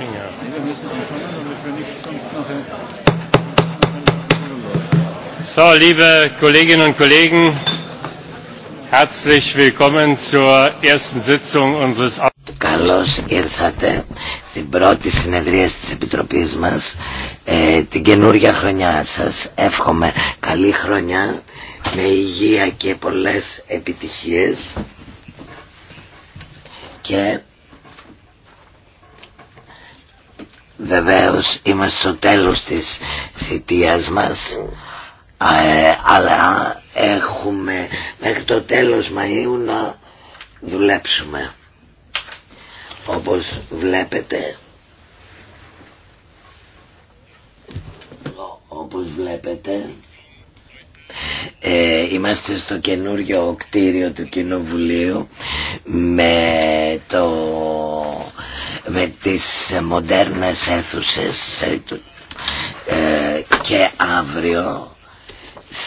Finger. So, liebe Kolleginnen und Kollegen, herzlich willkommen zur ersten Sitzung unseres Καλώς ήρθατε στην πρώτη συνεδρία της Επιτροπής μας ε, την καινούργια χρονιά σας εύχομαι καλή χρονιά με υγεία και πολλές επιτυχίες και Βεβαίως είμαστε στο τέλος της θητείας μας ε, αλλά έχουμε μέχρι το τέλος Μαΐου να δουλέψουμε όπως βλέπετε όπως βλέπετε ε, είμαστε στο καινούριο κτίριο του Κοινοβουλίου με το με τις μοντέρνες αίθουσες ε, ε, και αύριο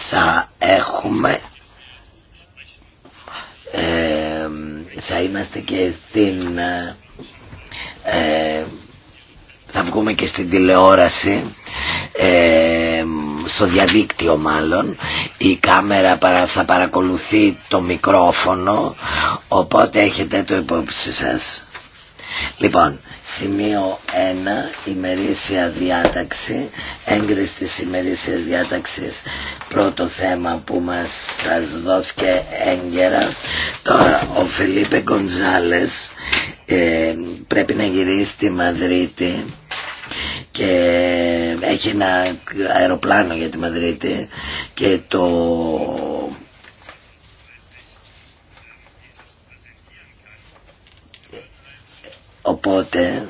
θα έχουμε ε, θα είμαστε και στην θα βγούμε και στην τηλεόραση στο διαδίκτυο μάλλον η κάμερα θα παρακολουθεί το μικρόφωνο οπότε έχετε το υπόψη σας Λοιπόν, σημείο 1, ημερήσια διάταξη, έγκριση της ημερήσιας διάταξης, πρώτο θέμα που μας σας δόθηκε έγκαιρα. Τώρα, ο Φελίπε Γκοντζάλες ε, πρέπει να γυρίσει στη Μαδρίτη και έχει ένα αεροπλάνο για τη Μαδρίτη και το Οπότε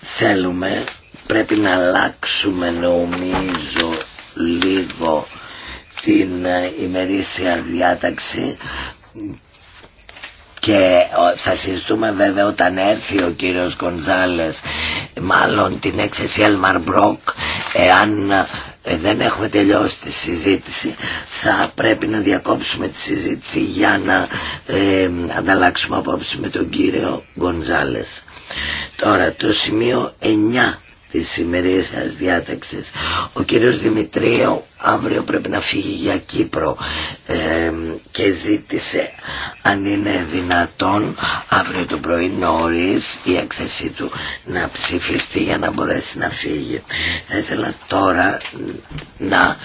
θέλουμε, πρέπει να αλλάξουμε νομίζω λίγο την ε, ημερήσια διάταξη και θα συζητούμε βέβαια όταν έρθει ο κύριος Κονζάλες μάλλον την έκθεση Elmar Brock εάν ε, δεν έχουμε τελειώσει τη συζήτηση θα πρέπει να διακόψουμε τη συζήτηση για να ε, ανταλλάξουμε απόψη με τον κύριο Γκονζάλες τώρα το σημείο 9 της σας διάταξης. Ο κύριος Δημητρίου αύριο πρέπει να φύγει για Κύπρο και ζήτησε αν είναι δυνατόν αύριο το πρωί νωρίς η έκθεσή του να ψηφιστεί για να μπορέσει να φύγει. Θα ήθελα τώρα να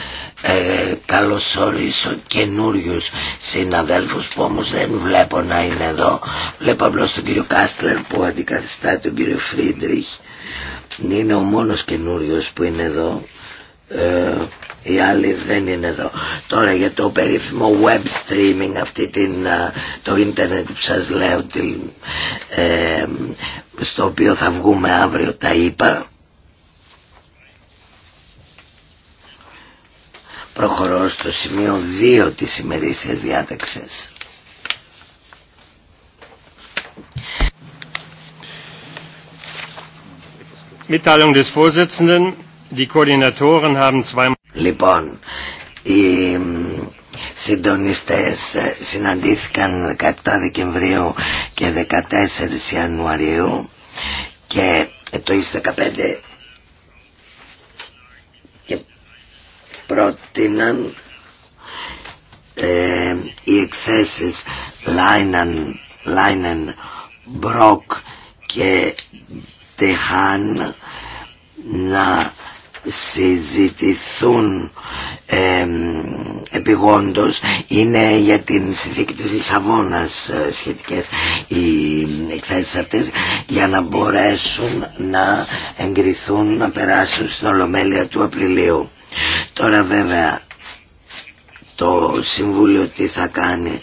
ε, καλωσορίσω καινούριου συναδέλφους που όμως δεν βλέπω να είναι εδώ. Βλέπω απλώς τον κύριο Κάστλερ που αντικαθιστά τον κύριο Φρίντριχ είναι ο μόνος καινούριο που είναι εδώ ε, οι άλλοι δεν είναι εδώ τώρα για το περίφημο web streaming αυτή την, ε, το ίντερνετ που σας λέω ε, στο οποίο θα βγούμε αύριο τα είπα προχωρώ στο σημείο 2 της ημερήσιας διάταξης Mitteilung des Vorsitzenden. Die Koordinatoren haben zweimal. Λοιπόν, οι συντονιστές ε, συναντήθηκαν 17 Δεκεμβρίου και 14 Ιανουαρίου και ε, το ΙΣ 15 και πρότειναν ε, οι εκθέσεις Λάινεν, Μπροκ και να συζητηθούν ε, επιγόντως είναι για την συνθήκη της Λισαβόνας ε, σχετικές οι εκθέσεις αυτές για να μπορέσουν να εγκριθούν να περάσουν στην Ολομέλεια του Απριλίου τώρα βέβαια το Συμβούλιο τι θα κάνει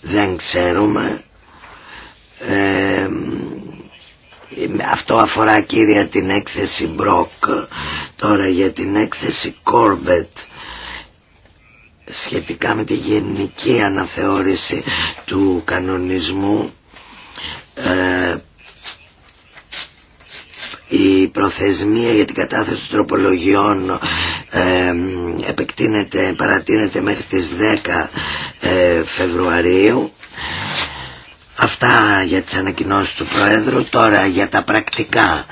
δεν ξέρουμε αυτό αφορά κύρια την έκθεση Μπροκ τώρα για την έκθεση Κόρβετ σχετικά με τη γενική αναθεώρηση του κανονισμού ε, η προθεσμία για την κατάθεση των τροπολογιών ε, επεκτείνεται, παρατείνεται μέχρι τις 10 ε, Φεβρουαρίου Αυτά για τις ανακοινώσεις του Προέδρου. Τώρα για τα πρακτικά.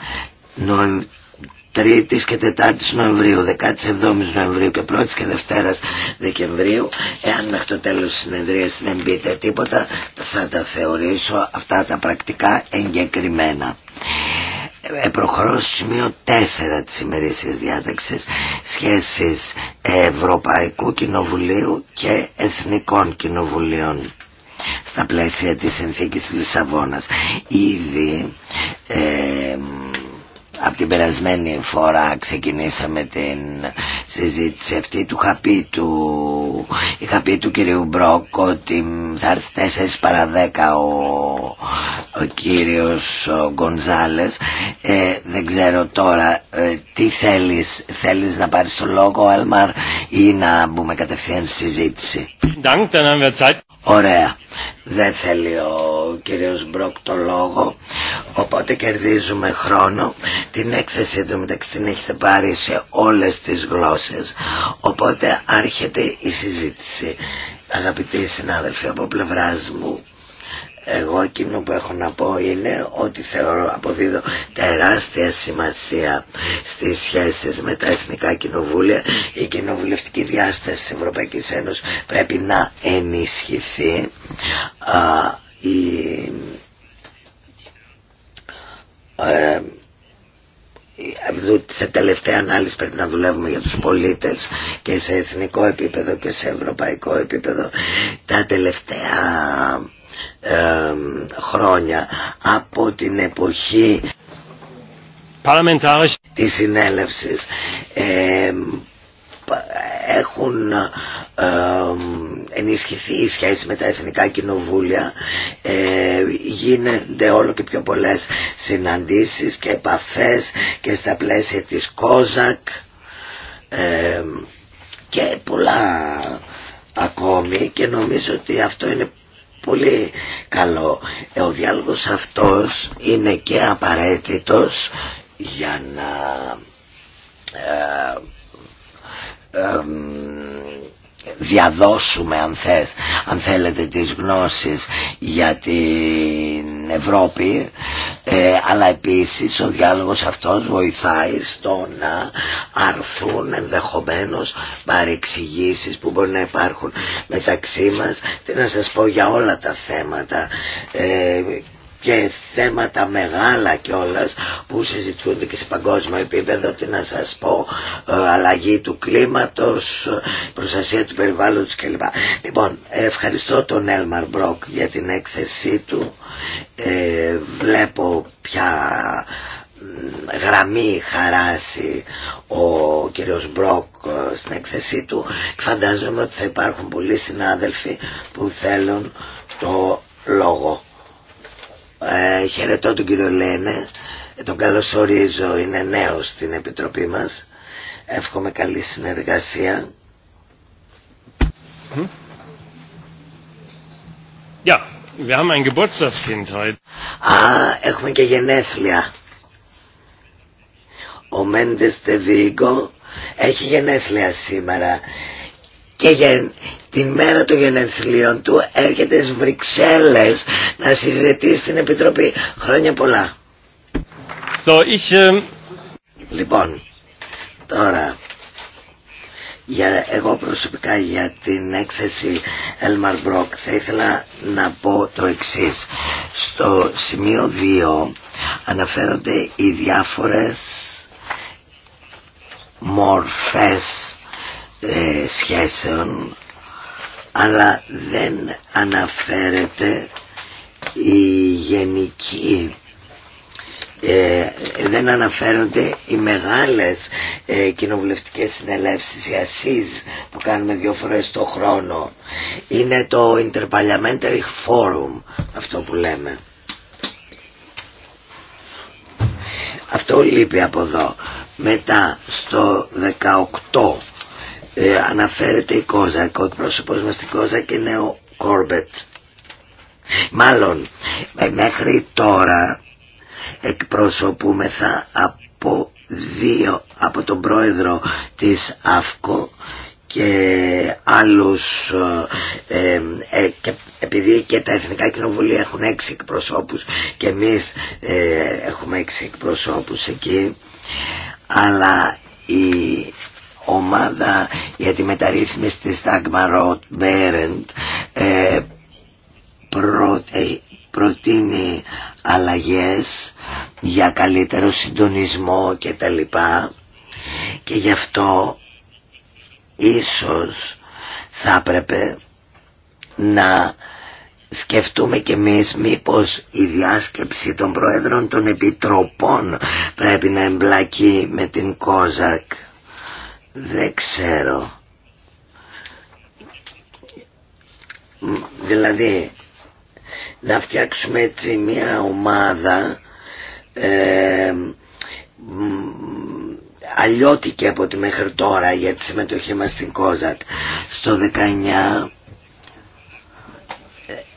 3η και 4η Νοεμβρίου, 17η Νοεμβρίου και 1η και 2η Δεκεμβρίου. Εάν μέχρι το τέλο τη συνεδρία δεν πείτε τίποτα, θα τα θεωρήσω αυτά τα πρακτικά εγκεκριμένα. Ε, προχωρώ στο σημείο 4 της ημερήσιας διάταξης σχέσεις Ευρωπαϊκού Κοινοβουλίου και Εθνικών Κοινοβουλίων στα πλαίσια της συνθήκης της Λισαβόνας. Ήδη ε, από την περασμένη φορά ξεκινήσαμε την συζήτηση αυτή του χαπί του είχα πει του κυρίου Μπρόκ ότι θα έρθει 4 παρα 10 ο, ο κύριος Γκονζάλες ε, δεν ξέρω τώρα ε, τι θέλεις θέλεις να πάρεις το λόγο Αλμαρ ή να μπούμε κατευθείαν στη συζήτηση Ωραία δεν θέλει ο κύριος Μπροκ το λόγο Οπότε κερδίζουμε χρόνο Την έκθεση του μεταξύ την έχετε πάρει σε όλες τις γλώσσες Οπότε άρχεται η συζήτηση Αγαπητοί συνάδελφοι από πλευράς μου εγώ εκείνο που έχω να πω είναι ότι θεωρώ αποδίδω τεράστια σημασία στις σχέσεις με τα εθνικά κοινοβούλια. Η κοινοβουλευτική διάσταση της Ευρωπαϊκής Ένωσης πρέπει να ενισχυθεί ε, σε τελευταία ανάλυση πρέπει να δουλεύουμε για τους πολίτες και σε εθνικό επίπεδο και σε ευρωπαϊκό επίπεδο τα τελευταία ε, χρόνια από την εποχή της συνέλευσης ε, έχουν ενισχυθεί η σχέση με τα εθνικά κοινοβούλια ε, γίνονται όλο και πιο πολλές συναντήσεις και επαφές και στα πλαίσια της ΚΟΖΑΚ ε, και πολλά ακόμη και νομίζω ότι αυτό είναι πολύ καλό. Ο διάλογος αυτός είναι και απαραίτητος για να ε, ε, διαδώσουμε αν, θες, αν θέλετε τις γνώσεις για την Ευρώπη ε, αλλά επίσης ο διάλογος αυτός βοηθάει στο να αρθούν ενδεχομένως παρεξηγήσεις που μπορεί να υπάρχουν μεταξύ μας τι να σας πω για όλα τα θέματα ε, και θέματα μεγάλα κιόλα που συζητούνται και σε παγκόσμιο επίπεδο τι να σας πω ε, αλλαγή του κλίματος προστασία του περιβάλλοντος κλπ. Λοιπόν ευχαριστώ τον Έλμαρ Μπροκ για την έκθεσή του ε, βλέπω πια γραμμή χαράσει ο κύριος Μπροκ ε, στην έκθεσή του φαντάζομαι ότι θα υπάρχουν πολλοί συνάδελφοι που θέλουν το λόγο ε, χαιρετώ τον κύριο Λένε, ε, τον καλωσορίζω, είναι νέος στην Επιτροπή μας. Εύχομαι καλή συνεργασία. Hm? Α, έχουμε και γενέθλια. Ο Μέντες Τεβίγκο έχει γενέθλια σήμερα και για την μέρα των γενεθλίων του έρχεται στις Βρυξέλλες να συζητήσει στην Επιτροπή. Χρόνια πολλά. So, ich, ε, Λοιπόν, τώρα για, εγώ προσωπικά για την έκθεση Elmar Brock θα ήθελα να πω το εξής. Στο σημείο 2 αναφέρονται οι διάφορες μορφές ε, σχέσεων αλλά δεν αναφέρεται η γενική ε, δεν αναφέρονται οι μεγάλες ε, κοινοβουλευτικές συνελεύσεις οι ΑΣΥΣ που κάνουμε δύο φορές το χρόνο είναι το Interparliamentary Forum αυτό που λέμε αυτό λείπει από εδώ μετά στο 18 ε, αναφέρεται η Κόζακ, ο εκπρόσωπος μας στην Κόζακ είναι ο Κόρμπετ. Μάλλον, ε, μέχρι τώρα εκπροσωπούμεθα από δύο, από τον πρόεδρο της ΑΦΚΟ και άλλους ε, ε, και επειδή και τα Εθνικά Κοινοβουλία έχουν έξι εκπροσώπους και εμείς έχουμε έξι εκπροσώπους εκεί αλλά η ομάδα για τη μεταρρύθμιση της Dagmarot Berend ε, προτείνει αλλαγές για καλύτερο συντονισμό και τα λοιπά και γι' αυτό ίσως θα έπρεπε να σκεφτούμε και εμείς μήπως η διάσκεψη των Προέδρων των Επιτροπών πρέπει να εμπλακεί με την ΚΟΖΑΚ. Δεν ξέρω. Δηλαδή, να φτιάξουμε έτσι μια ομάδα ε, αλλιώτικη από τη μέχρι τώρα για τη συμμετοχή μας στην Κόζακ. Στο 19 ε,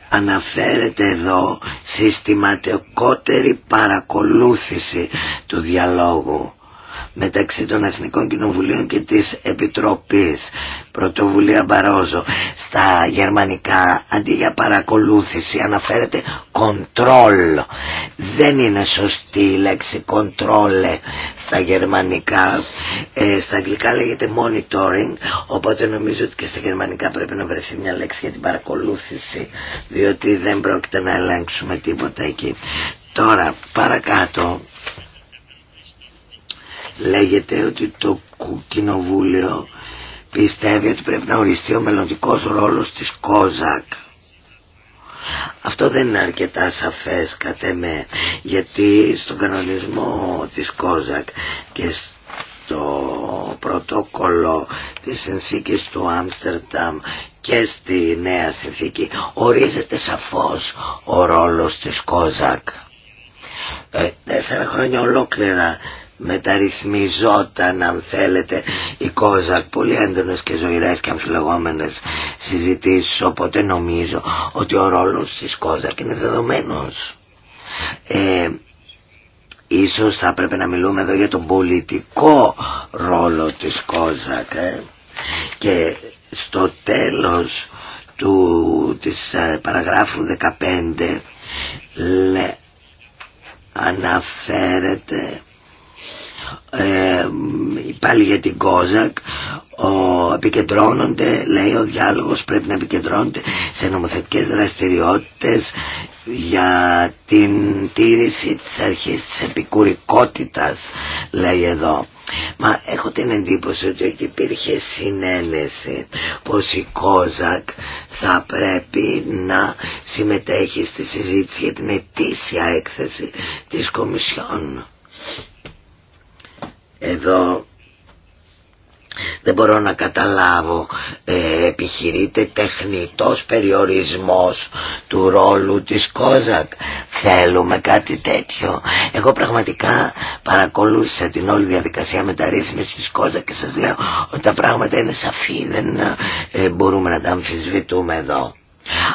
αναφέρεται εδώ συστηματικότερη παρακολούθηση του διαλόγου μεταξύ των Εθνικών Κοινοβουλίων και της Επιτροπής Πρωτοβουλία Μπαρόζο στα γερμανικά αντί για παρακολούθηση αναφέρεται control δεν είναι σωστή η λέξη control στα γερμανικά ε, στα αγγλικά λέγεται monitoring οπότε νομίζω ότι και στα γερμανικά πρέπει να βρεθεί μια λέξη για την παρακολούθηση διότι δεν πρόκειται να ελέγξουμε τίποτα εκεί τώρα παρακάτω λέγεται ότι το κοινοβούλιο πιστεύει ότι πρέπει να οριστεί ο μελλοντικός ρόλος της ΚΟΖΑΚ. Αυτό δεν είναι αρκετά σαφές κατ' με γιατί στον κανονισμό της ΚΟΖΑΚ και στο πρωτόκολλο της συνθήκης του Άμστερνταμ και στη νέα συνθήκη ορίζεται σαφώς ο ρόλος της ΚΟΖΑΚ. Ε, τέσσερα χρόνια ολόκληρα μεταρρυθμιζόταν αν θέλετε η Κόζακ πολύ έντονες και ζωηρές και αμφιλεγόμενες συζητήσεις οπότε νομίζω ότι ο ρόλος της Κόζακ είναι δεδομένος ε, Ίσως θα πρέπει να μιλούμε εδώ για τον πολιτικό ρόλο της Κόζακ ε, και στο τέλος του, της ε, παραγράφου 15 λέ, αναφέρεται ε, πάλι για την Κόζακ ο, επικεντρώνονται λέει ο διάλογος πρέπει να επικεντρώνεται σε νομοθετικές δραστηριότητες για την τήρηση της αρχής της επικουρικότητας λέει εδώ Μα έχω την εντύπωση ότι υπήρχε συνένεση πως η Κόζακ θα πρέπει να συμμετέχει στη συζήτηση για την ετήσια έκθεση της Κομισιόν. Εδώ δεν μπορώ να καταλάβω ε, επιχειρείται τεχνητός περιορισμός του ρόλου της Κόζακ θέλουμε κάτι τέτοιο εγώ πραγματικά παρακολούθησα την όλη διαδικασία μεταρρύθμισης της Κόζακ και σας λέω ότι τα πράγματα είναι σαφή δεν ε, μπορούμε να τα αμφισβητούμε εδώ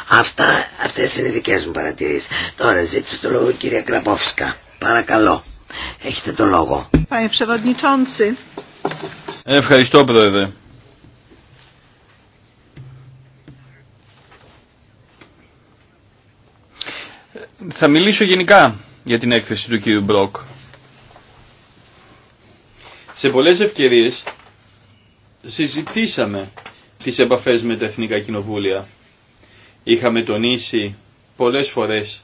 Αυτά, αυτές είναι οι δικές μου παρατηρήσεις τώρα ζήτησε το λόγο κυρία Κραπόφσκα παρακαλώ Έχετε το λόγο. Ευχαριστώ πρόεδρε. Θα μιλήσω γενικά για την έκθεση του κύριου Μπρόκ. Σε πολλές ευκαιρίες συζητήσαμε τις επαφές με τα Εθνικά Κοινοβούλια. Είχαμε τονίσει πολλές φορές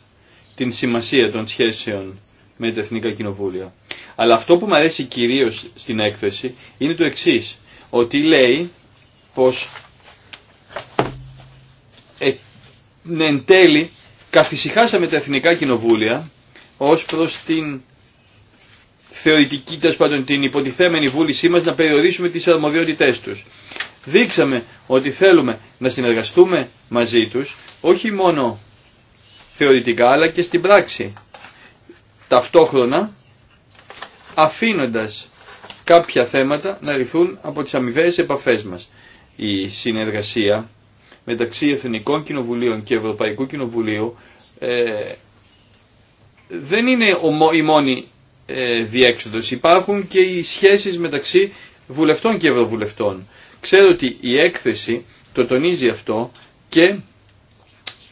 την σημασία των σχέσεων με τα εθνικά κοινοβούλια. Αλλά αυτό που μου αρέσει κυρίως στην έκθεση είναι το εξής, ότι λέει πως ε, ναι, εν τέλει καθησυχάσαμε τα εθνικά κοινοβούλια ως προς την θεωρητική, τέλο πάντων την υποτιθέμενη βούλησή μας να περιορίσουμε τις αρμοδιότητές τους. Δείξαμε ότι θέλουμε να συνεργαστούμε μαζί τους, όχι μόνο θεωρητικά αλλά και στην πράξη ταυτόχρονα αφήνοντας κάποια θέματα να ρηθούν από τις αμοιβαίες επαφές μας. Η συνεργασία μεταξύ Εθνικών Κοινοβουλίων και Ευρωπαϊκού Κοινοβουλίου ε, δεν είναι η μόνη ε, διέξοδος. Υπάρχουν και οι σχέσεις μεταξύ βουλευτών και ευρωβουλευτών. Ξέρω ότι η έκθεση το τονίζει αυτό και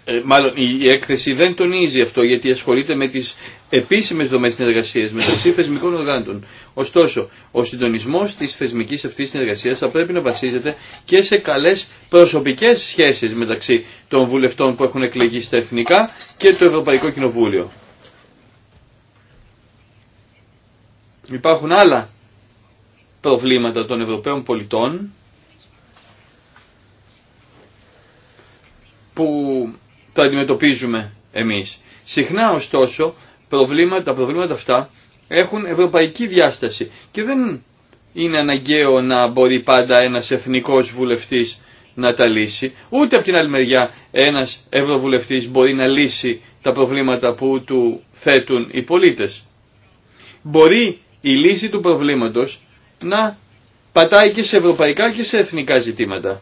ε, μάλλον η έκθεση δεν τονίζει αυτό γιατί ασχολείται με τις επίσημε δομέ συνεργασία μεταξύ θεσμικών οργάντων. Ωστόσο, ο συντονισμό τη θεσμική αυτή συνεργασία θα πρέπει να βασίζεται και σε καλέ προσωπικέ σχέσει μεταξύ των βουλευτών που έχουν εκλεγεί στα εθνικά και το Ευρωπαϊκό Κοινοβούλιο. Υπάρχουν άλλα προβλήματα των Ευρωπαίων πολιτών που τα αντιμετωπίζουμε εμείς. Συχνά ωστόσο προβλήματα, τα προβλήματα αυτά έχουν ευρωπαϊκή διάσταση και δεν είναι αναγκαίο να μπορεί πάντα ένας εθνικός βουλευτής να τα λύσει. Ούτε από την άλλη μεριά ένας ευρωβουλευτής μπορεί να λύσει τα προβλήματα που του θέτουν οι πολίτες. Μπορεί η λύση του προβλήματος να πατάει και σε ευρωπαϊκά και σε εθνικά ζητήματα.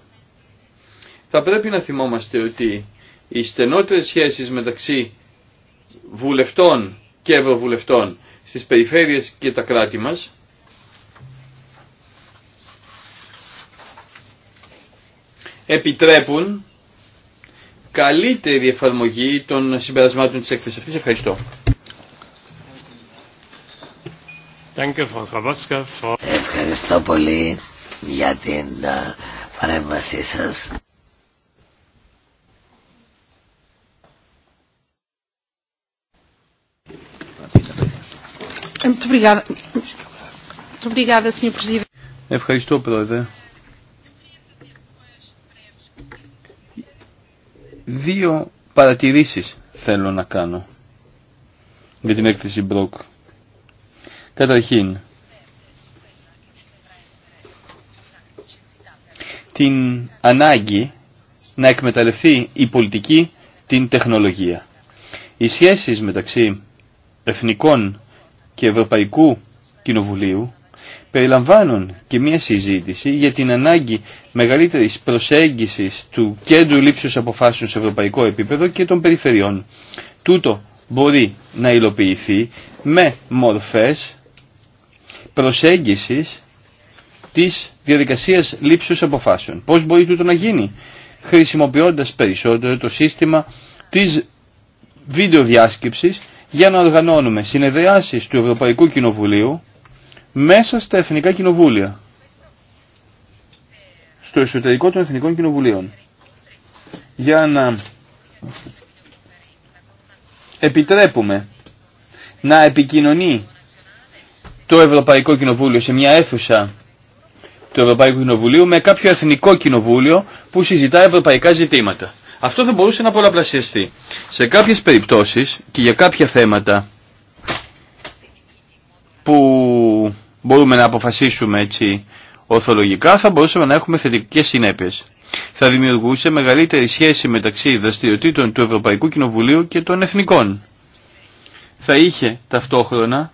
Θα πρέπει να θυμόμαστε ότι οι στενότερες σχέσεις μεταξύ βουλευτών και ευρωβουλευτών στις περιφέρειες και τα κράτη μας επιτρέπουν καλύτερη εφαρμογή των συμπερασμάτων της έκθεσης αυτής. Ευχαριστώ. Ευχαριστώ πολύ για την ε, παρέμβασή σας. Ευχαριστώ, Πρόεδρε. Δύο παρατηρήσεις θέλω να κάνω για την έκθεση Μπροκ. Καταρχήν, την ανάγκη να εκμεταλλευτεί η πολιτική την τεχνολογία. Οι σχέσεις μεταξύ εθνικών και Ευρωπαϊκού Κοινοβουλίου περιλαμβάνουν και μια συζήτηση για την ανάγκη μεγαλύτερης προσέγγισης του κέντρου λήψης αποφάσεων σε ευρωπαϊκό επίπεδο και των περιφερειών. Τούτο μπορεί να υλοποιηθεί με μορφές προσέγγισης της διαδικασίας λήψης αποφάσεων. Πώς μπορεί τούτο να γίνει χρησιμοποιώντας περισσότερο το σύστημα της βίντεο για να οργανώνουμε συνεδριάσεις του Ευρωπαϊκού Κοινοβουλίου μέσα στα Εθνικά Κοινοβούλια, στο εσωτερικό των Εθνικών Κοινοβουλίων, για να επιτρέπουμε να επικοινωνεί το Ευρωπαϊκό Κοινοβούλιο σε μια αίθουσα του Ευρωπαϊκού Κοινοβουλίου με κάποιο εθνικό κοινοβούλιο που συζητά ευρωπαϊκά ζητήματα. Αυτό θα μπορούσε να πολλαπλασιαστεί. Σε κάποιες περιπτώσεις και για κάποια θέματα που μπορούμε να αποφασίσουμε έτσι οθολογικά θα μπορούσαμε να έχουμε θετικές συνέπειες. Θα δημιουργούσε μεγαλύτερη σχέση μεταξύ δραστηριοτήτων του Ευρωπαϊκού Κοινοβουλίου και των Εθνικών. Θα είχε ταυτόχρονα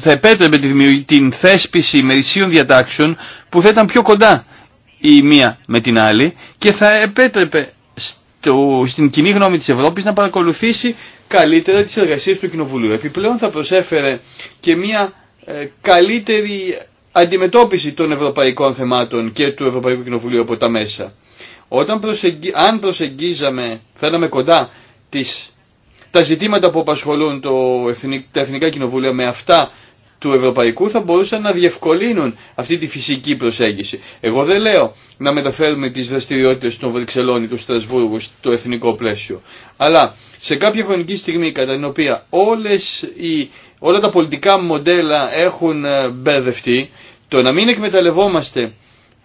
θα επέτρεπε την θέσπιση ημερησίων διατάξεων που θα ήταν πιο κοντά η μία με την άλλη και θα επέτρεπε στο, στην κοινή γνώμη της Ευρώπης να παρακολουθήσει καλύτερα τις εργασίες του Κοινοβουλίου. Επιπλέον θα προσέφερε και μία ε, καλύτερη αντιμετώπιση των ευρωπαϊκών θεμάτων και του Ευρωπαϊκού Κοινοβουλίου από τα μέσα. Όταν Αν προσεγγίζαμε, φέραμε κοντά τις τα ζητήματα που απασχολούν το τα εθνικά κοινοβούλια με αυτά του Ευρωπαϊκού θα μπορούσαν να διευκολύνουν αυτή τη φυσική προσέγγιση. Εγώ δεν λέω να μεταφέρουμε τις δραστηριότητες των Βρυξελών ή του Στρασβούργου στο εθνικό πλαίσιο. Αλλά σε κάποια χρονική στιγμή κατά την οποία όλες οι, όλα τα πολιτικά μοντέλα έχουν ε, μπερδευτεί, το να μην εκμεταλλευόμαστε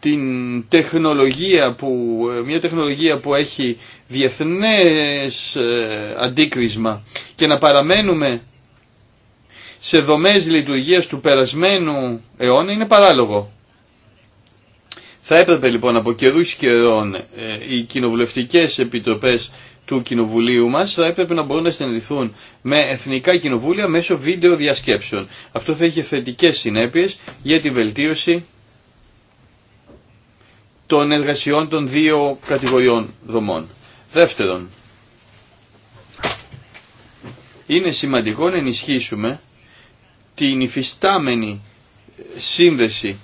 την τεχνολογία που, μια τεχνολογία που έχει διεθνές ε, αντίκρισμα και να παραμένουμε σε δομές λειτουργίας του περασμένου αιώνα είναι παράλογο. Θα έπρεπε λοιπόν από καιρούς καιρών ε, οι κοινοβουλευτικές επιτροπές του κοινοβουλίου μας θα έπρεπε να μπορούν να συναντηθούν με εθνικά κοινοβούλια μέσω βίντεο διασκέψεων. Αυτό θα είχε θετικές συνέπειες για τη βελτίωση των εργασιών των δύο κατηγοριών δομών. Δεύτερον, είναι σημαντικό να ενισχύσουμε την υφιστάμενη σύνδεση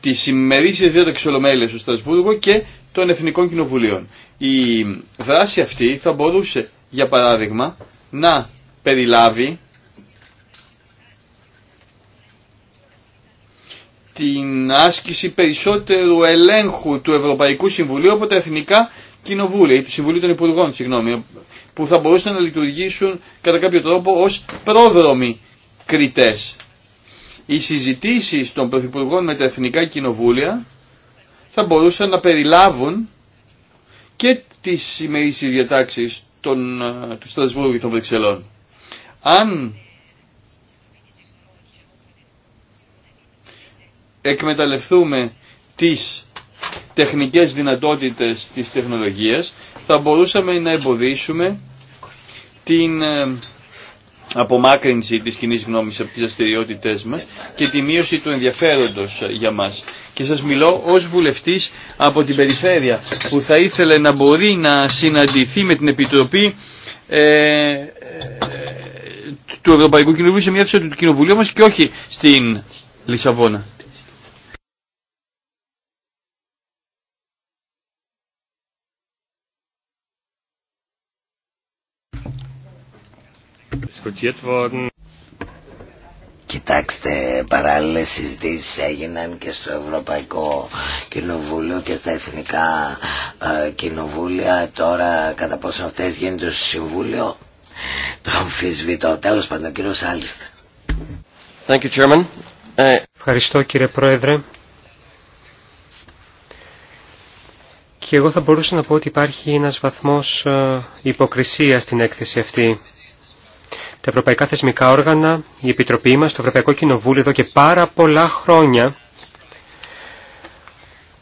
τη ημερήσια διάταξη ολομέλεια στο Στρασβούργο και των Εθνικών Κοινοβουλίων. Η δράση αυτή θα μπορούσε, για παράδειγμα, να περιλάβει την άσκηση περισσότερου ελέγχου του Ευρωπαϊκού Συμβουλίου από τα Εθνικά Κοινοβούλια ή του Συμβουλίου των Υπουργών, συγγνώμη, που θα μπορούσαν να λειτουργήσουν κατά κάποιο τρόπο ως πρόδρομοι κριτές. Οι συζητήσεις των Πρωθυπουργών με τα Εθνικά Κοινοβούλια θα μπορούσαν να περιλάβουν και τις ημερήσεις διατάξεις ε, του Στρασβούργου και των Βρυξελών. Αν εκμεταλλευτούμε τις τεχνικές δυνατότητες της τεχνολογίας θα μπορούσαμε να εμποδίσουμε την ε, απομάκρυνση της κοινή γνώμης από τις δραστηριότητε μας και τη μείωση του ενδιαφέροντος για μας. Και σας μιλώ ως βουλευτής από την περιφέρεια που θα ήθελε να μπορεί να συναντηθεί με την Επιτροπή ε, ε του Ευρωπαϊκού Κοινοβουλίου σε μια θέση του Κοινοβουλίου μας και όχι στην Λισαβόνα. diskutiert worden. Κοιτάξτε, παράλληλε συζητήσει έγιναν και στο Ευρωπαϊκό Κοινοβούλιο και στα Εθνικά ε, Κοινοβούλια. Τώρα, κατά πόσο αυτέ γίνεται στο Συμβούλιο, το αμφισβητώ. Τέλο πάντων, κύριο Άλιστα. Ε, Ευχαριστώ, κύριε Πρόεδρε. Και εγώ θα μπορούσα να πω ότι υπάρχει ένα βαθμό ε, υποκρισία στην έκθεση αυτή τα ευρωπαϊκά θεσμικά όργανα, η Επιτροπή μας, το Ευρωπαϊκό Κοινοβούλιο εδώ και πάρα πολλά χρόνια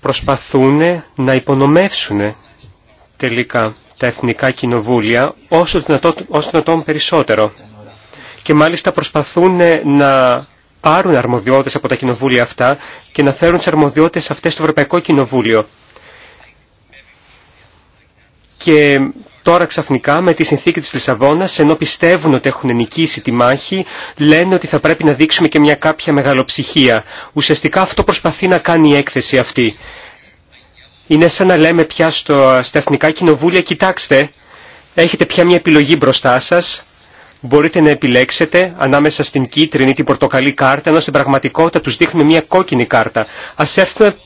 προσπαθούν να υπονομεύσουν τελικά τα εθνικά κοινοβούλια όσο δυνατόν, περισσότερο. Και μάλιστα προσπαθούν να πάρουν αρμοδιότητες από τα κοινοβούλια αυτά και να φέρουν τι αρμοδιότητες αυτές στο Ευρωπαϊκό Κοινοβούλιο. Και Τώρα ξαφνικά με τη συνθήκη της Λισαβόνας, ενώ πιστεύουν ότι έχουν νικήσει τη μάχη, λένε ότι θα πρέπει να δείξουμε και μια κάποια μεγαλοψυχία. Ουσιαστικά αυτό προσπαθεί να κάνει η έκθεση αυτή. Είναι σαν να λέμε πια στο, στα εθνικά κοινοβούλια, κοιτάξτε, έχετε πια μια επιλογή μπροστά σας, μπορείτε να επιλέξετε ανάμεσα στην κίτρινη ή την πορτοκαλή κάρτα, ενώ στην πραγματικότητα τους δείχνουμε μια κόκκινη κάρτα. Ας έρθουμε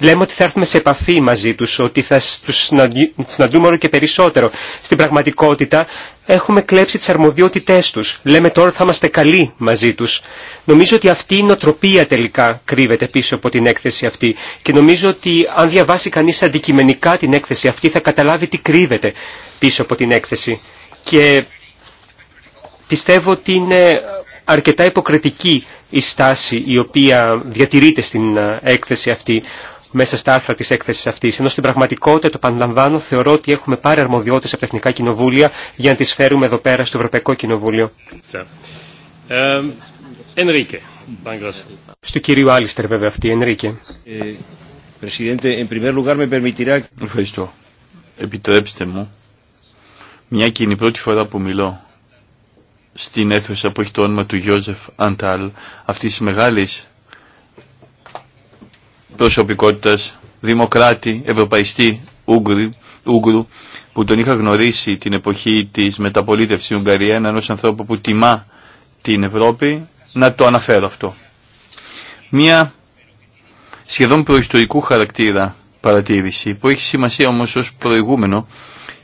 λέμε ότι θα έρθουμε σε επαφή μαζί τους, ότι θα τους συναντούμε όλο και περισσότερο. Στην πραγματικότητα έχουμε κλέψει τις αρμοδιότητές τους. Λέμε τώρα ότι θα είμαστε καλοί μαζί τους. Νομίζω ότι αυτή η νοτροπία τελικά κρύβεται πίσω από την έκθεση αυτή και νομίζω ότι αν διαβάσει κανείς αντικειμενικά την έκθεση αυτή θα καταλάβει τι κρύβεται πίσω από την έκθεση. Και πιστεύω ότι είναι αρκετά υποκριτική η στάση η οποία διατηρείται στην ε, έκθεση αυτή μέσα στα άρθρα τη έκθεση αυτή. Ενώ στην πραγματικότητα, το πανλαμβάνω, θεωρώ ότι έχουμε πάρει αρμοδιότητε από τα Εθνικά Κοινοβούλια για να τι φέρουμε εδώ πέρα στο Ευρωπαϊκό Κοινοβούλιο. Ε, Ενρίκε. Στο κυρίου Άλιστερ, βέβαια, αυτή. Ενρίκε. Ε, Ευχαριστώ. Επιτρέψτε μου, μια και είναι η πρώτη φορά που μιλώ στην αίθουσα που έχει το όνομα του Γιώζεφ Αντάλ, αυτής τη μεγάλης προσωπικότητας, δημοκράτη, ευρωπαϊστή Ούγγρου, που τον είχα γνωρίσει την εποχή της μεταπολίτευσης στην Ουγγαρία, έναν ανθρώπου που τιμά την Ευρώπη, να το αναφέρω αυτό. Μία σχεδόν προϊστορικού χαρακτήρα παρατήρηση, που έχει σημασία όμως ως προηγούμενο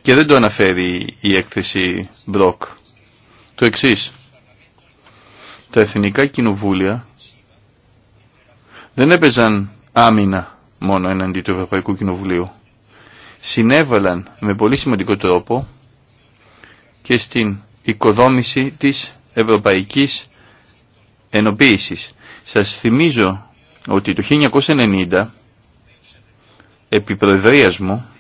και δεν το αναφέρει η έκθεση Μπροκ. Το εξής. Τα εθνικά κοινοβούλια δεν έπαιζαν άμυνα μόνο εναντί του Ευρωπαϊκού Κοινοβουλίου. Συνέβαλαν με πολύ σημαντικό τρόπο και στην οικοδόμηση της Ευρωπαϊκής Ενοποίησης. Σας θυμίζω ότι το 1990 επί προεδρίας μου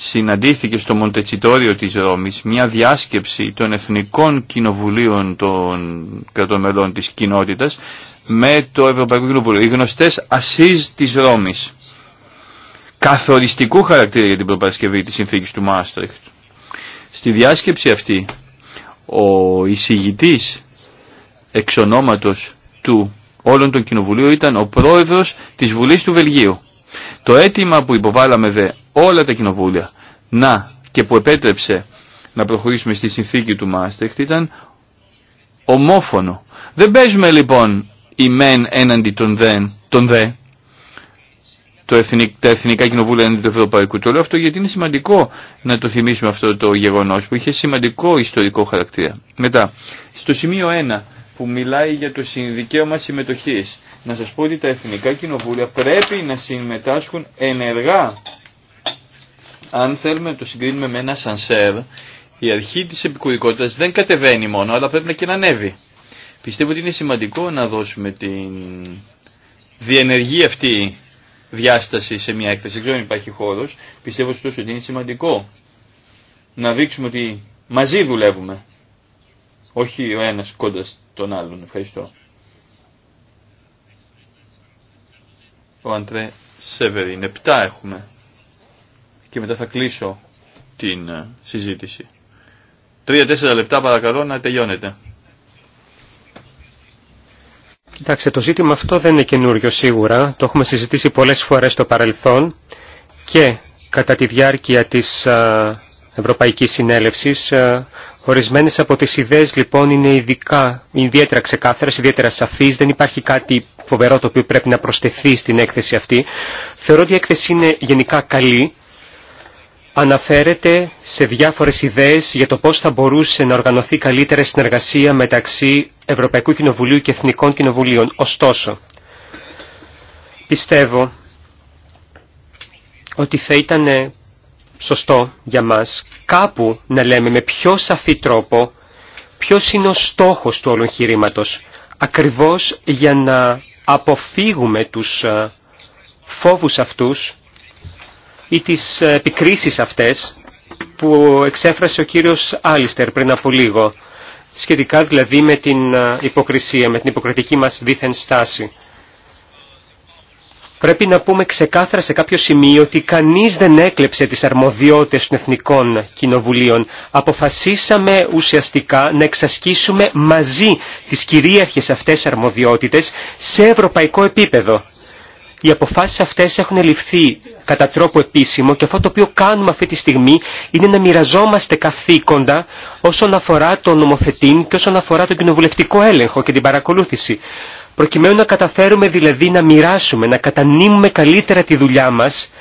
συναντήθηκε στο Μοντετσιτόριο της Ρώμης μια διάσκεψη των Εθνικών Κοινοβουλίων των κρατών της κοινότητας με το Ευρωπαϊκό Κοινοβούλιο. Οι γνωστές ασύζ της Ρώμης καθοριστικού χαρακτήρα για την προπαρασκευή της συνθήκης του Μάστρεχτ. Στη διάσκεψη αυτή ο εισηγητής εξ του όλων των κοινοβουλίων ήταν ο πρόεδρος της Βουλής του Βελγίου το αίτημα που υποβάλαμε δε όλα τα κοινοβούλια να και που επέτρεψε να προχωρήσουμε στη συνθήκη του Μάστεχτ ήταν ομόφωνο. Δεν παίζουμε λοιπόν η μεν έναντι των δε, τον δε το εθνικ, τα εθνικά κοινοβούλια έναντι του Ευρωπαϊκού. Το λέω αυτό γιατί είναι σημαντικό να το θυμίσουμε αυτό το γεγονός που είχε σημαντικό ιστορικό χαρακτήρα. Μετά, στο σημείο 1 που μιλάει για το δικαίωμα συμμετοχής να σας πω ότι τα εθνικά κοινοβούλια πρέπει να συμμετάσχουν ενεργά. Αν θέλουμε να το συγκρίνουμε με ένα σανσέρ, η αρχή της επικουρικότητας δεν κατεβαίνει μόνο, αλλά πρέπει να και να ανέβει. Πιστεύω ότι είναι σημαντικό να δώσουμε την διενεργή αυτή διάσταση σε μια έκθεση. Δεν Ξέρω αν υπάρχει χώρος. Πιστεύω ωστόσο ότι είναι σημαντικό να δείξουμε ότι μαζί δουλεύουμε. Όχι ο ένας κοντά στον άλλον. Ευχαριστώ. ο Αντρέ Σεβερίν. 7 έχουμε. Και μετά θα κλείσω την ε, συζητηση τρια Τρία-τέσσερα λεπτά παρακαλώ να τελειώνετε. Κοιτάξτε, το ζήτημα αυτό δεν είναι καινούριο σίγουρα. Το έχουμε συζητήσει πολλές φορές στο παρελθόν και κατά τη διάρκεια της ε, Ευρωπαϊκής Συνέλευσης ε, Ορισμένες από τις ιδέες λοιπόν είναι ειδικά, ιδιαίτερα ξεκάθαρες, ιδιαίτερα σαφείς, δεν υπάρχει κάτι φοβερό το οποίο πρέπει να προσθεθεί στην έκθεση αυτή. Θεωρώ ότι η έκθεση είναι γενικά καλή, αναφέρεται σε διάφορες ιδέες για το πώς θα μπορούσε να οργανωθεί καλύτερα συνεργασία μεταξύ Ευρωπαϊκού Κοινοβουλίου και Εθνικών Κοινοβουλίων. Ωστόσο, πιστεύω ότι θα ήταν σωστό για μας κάπου να λέμε με πιο σαφή τρόπο ποιος είναι ο στόχος του όλου χειρήματος. Ακριβώς για να αποφύγουμε τους ε, φόβους αυτούς ή τις ε, επικρίσεις αυτές που εξέφρασε ο κύριος Άλιστερ πριν από λίγο, σχετικά δηλαδή με την ε, υποκρισία, με την υποκριτική μας δίθεν στάση. Πρέπει να πούμε ξεκάθαρα σε κάποιο σημείο ότι κανείς δεν έκλεψε τις αρμοδιότητες των εθνικών κοινοβουλίων. Αποφασίσαμε ουσιαστικά να εξασκήσουμε μαζί τις κυρίαρχες αυτές αρμοδιότητες σε ευρωπαϊκό επίπεδο. Οι αποφάσεις αυτές έχουν ληφθεί κατά τρόπο επίσημο και αυτό το οποίο κάνουμε αυτή τη στιγμή είναι να μοιραζόμαστε καθήκοντα όσον αφορά τον νομοθετήν και όσον αφορά τον κοινοβουλευτικό έλεγχο και την παρακολούθηση προκειμένου να καταφέρουμε δηλαδή να μοιράσουμε, να κατανείμουμε καλύτερα τη δουλειά μας,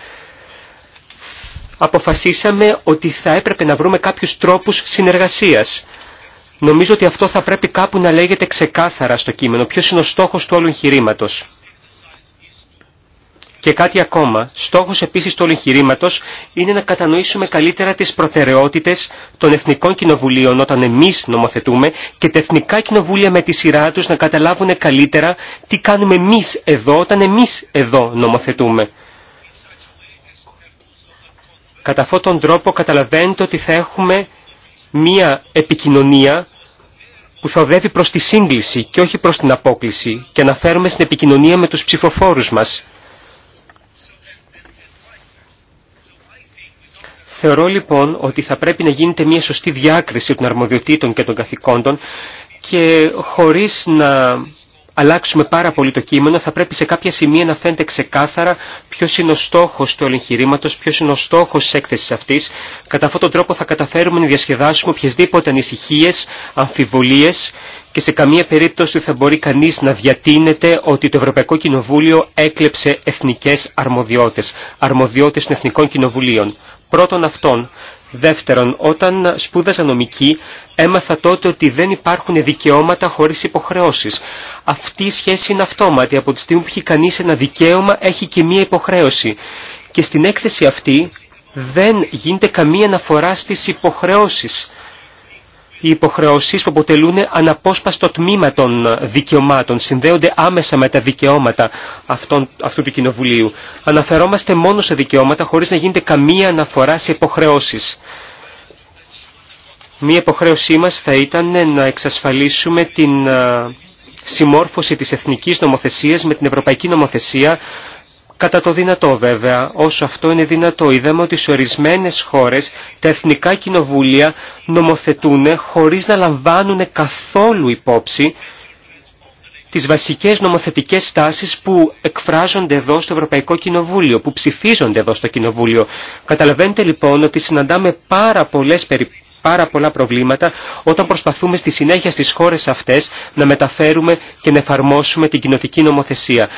αποφασίσαμε ότι θα έπρεπε να βρούμε κάποιους τρόπους συνεργασίας. Νομίζω ότι αυτό θα πρέπει κάπου να λέγεται ξεκάθαρα στο κείμενο, ποιος είναι ο στόχος του όλου εγχειρήματος. Και κάτι ακόμα, στόχος επίσης του εγχειρήματο, είναι να κατανοήσουμε καλύτερα τις προτεραιότητες των εθνικών κοινοβουλίων όταν εμείς νομοθετούμε και τα εθνικά κοινοβούλια με τη σειρά τους να καταλάβουν καλύτερα τι κάνουμε εμείς εδώ όταν εμείς εδώ νομοθετούμε. Κατά αυτόν τον τρόπο καταλαβαίνετε ότι θα έχουμε μία επικοινωνία που θα οδεύει προς τη σύγκληση και όχι προς την απόκληση και να φέρουμε στην επικοινωνία με τους ψηφοφόρους μας. Θεωρώ λοιπόν ότι θα πρέπει να γίνεται μια σωστή διάκριση των αρμοδιοτήτων και των καθηκόντων και χωρίς να αλλάξουμε πάρα πολύ το κείμενο, θα πρέπει σε κάποια σημεία να φαίνεται ξεκάθαρα ποιο είναι ο στόχο του ελεγχειρήματος, ποιο είναι ο στόχο τη έκθεση αυτή. Κατά αυτόν τον τρόπο θα καταφέρουμε να διασκεδάσουμε οποιασδήποτε ανησυχίε, αμφιβολίες και σε καμία περίπτωση θα μπορεί κανεί να διατείνεται ότι το Ευρωπαϊκό Κοινοβούλιο έκλεψε εθνικέ αρμοδιότητες, αρμοδιότητες των εθνικών κοινοβουλίων. Πρώτον αυτόν. Δεύτερον, όταν σπούδαζα νομική, έμαθα τότε ότι δεν υπάρχουν δικαιώματα χωρίς υποχρεώσεις. Αυτή η σχέση είναι αυτόματη. Από τη στιγμή που έχει κανείς ένα δικαίωμα, έχει και μία υποχρέωση. Και στην έκθεση αυτή δεν γίνεται καμία αναφορά στις υποχρεώσεις οι υποχρεώσεις που αποτελούν αναπόσπαστο τμήμα των δικαιωμάτων, συνδέονται άμεσα με τα δικαιώματα αυτών, αυτού του Κοινοβουλίου. Αναφερόμαστε μόνο σε δικαιώματα χωρίς να γίνεται καμία αναφορά σε υποχρεώσεις. Μία υποχρέωσή μας θα ήταν να εξασφαλίσουμε την ε, συμμόρφωση της εθνικής νομοθεσίας με την ευρωπαϊκή νομοθεσία Κατά το δυνατό βέβαια, όσο αυτό είναι δυνατό, είδαμε ότι σε ορισμένε χώρε τα εθνικά κοινοβούλια νομοθετούν χωρί να λαμβάνουν καθόλου υπόψη τις βασικές νομοθετικές στάσεις που εκφράζονται εδώ στο Ευρωπαϊκό Κοινοβούλιο, που ψηφίζονται εδώ στο Κοινοβούλιο. Καταλαβαίνετε λοιπόν ότι συναντάμε πάρα πολλές περιπτώσεις πάρα πολλά προβλήματα όταν προσπαθούμε στη συνέχεια στις χώρες αυτές να μεταφέρουμε και να εφαρμόσουμε την κοινοτική νομοθεσία.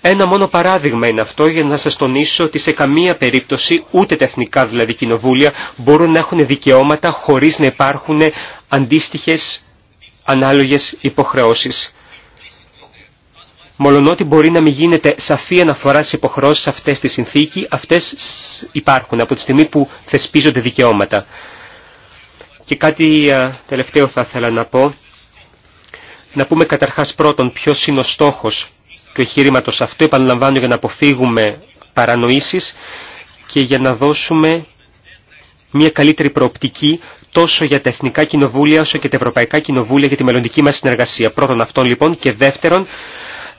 Ένα μόνο παράδειγμα είναι αυτό για να σας τονίσω ότι σε καμία περίπτωση ούτε τα εθνικά δηλαδή κοινοβούλια μπορούν να έχουν δικαιώματα χωρίς να υπάρχουν αντίστοιχες ανάλογες υποχρεώσεις. Μολονότι μπορεί να μην γίνεται σαφή αναφορά στι υποχρεώσει αυτέ στη συνθήκη, αυτέ υπάρχουν από τη στιγμή που θεσπίζονται δικαιώματα. Και κάτι ε, τελευταίο θα ήθελα να πω. Να πούμε καταρχάς πρώτον ποιος είναι ο στόχος του εγχειρήματο αυτού, επαναλαμβάνω για να αποφύγουμε παρανοήσεις και για να δώσουμε μια καλύτερη προοπτική τόσο για τα εθνικά κοινοβούλια όσο και τα ευρωπαϊκά κοινοβούλια για τη μελλοντική μας συνεργασία. Πρώτον αυτόν λοιπόν και δεύτερον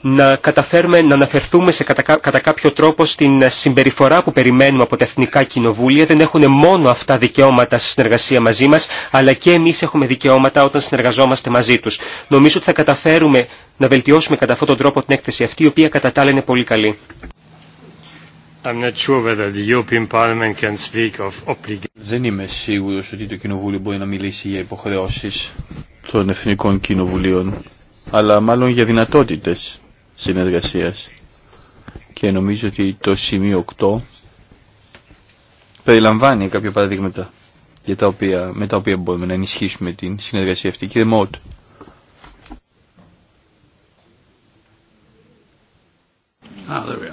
να καταφέρουμε να αναφερθούμε σε κατα, κατά κάποιο τρόπο στην συμπεριφορά που περιμένουμε από τα εθνικά κοινοβούλια. Δεν έχουν μόνο αυτά δικαιώματα στη συνεργασία μαζί μας, αλλά και εμείς έχουμε δικαιώματα όταν συνεργαζόμαστε μαζί τους. Νομίζω ότι θα καταφέρουμε να βελτιώσουμε κατά αυτόν τον τρόπο την έκθεση αυτή, η οποία κατά τα άλλα είναι πολύ καλή. Δεν είμαι σίγουρος ότι το Κοινοβούλιο μπορεί να μιλήσει για υποχρεώσεις των Εθνικών Κοινοβουλίων, αλλά μάλλον για δυνατότητες συνεργασίας και νομίζω ότι το σημείο 8 περιλαμβάνει κάποια παραδείγματα για τα οποία, με τα οποία μπορούμε να ενισχύσουμε την συνεργασία αυτή. Κύριε Μότ. Ah,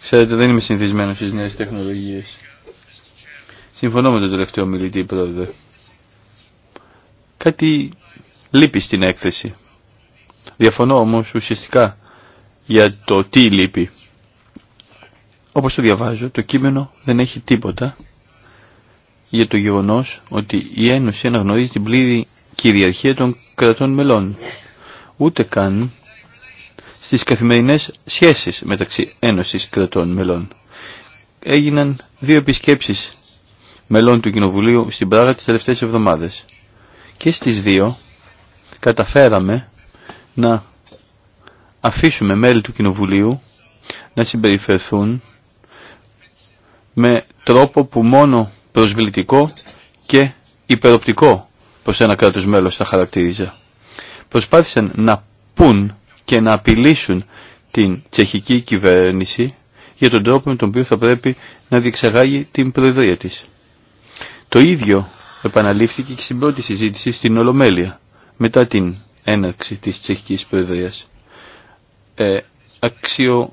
Ξέρετε, δεν είμαι συνηθισμένο στις νέες τεχνολογίες. Συμφωνώ με τον τελευταίο μιλητή, πρόεδρε. Κάτι λείπει στην έκθεση. Διαφωνώ όμως ουσιαστικά για το τι λείπει. Όπως το διαβάζω, το κείμενο δεν έχει τίποτα για το γεγονός ότι η Ένωση αναγνωρίζει την πλήρη κυριαρχία των κρατών μελών. Ούτε καν στις καθημερινές σχέσεις μεταξύ Ένωσης κρατών μελών. Έγιναν δύο επισκέψεις μελών του Κοινοβουλίου στην Πράγα τις τελευταίες εβδομάδες. Και στις δύο καταφέραμε να αφήσουμε μέλη του Κοινοβουλίου να συμπεριφερθούν με τρόπο που μόνο προσβλητικό και υπεροπτικό προς ένα κράτος μέλος θα χαρακτηρίζα. Προσπάθησαν να πούν και να απειλήσουν την τσεχική κυβέρνηση για τον τρόπο με τον οποίο θα πρέπει να διεξαγάγει την προεδρία της. Το ίδιο επαναλήφθηκε και στην πρώτη συζήτηση στην Ολομέλεια μετά την έναρξη της τσεχικής προεδρίας. Ε, αξιο...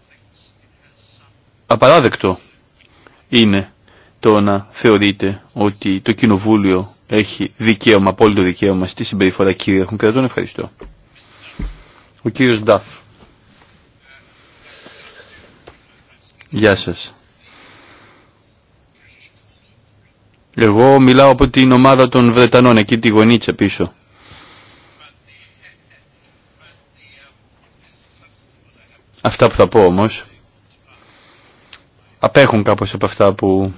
Απαράδεκτο είναι το να θεωρείτε ότι το Κοινοβούλιο έχει δικαίωμα, απόλυτο δικαίωμα στη συμπεριφορά κυρίαρχων κρατών. Ευχαριστώ. Ο κύριος Νταφ. Γεια σας. Εγώ μιλάω από την ομάδα των Βρετανών, εκεί τη γωνίτσα πίσω. Αυτά που θα πω όμως απέχουν κάπως από αυτά που,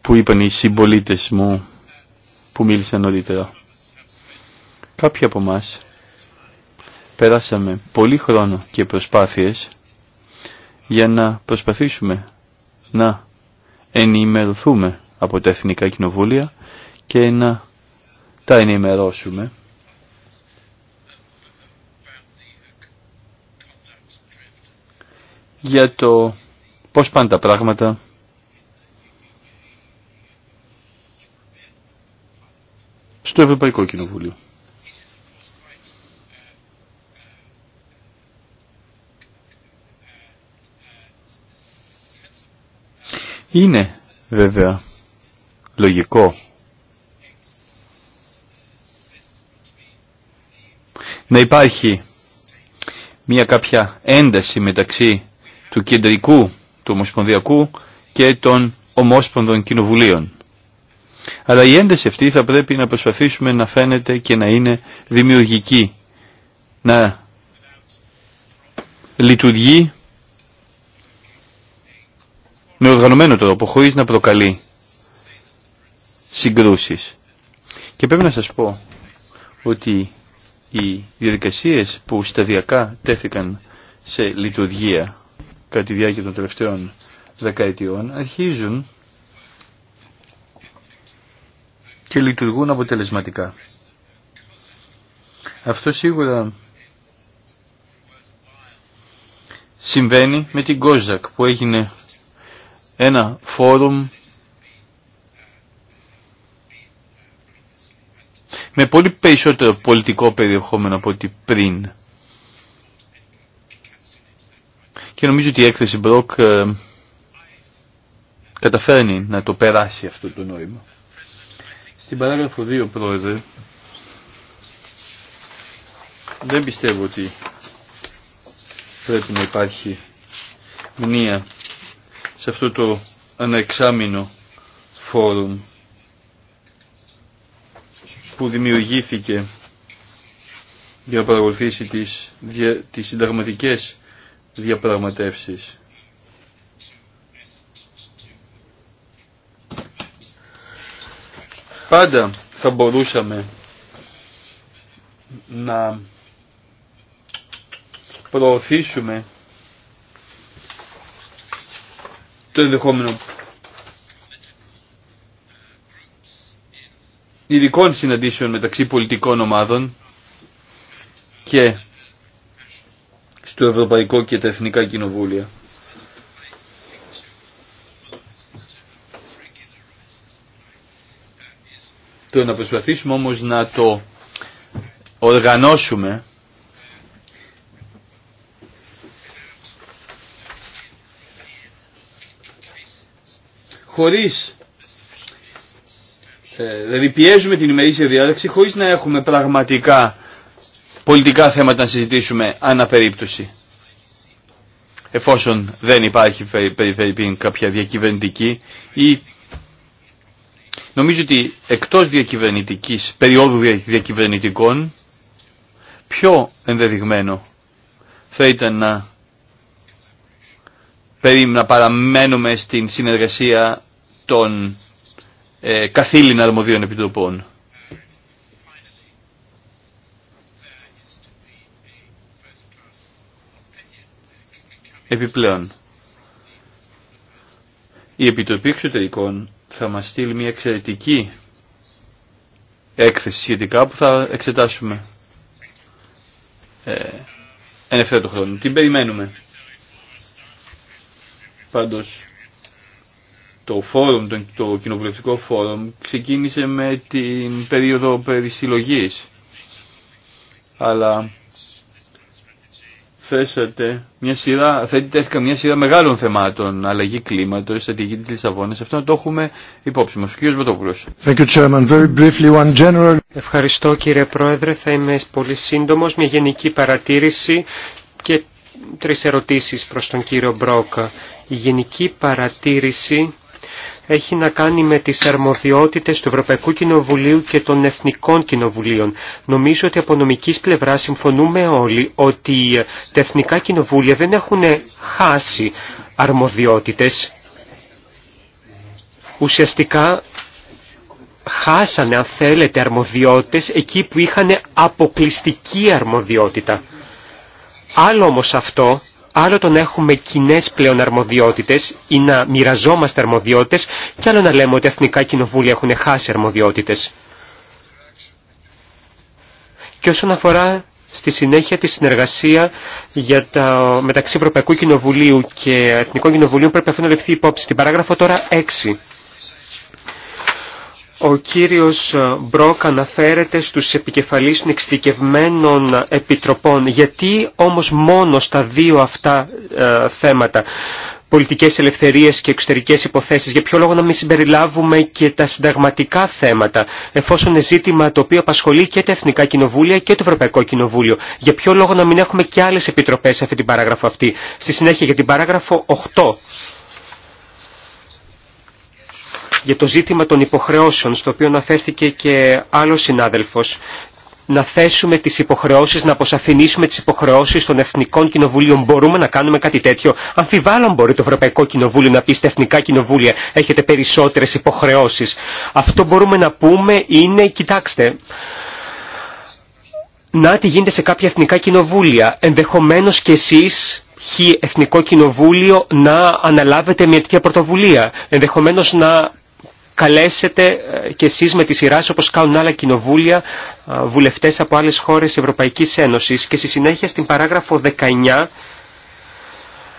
που είπαν οι συμπολίτε μου που μίλησαν νωρίτερα. Κάποιοι από εμά περάσαμε πολύ χρόνο και προσπάθειες για να προσπαθήσουμε να ενημερωθούμε από τα Εθνικά Κοινοβούλια και να τα ενημερώσουμε για το πώς πάνε τα πράγματα στο Ευρωπαϊκό Κοινοβούλιο. Είναι βέβαια λογικό να υπάρχει μια κάποια ένταση μεταξύ του κεντρικού, του ομοσπονδιακού και των ομόσπονδων κοινοβουλίων. Αλλά η ένταση αυτή θα πρέπει να προσπαθήσουμε να φαίνεται και να είναι δημιουργική, να λειτουργεί με οργανωμένο τρόπο, χωρίς να προκαλεί συγκρούσεις. Και πρέπει να σας πω ότι οι διαδικασίες που σταδιακά τέθηκαν σε λειτουργία κατά τη διάρκεια των τελευταίων δεκαετιών αρχίζουν και λειτουργούν αποτελεσματικά. Αυτό σίγουρα συμβαίνει με την Κόζακ που έγινε ένα φόρουμ με πολύ περισσότερο πολιτικό περιεχόμενο από ό,τι πριν. και νομίζω ότι η έκθεση Μπροκ ε, καταφέρνει να το περάσει αυτό το νόημα. Στην παράγραφο 2, Πρόεδρε, δεν πιστεύω ότι πρέπει να υπάρχει μνήμα σε αυτό το αναεξάμεινο φόρουμ που δημιουργήθηκε για να παρακολουθήσει τις, τις συνταγματικές διαπραγματεύσεις. Πάντα θα μπορούσαμε να προωθήσουμε το ενδεχόμενο ειδικών συναντήσεων μεταξύ πολιτικών ομάδων και στο Ευρωπαϊκό και τα Εθνικά Κοινοβούλια. Το να προσπαθήσουμε όμως να το οργανώσουμε χωρίς ε, δηλαδή πιέζουμε την ημερήσια διάλεξη χωρίς να έχουμε πραγματικά πολιτικά θέματα να συζητήσουμε αναπερίπτωση. Εφόσον δεν υπάρχει περί, κάποια διακυβερνητική ή νομίζω ότι εκτός διακυβερνητικής, περίοδου διακυβερνητικών, πιο ενδεδειγμένο θα ήταν να, να παραμένουμε στην συνεργασία των ε, καθήλυνα αρμοδίων επιτροπών. Επιπλέον, η Επιτροπή Εξωτερικών θα μας στείλει μια εξαιρετική έκθεση σχετικά που θα εξετάσουμε ε, εν ευθέτω χρόνο. Την περιμένουμε. Πάντως, το φόρουμ, το, το κοινοβουλευτικό φόρουμ ξεκίνησε με την περίοδο περισυλλογής. Αλλά θέσατε μια σειρά, θέτηκα μια σειρά μεγάλων θεμάτων, αλλαγή κλίματος, στρατηγική της Λισαβόνας. Αυτό να το έχουμε υπόψη μας. Κύριος Μποτόπουλος. Ευχαριστώ κύριε Πρόεδρε. Θα είμαι πολύ σύντομος. Μια γενική παρατήρηση και τρεις ερωτήσεις προς τον κύριο Μπρόκα. Η γενική παρατήρηση έχει να κάνει με τις αρμοδιότητες του Ευρωπαϊκού Κοινοβουλίου και των Εθνικών Κοινοβουλίων. Νομίζω ότι από νομικής πλευρά συμφωνούμε όλοι ότι τα Εθνικά Κοινοβούλια δεν έχουν χάσει αρμοδιότητες. Ουσιαστικά χάσανε, αν θέλετε, αρμοδιότητες εκεί που είχαν αποκλειστική αρμοδιότητα. Άλλο όμως αυτό Άλλο το να έχουμε κοινέ πλέον αρμοδιότητε ή να μοιραζόμαστε αρμοδιότητε και άλλο να λέμε ότι εθνικά κοινοβούλια έχουν χάσει αρμοδιότητε. Και όσον αφορά στη συνέχεια τη συνεργασία για τα, μεταξύ Ευρωπαϊκού Κοινοβουλίου και Εθνικών Κοινοβουλίων πρέπει αυτό να ληφθεί υπόψη. Στην παράγραφο τώρα 6. Ο κύριος ε, Μπρόκ αναφέρεται στους επικεφαλείς εξειδικευμένων επιτροπών. Γιατί όμως μόνο στα δύο αυτά ε, θέματα, πολιτικές ελευθερίες και εξωτερικές υποθέσεις, για ποιο λόγο να μην συμπεριλάβουμε και τα συνταγματικά θέματα, εφόσον είναι ζήτημα το οποίο απασχολεί και τα Εθνικά Κοινοβούλια και το Ευρωπαϊκό Κοινοβούλιο. Για ποιο λόγο να μην έχουμε και άλλες επιτροπές σε αυτή την παράγραφο αυτή. Στη συνέχεια για την παράγραφο 8 για το ζήτημα των υποχρεώσεων, στο οποίο αναφέρθηκε και άλλος συνάδελφος, να θέσουμε τις υποχρεώσεις, να αποσαφηνίσουμε τις υποχρεώσεις των εθνικών κοινοβουλίων. Μπορούμε να κάνουμε κάτι τέτοιο. Αμφιβάλλον μπορεί το Ευρωπαϊκό Κοινοβούλιο να πει στα εθνικά κοινοβούλια έχετε περισσότερες υποχρεώσεις. Αυτό μπορούμε να πούμε είναι, κοιτάξτε, να τι γίνεται σε κάποια εθνικά κοινοβούλια. Ενδεχομένως και εσείς χι εθνικό κοινοβούλιο να αναλάβετε μια τέτοια πρωτοβουλία. Ενδεχομένως να καλέσετε ε, και εσείς με τη σειρά σας, όπως κάνουν άλλα κοινοβούλια, ε, βουλευτές από άλλες χώρες Ευρωπαϊκής Ένωσης και στη συνέχεια στην παράγραφο 19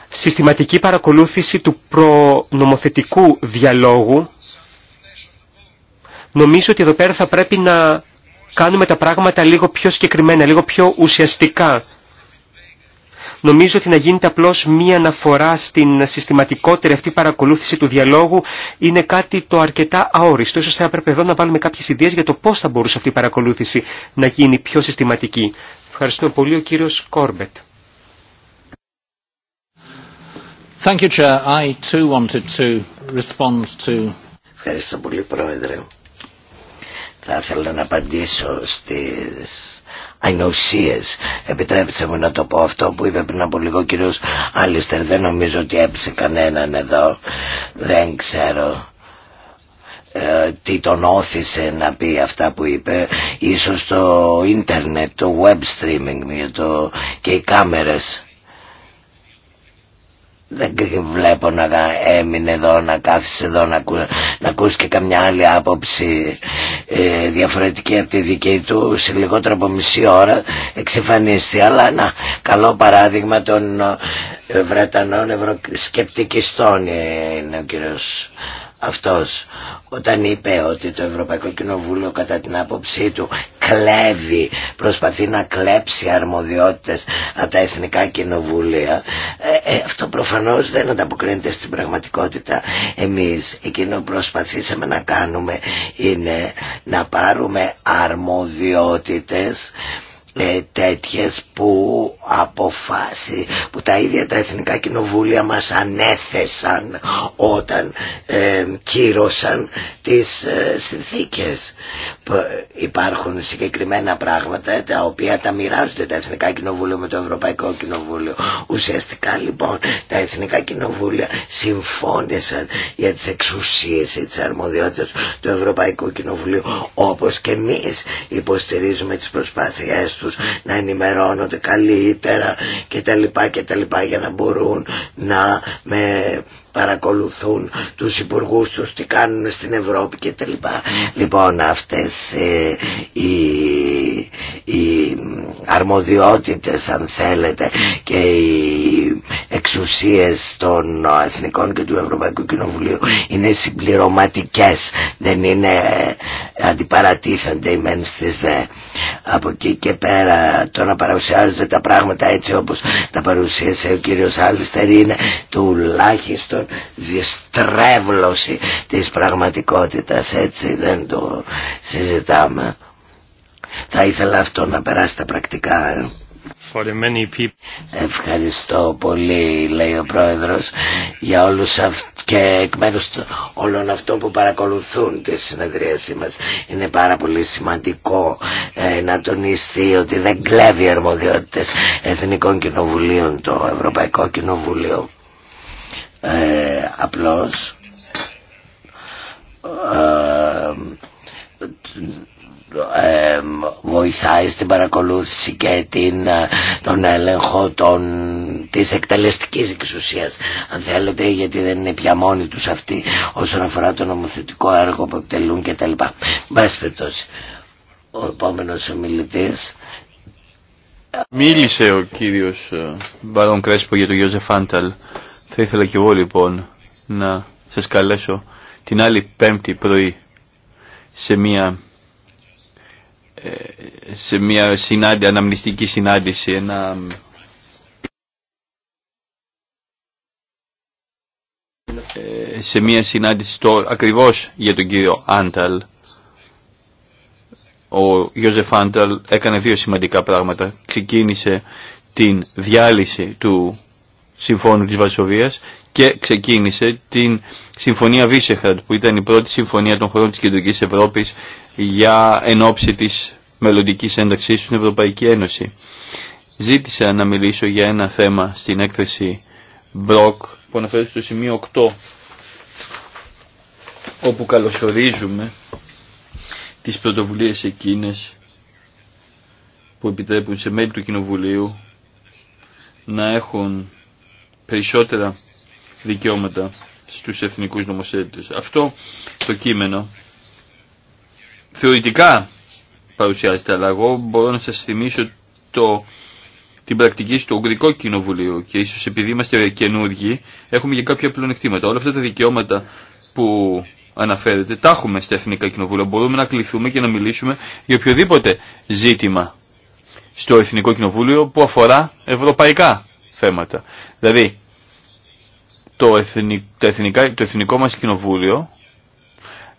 συστηματική παρακολούθηση του προνομοθετικού διαλόγου. Νομίζω ότι εδώ πέρα θα πρέπει να κάνουμε τα πράγματα λίγο πιο συγκεκριμένα, λίγο πιο ουσιαστικά. Νομίζω ότι να γίνεται απλώς μία αναφορά στην συστηματικότερη αυτή παρακολούθηση του διαλόγου είναι κάτι το αρκετά αόριστο. Ίσως θα έπρεπε εδώ να βάλουμε κάποιες ιδέες για το πώς θα μπορούσε αυτή η παρακολούθηση να γίνει πιο συστηματική. Ευχαριστώ πολύ ο κύριος Κόρμπετ. Ευχαριστώ πολύ, Πρόεδρε. Θα ήθελα να απαντήσω στις Επιτρέψτε μου να το πω αυτό που είπε πριν από λίγο ο κύριος Άλιστερ. Δεν νομίζω ότι έπεισε κανέναν εδώ. Δεν ξέρω ε, τι τον όθησε να πει αυτά που είπε ίσως το ίντερνετ, το web streaming το, και οι κάμερες δεν βλέπω να έμεινε εδώ, να κάθισε εδώ, να, ακού, να ακούσει και καμιά άλλη άποψη ε, διαφορετική από τη δική του. Σε λιγότερο από μισή ώρα εξεφανίστηκε, Αλλά να καλό παράδειγμα των ε, Βρετανών ευρωσκεπτικιστών είναι ο κύριος αυτός όταν είπε ότι το Ευρωπαϊκό Κοινοβούλιο κατά την άποψή του κλέβει, προσπαθεί να κλέψει αρμοδιότητες από τα εθνικά κοινοβούλια ε, ε, αυτό προφανώς δεν ανταποκρίνεται στην πραγματικότητα εμείς εκείνο που προσπαθήσαμε να κάνουμε είναι να πάρουμε αρμοδιότητες ε, τέτοιες που αποφάσει που τα ίδια τα εθνικά κοινοβούλια μας ανέθεσαν όταν ε, κύρωσαν τις ε, συνθήκες υπάρχουν συγκεκριμένα πράγματα τα οποία τα μοιράζονται τα εθνικά κοινοβούλια με το Ευρωπαϊκό Κοινοβούλιο ουσιαστικά λοιπόν τα εθνικά κοινοβούλια συμφώνησαν για τις εξουσίες ή τις αρμοδιότητες του Ευρωπαϊκού Κοινοβουλίου όπως και εμείς υποστηρίζουμε τις προσπάθειές του τους να ενημερώνονται καλύτερα κτλ. κτλ για να μπορούν να με παρακολουθούν τους υπουργούς τους τι κάνουν στην Ευρώπη και τα Λοιπόν αυτές ε, οι, οι αρμοδιότητες αν θέλετε και οι εξουσίες των Εθνικών και του Ευρωπαϊκού Κοινοβουλίου είναι συμπληρωματικές δεν είναι αντιπαρατίθενται οι μεν στις δε από εκεί και πέρα το να παρουσιάζονται τα πράγματα έτσι όπως τα παρουσίασε ο κύριος Άλιστερ είναι τουλάχιστον διεστρέβλωση της πραγματικότητας έτσι δεν το συζητάμε θα ήθελα αυτό να περάσει τα πρακτικά ε. Ευχαριστώ πολύ λέει ο πρόεδρος για όλους αυτούς και εκ μέρους όλων αυτών που παρακολουθούν τη συνεδρίασή μας είναι πάρα πολύ σημαντικό ε, να τονιστεί ότι δεν κλέβει αρμοδιότητες Εθνικών Κοινοβουλίων το Ευρωπαϊκό Κοινοβουλίο ε, απλώς ε, ε, βοηθάει στην παρακολούθηση και την, ε, τον έλεγχο των, της εκτελεστικής εξουσίας αν θέλετε γιατί δεν είναι πια μόνοι τους αυτοί όσον αφορά το νομοθετικό έργο που εκτελούν και τα λοιπά ο επόμενος ομιλητής Μίλησε ο κύριος ε, Μπαρόν Κρέσπο για τον Γιώζε Φάνταλ θα ήθελα κι εγώ λοιπόν να σας καλέσω την άλλη πέμπτη πρωί σε μια ε, σε μια συνάντηση, αναμνηστική συνάντηση, ε, σε μια συνάντηση στο, ακριβώς για τον κύριο Άνταλ ο Ιωζεφ Άνταλ έκανε δύο σημαντικά πράγματα ξεκίνησε την διάλυση του Συμφώνου της Βασοβίας και ξεκίνησε την Συμφωνία Βίσεχαρτ που ήταν η πρώτη συμφωνία των χωρών της Κεντρικής Ευρώπης για ενόψη της μελλοντικής ένταξής στην Ευρωπαϊκή Ένωση. Ζήτησα να μιλήσω για ένα θέμα στην έκθεση Μπροκ που αναφέρεται στο σημείο 8 όπου καλωσορίζουμε τις πρωτοβουλίες εκείνες που επιτρέπουν σε μέλη του Κοινοβουλίου να έχουν περισσότερα δικαιώματα στους εθνικούς νομοθέτες. Αυτό το κείμενο θεωρητικά παρουσιάζεται, αλλά εγώ μπορώ να σας θυμίσω το, την πρακτική στο Ουγγρικό Κοινοβουλίο και ίσως επειδή είμαστε καινούργοι έχουμε και κάποια πλονεκτήματα. Όλα αυτά τα δικαιώματα που αναφέρετε τα έχουμε στα Εθνικά Κοινοβούλια. Μπορούμε να κληθούμε και να μιλήσουμε για οποιοδήποτε ζήτημα στο Εθνικό Κοινοβούλιο που αφορά ευρωπαϊκά θέματα. Δηλαδή, το, εθνικό, το, εθνικό, μας κοινοβούλιο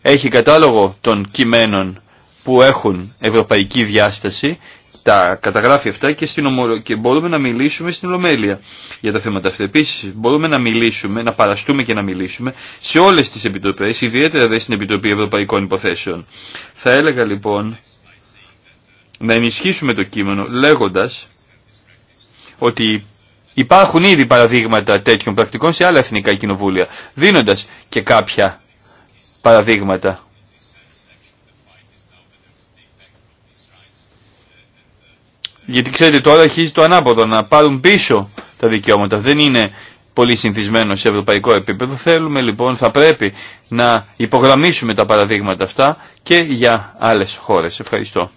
έχει κατάλογο των κειμένων που έχουν ευρωπαϊκή διάσταση, τα καταγράφει αυτά και, στην ομολο... και μπορούμε να μιλήσουμε στην Ολομέλεια για τα θέματα αυτά. Επίση, μπορούμε να μιλήσουμε, να παραστούμε και να μιλήσουμε σε όλε τι επιτροπέ, ιδιαίτερα δε στην Επιτροπή Ευρωπαϊκών Υποθέσεων. Θα έλεγα λοιπόν να ενισχύσουμε το κείμενο λέγοντα ότι Υπάρχουν ήδη παραδείγματα τέτοιων πρακτικών σε άλλα εθνικά κοινοβούλια, δίνοντας και κάποια παραδείγματα. Γιατί ξέρετε τώρα αρχίζει το ανάποδο να πάρουν πίσω τα δικαιώματα. Δεν είναι πολύ συνηθισμένο σε ευρωπαϊκό επίπεδο. Θέλουμε λοιπόν, θα πρέπει να υπογραμμίσουμε τα παραδείγματα αυτά και για άλλες χώρες. Ευχαριστώ.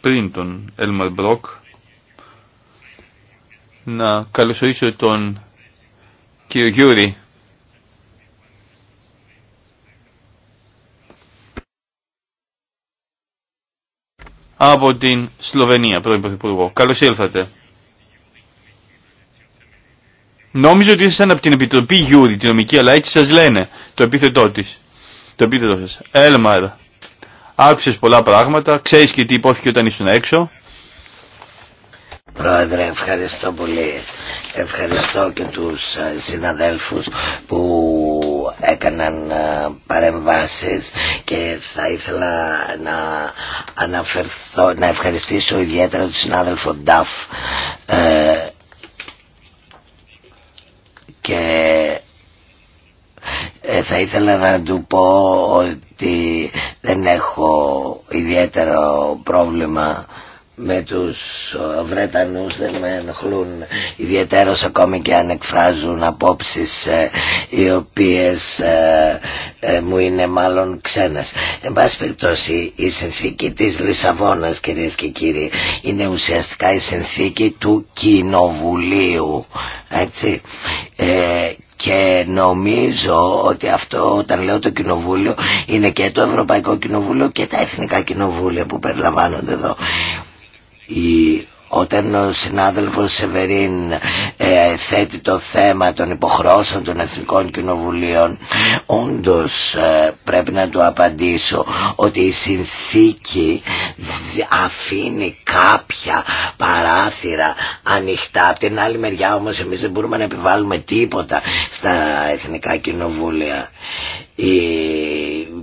Πριν τον Έλμαρ Μπρόκ, να καλωσορίσω τον κύριο Γιούρη. από την Σλοβενία, πρώην Πρωθυπουργό. Καλώς ήλθατε. Νόμιζα ότι ήσασταν από την Επιτροπή Γιούρη, την νομική, αλλά έτσι σας λένε το επίθετό της. Το επίθετό σας. Έλμαρ, άκουσες πολλά πράγματα, ξέρεις και τι υπόθηκε όταν ήσουν έξω. Πρόεδρε, ευχαριστώ πολύ. Ευχαριστώ και τους ε, συναδέλφους που έκαναν ε, παρεμβάσεις και θα ήθελα να αναφερθώ, να ευχαριστήσω ιδιαίτερα τον συνάδελφο Νταφ ε, και θα ήθελα να του πω ότι δεν έχω ιδιαίτερο πρόβλημα με τους ε, Βρετανούς δεν με ενοχλούν ιδιαίτερως ακόμη και αν εκφράζουν απόψεις ε, οι οποίες ε, μου είναι μάλλον ξένες. Εν πάση περιπτώσει η συνθήκη της Λισαβόνας κυρίες και κύριοι είναι ουσιαστικά η συνθήκη του Κοινοβουλίου έτσι και νομίζω ότι αυτό όταν λέω το κοινοβούλιο είναι και το Ευρωπαϊκό Κοινοβούλιο και τα Εθνικά Κοινοβούλια που περιλαμβάνονται εδώ όταν ο συνάδελφος Σεβερίν ε, θέτει το θέμα των υποχρώσεων των Εθνικών Κοινοβουλίων όντως ε, πρέπει να του απαντήσω ότι η συνθήκη αφήνει κάποια παράθυρα ανοιχτά από την άλλη μεριά όμως εμείς δεν μπορούμε να επιβάλλουμε τίποτα στα Εθνικά Κοινοβούλια ε,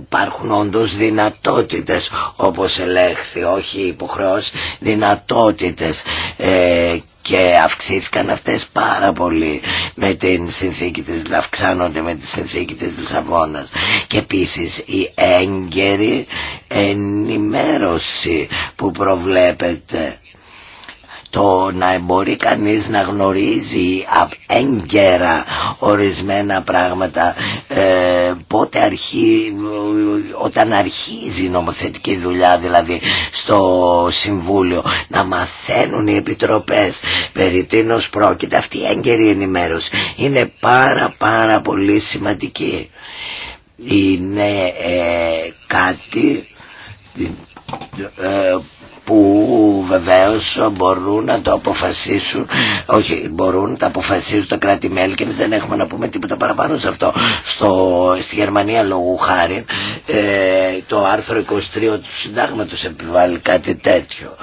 υπάρχουν όντως δυνατότητες όπως ελέγχθη όχι υποχρεώσει δυνατότητες ε, και αυξήθηκαν αυτές πάρα πολύ με την συνθήκη της αυξάνονται με τη συνθήκη της Λισαβόνας και επίσης η έγκαιρη ενημέρωση που προβλέπεται το να μπορεί κανείς να γνωρίζει έγκαιρα ορισμένα πράγματα ε, πότε αρχί, όταν αρχίζει η νομοθετική δουλειά δηλαδή στο Συμβούλιο να μαθαίνουν οι επιτροπές περί τίνος πρόκειται αυτή η έγκαιρη ενημέρωση είναι πάρα πάρα πολύ σημαντική είναι ε, κάτι ε, που βεβαίως μπορούν να το αποφασίσουν mm. όχι μπορούν να τα αποφασίσουν τα κράτη-μέλη και εμείς δεν έχουμε να πούμε τίποτα παραπάνω σε αυτό Στο, στη Γερμανία λόγου χάρη ε, το άρθρο 23 του συντάγματος επιβάλλει κάτι τέτοιο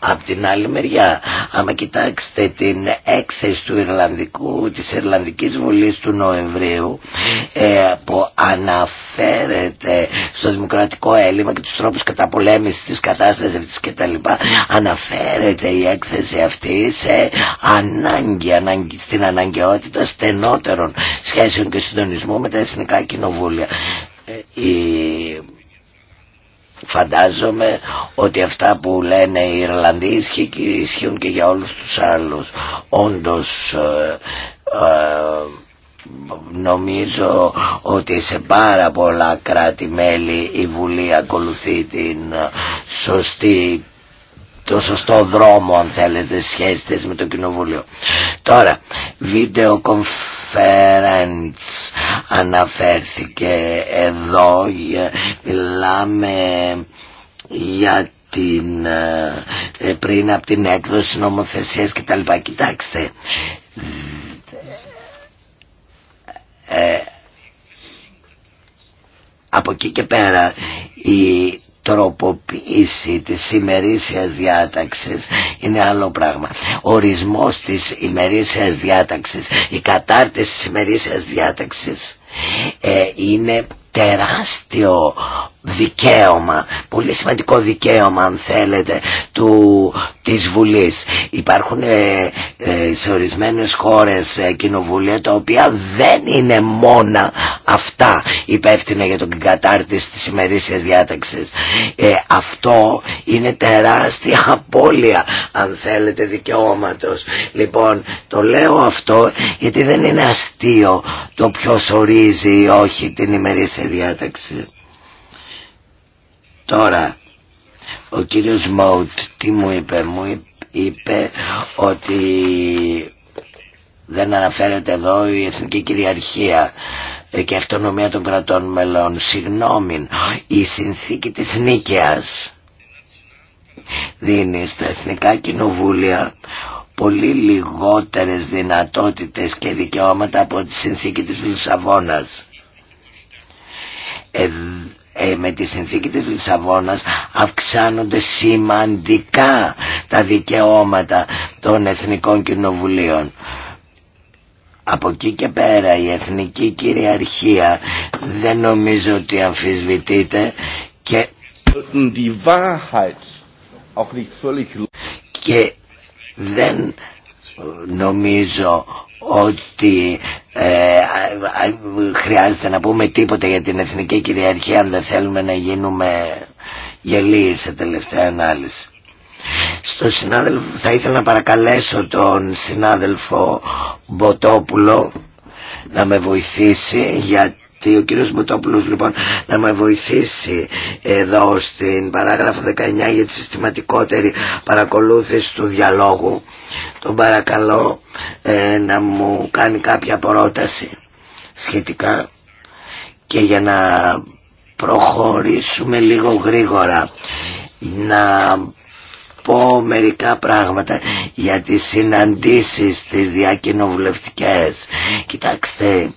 απ' την άλλη μεριά άμα κοιτάξετε την έκθεση του Ιρλανδικού της Ιρλανδικής Βουλής του Νοεμβρίου ε, που αναφέρεται στο δημοκρατικό έλλειμμα και τους τρόπους καταπολέμησης της κατάστασης αυτής και Αναφέρεται η έκθεση αυτή σε ανάγκη, ανάγκη στην αναγκαιότητα στενότερων σχέσεων και συντονισμού με τα εθνικά κοινοβούλια. Ε, φαντάζομαι ότι αυτά που λένε οι Ιρλανδοί ισχύουν και, και για όλους τους άλλους. Όντως ε, ε, νομίζω ότι σε πάρα πολλά κράτη-μέλη η Βουλή ακολουθεί την σωστή το σωστό δρόμο αν θέλετε σχέσεις με το κοινοβούλιο τώρα βίντεο conference αναφέρθηκε εδώ μιλάμε για την, ε, πριν από την έκδοση νομοθεσίας κτλ κοιτάξτε ε, ε, από εκεί και πέρα η τροποποίηση της ημερήσιας διάταξης είναι άλλο πράγμα. Ορισμός της ημερήσιας διάταξης, η κατάρτιση της ημερήσιας διάταξης ε, είναι τεράστιο δικαίωμα, πολύ σημαντικό δικαίωμα αν θέλετε του, της Βουλής. Υπάρχουν ε, ε σε ορισμένες χώρες ε, κοινοβουλία τα οποία δεν είναι μόνα αυτά υπεύθυνα για τον κατάρτιση της ημερήσιας διάταξης. Ε, αυτό είναι τεράστια απώλεια αν θέλετε δικαιώματος. Λοιπόν το λέω αυτό γιατί δεν είναι αστείο το ποιος ορίζει όχι την ημερήσια διάταξη. Τώρα, ο κύριος Μόουτ τι μου είπε, μου είπε ότι δεν αναφέρεται εδώ η εθνική κυριαρχία και αυτονομία των κρατών μελών. Συγγνώμη, η συνθήκη της νίκαιας δίνει στα εθνικά κοινοβούλια πολύ λιγότερες δυνατότητες και δικαιώματα από τη συνθήκη της Λισαβόνας. Ε, ε, με τη συνθήκη της Λισαβόνας αυξάνονται σημαντικά τα δικαιώματα των εθνικών κοινοβουλίων. Από εκεί και πέρα η εθνική κυριαρχία δεν νομίζω ότι αμφισβητείται και, και δεν νομίζω ότι ε, χρειάζεται να πούμε τίποτα για την εθνική κυριαρχία αν δεν θέλουμε να γίνουμε γελοί σε τελευταία ανάλυση. Στο συνάδελφο, θα ήθελα να παρακαλέσω τον συνάδελφο Μποτόπουλο να με βοηθήσει για ο κύριος Μπουτόπουλος λοιπόν να με βοηθήσει εδώ στην παράγραφο 19 για τη συστηματικότερη παρακολούθηση του διαλόγου. Τον παρακαλώ ε, να μου κάνει κάποια πρόταση σχετικά και για να προχωρήσουμε λίγο γρήγορα να πω μερικά πράγματα για τις συναντήσεις τις διακοινοβουλευτικές. Κοιτάξτε,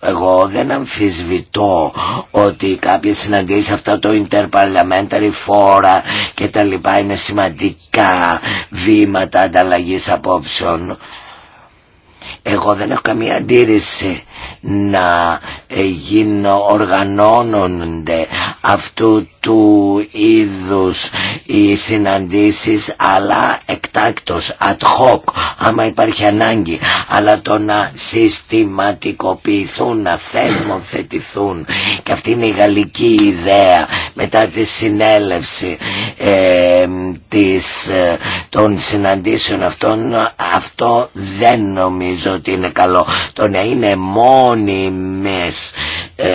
εγώ δεν αμφισβητώ ότι κάποιες συναντήσεις αυτά το interparliamentary φόρα και τα λοιπά είναι σημαντικά βήματα ανταλλαγής απόψεων. Εγώ δεν έχω καμία αντίρρηση να ε, γίνω, οργανώνονται αυτού του είδους οι συναντήσεις αλλά εκτάκτος, ad hoc άμα υπάρχει ανάγκη αλλά το να συστηματικοποιηθούν, να θεσμοθετηθούν και αυτή είναι η γαλλική ιδέα μετά τη συνέλευση της, ε, των συναντήσεων αυτών ε, αυτό δεν νομίζω ότι είναι καλό το να είναι μόνο μόνιμες ε,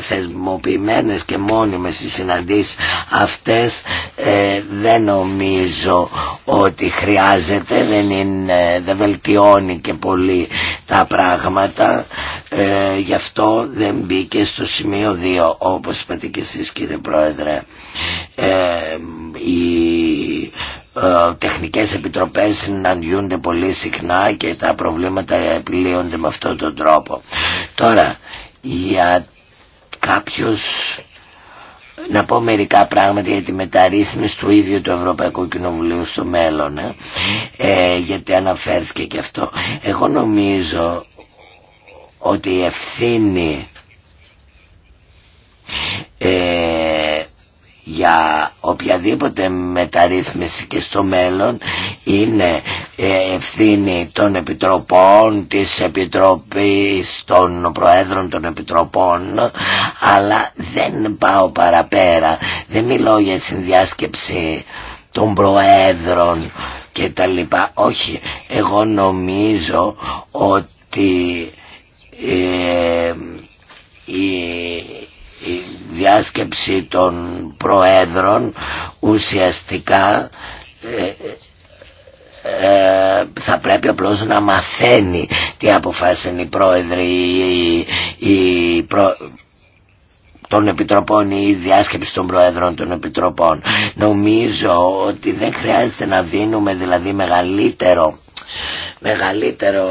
θεσμοποιημένες και μόνιμες οι συναντήσεις αυτές ε, δεν νομίζω ότι χρειάζεται δεν, είναι, δεν βελτιώνει και πολύ τα πράγματα ε, γι' αυτό δεν μπήκε στο σημείο 2 όπως είπατε και εσείς κύριε Πρόεδρε ε, οι ε, τεχνικές επιτροπές συναντιούνται πολύ συχνά και τα προβλήματα επιλύονται με αυτόν τον τρόπο τώρα για κάποιους να πω μερικά πράγματα για τη μεταρρύθμιση του ίδιου του Ευρωπαϊκού Κοινοβουλίου στο μέλλον ε. Ε, γιατί αναφέρθηκε και αυτό εγώ νομίζω ότι η ευθύνη ε, για οποιαδήποτε μεταρρύθμιση και στο μέλλον είναι ε, ευθύνη των επιτροπών, της επιτροπής, των προέδρων των επιτροπών αλλά δεν πάω παραπέρα, δεν μιλώ για συνδιάσκεψη των προέδρων και τα λοιπά. Όχι, εγώ νομίζω ότι ε, η, η διάσκεψη των προέδρων ουσιαστικά ε, ε, θα πρέπει απλώς να μαθαίνει τι αποφάσισαν οι πρόεδροι οι, των επιτροπών ή η διάσκεψη των πρόεδρων των επιτροπών. Νομίζω ότι δεν χρειάζεται να δίνουμε δηλαδή μεγαλύτερο μεγαλύτερο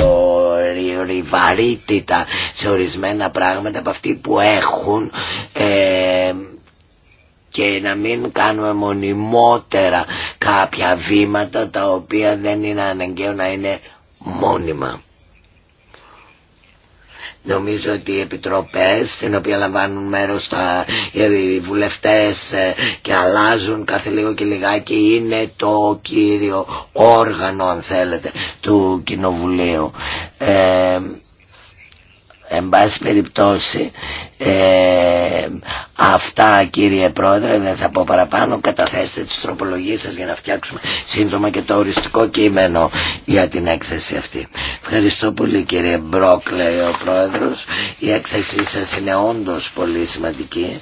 βαρύτητα σε ορισμένα πράγματα από αυτοί που έχουν ε, και να μην κάνουμε μονιμότερα κάποια βήματα τα οποία δεν είναι αναγκαίο να είναι μόνιμα. Νομίζω ότι οι επιτροπές στην οποία λαμβάνουν μέρος τα, οι βουλευτές ε, και αλλάζουν κάθε λίγο και λιγάκι είναι το κύριο όργανο αν θέλετε του Κοινοβουλίου. Ε, Εν πάση περιπτώσει ε, αυτά κύριε Πρόεδρε δεν θα πω παραπάνω καταθέστε τις τροπολογίες σας για να φτιάξουμε σύντομα και το οριστικό κείμενο για την έκθεση αυτή. Ευχαριστώ πολύ κύριε Μπρόκ λέει ο Πρόεδρος. Η έκθεσή σας είναι όντως πολύ σημαντική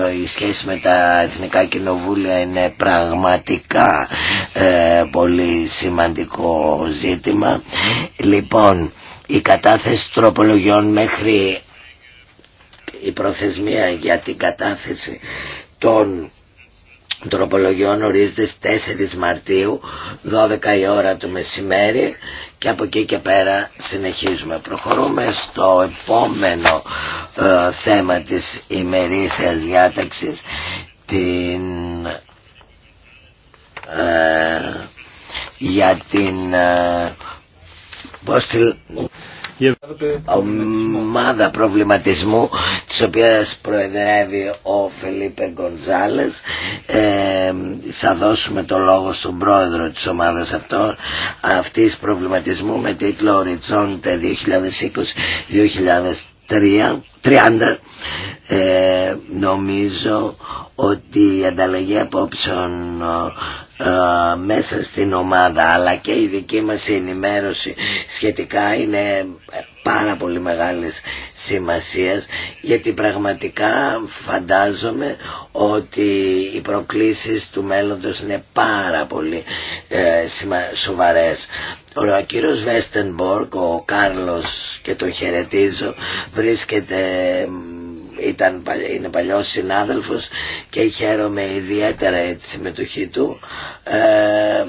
ε, η σχέση με τα εθνικά κοινοβούλια είναι πραγματικά ε, πολύ σημαντικό ζήτημα. Λοιπόν, η κατάθεση τροπολογιών μέχρι η προθεσμία για την κατάθεση των τροπολογιών ορίζεται στις 4 Μαρτίου 12 η ώρα του μεσημέρι και από εκεί και πέρα συνεχίζουμε. Προχωρούμε στο επόμενο ε, θέμα της ημερήσιας διάταξης την, ε, για την ε, πώς τη... ομάδα προβληματισμού της οποίας προεδρεύει ο Φελίπε Γκοντζάλες ε, θα δώσουμε το λόγο στον πρόεδρο της ομάδας αυτό, αυτής προβληματισμού με τιτλο οριτζοντε Οριτσόντε 2020-2030 ε, νομίζω ότι η ανταλλαγή απόψεων μέσα στην ομάδα αλλά και η δική μας ενημέρωση σχετικά είναι πάρα πολύ μεγάλης σημασίας γιατί πραγματικά φαντάζομαι ότι οι προκλήσεις του μέλλοντος είναι πάρα πολύ ε, σοβαρές. Ο κύριο Βέστενμπορκ, ο Κάρλος και τον χαιρετίζω βρίσκεται ήταν, είναι παλιός συνάδελφος και χαίρομαι ιδιαίτερα τη συμμετοχή του. Ε,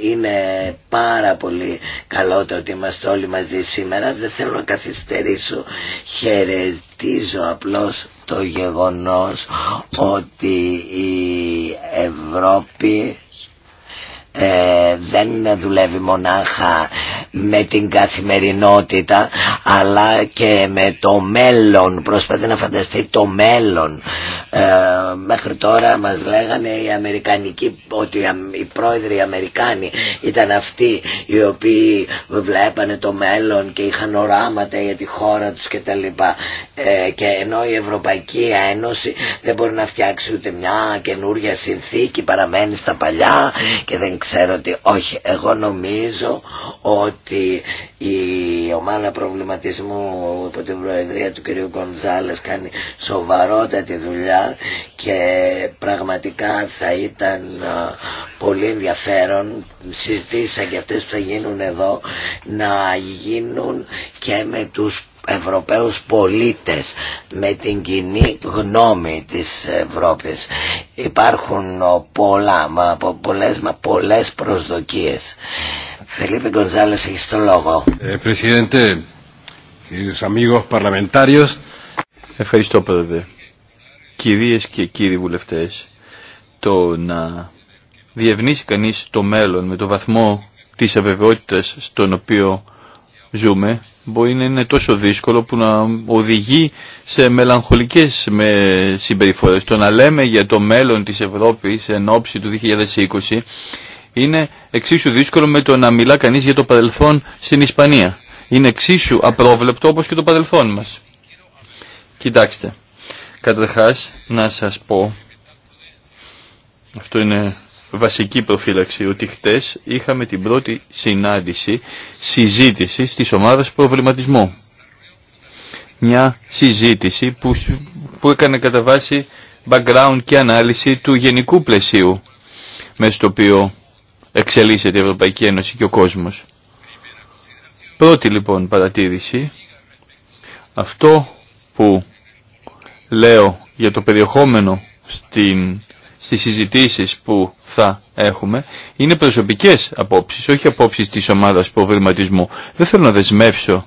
είναι πάρα πολύ καλό το ότι είμαστε όλοι μαζί σήμερα. Δεν θέλω να καθυστερήσω. Χαιρετίζω απλώς το γεγονός ότι η Ευρώπη ε, δεν δουλεύει μονάχα με την καθημερινότητα αλλά και με το μέλλον προσπαθεί να φανταστεί το μέλλον ε, μέχρι τώρα μας λέγανε οι Αμερικανικοί ότι οι πρόεδροι οι Αμερικάνοι ήταν αυτοί οι οποίοι βλέπανε το μέλλον και είχαν οράματα για τη χώρα τους και τα λοιπά ε, και ενώ η Ευρωπαϊκή Ένωση δεν μπορεί να φτιάξει ούτε μια καινούργια συνθήκη παραμένει στα παλιά και δεν ξέρω ότι όχι, εγώ νομίζω ότι η ομάδα προβληματισμού από την προεδρία του κ. Κοντζάλε κάνει σοβαρότατη δουλειά και πραγματικά θα ήταν πολύ ενδιαφέρον συζητήσα και αυτές που θα γίνουν εδώ να γίνουν και με τους Ευρωπαίους πολίτες με την κοινή γνώμη της Ευρώπης. Υπάρχουν πολλά, μα, πολλές, μα πολλές προσδοκίες. Φελίπε Γκονζάλες έχει το λόγο. Ε, amigos parlamentarios. Ευχαριστώ πρόεδρε. Κυρίες και κύριοι βουλευτές, το να διευνήσει κανείς το μέλλον με το βαθμό της αβεβαιότητας στον οποίο ζούμε μπορεί να είναι τόσο δύσκολο που να οδηγεί σε μελαγχολικές με συμπεριφορές. Το να λέμε για το μέλλον της Ευρώπης εν ώψη του 2020 είναι εξίσου δύσκολο με το να μιλά κανείς για το παρελθόν στην Ισπανία. Είναι εξίσου απρόβλεπτο όπως και το παρελθόν μας. Κοιτάξτε, καταρχάς να σας πω, αυτό είναι βασική προφύλαξη ότι χτες είχαμε την πρώτη συνάντηση συζήτηση της ομάδας προβληματισμού. Μια συζήτηση που, που έκανε κατά βάση background και ανάλυση του γενικού πλαισίου μέσα στο οποίο εξελίσσεται η Ευρωπαϊκή Ένωση και ο κόσμος. Πρώτη λοιπόν παρατήρηση, αυτό που λέω για το περιεχόμενο στην, στις συζητήσεις που έχουμε είναι προσωπικές απόψεις, όχι απόψεις της ομάδας προβληματισμού. Δεν θέλω να δεσμεύσω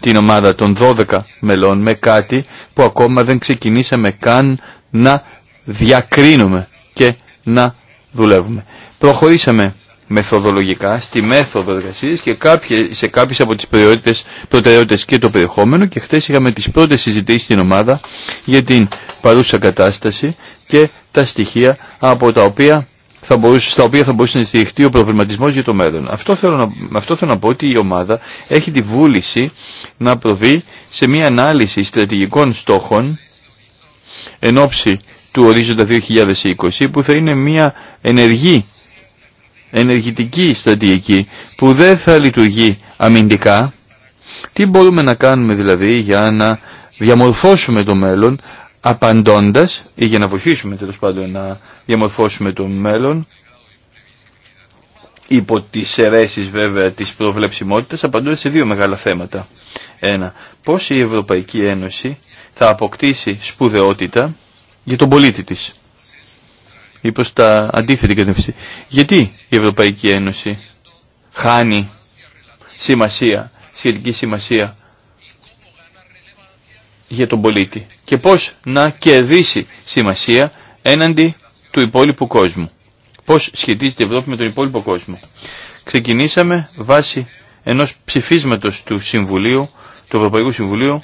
την ομάδα των 12 μελών με κάτι που ακόμα δεν ξεκινήσαμε καν να διακρίνουμε και να δουλεύουμε. Προχωρήσαμε μεθοδολογικά στη μέθοδο εργασίας και κάποιες, σε κάποιες από τις προτεραιότητες, προτεραιότητες και το περιεχόμενο και χθε είχαμε τις πρώτες συζητήσεις στην ομάδα για την παρούσα κατάσταση και τα στοιχεία από τα οποία θα μπορούσε, στα οποία θα μπορούσε να στηριχτεί ο προβληματισμό για το μέλλον. Αυτό θέλω να, αυτό θέλω να πω ότι η ομάδα έχει τη βούληση να προβεί σε μια ανάλυση στρατηγικών στόχων εν ώψη του ορίζοντα 2020 που θα είναι μια ενεργή ενεργητική στρατηγική που δεν θα λειτουργεί αμυντικά. Τι μπορούμε να κάνουμε δηλαδή για να διαμορφώσουμε το μέλλον απαντώντας ή για να βοηθήσουμε τέλο πάντων να διαμορφώσουμε το μέλλον υπό τις αιρέσεις βέβαια της προβλεψιμότητας απαντώντας σε δύο μεγάλα θέματα. Ένα, πώς η Ευρωπαϊκή Ένωση θα αποκτήσει σπουδαιότητα για τον πολίτη της ή προς τα αντίθετη κατεύθυνση. Γιατί η Ευρωπαϊκή Ένωση χάνει σημασία, σχετική σημασία για τον πολίτη και πώς να κερδίσει σημασία έναντι του υπόλοιπου κόσμου. Πώς σχετίζεται η Ευρώπη με τον υπόλοιπο κόσμο. Ξεκινήσαμε βάσει ενός ψηφίσματος του Συμβουλίου, του Ευρωπαϊκού Συμβουλίου,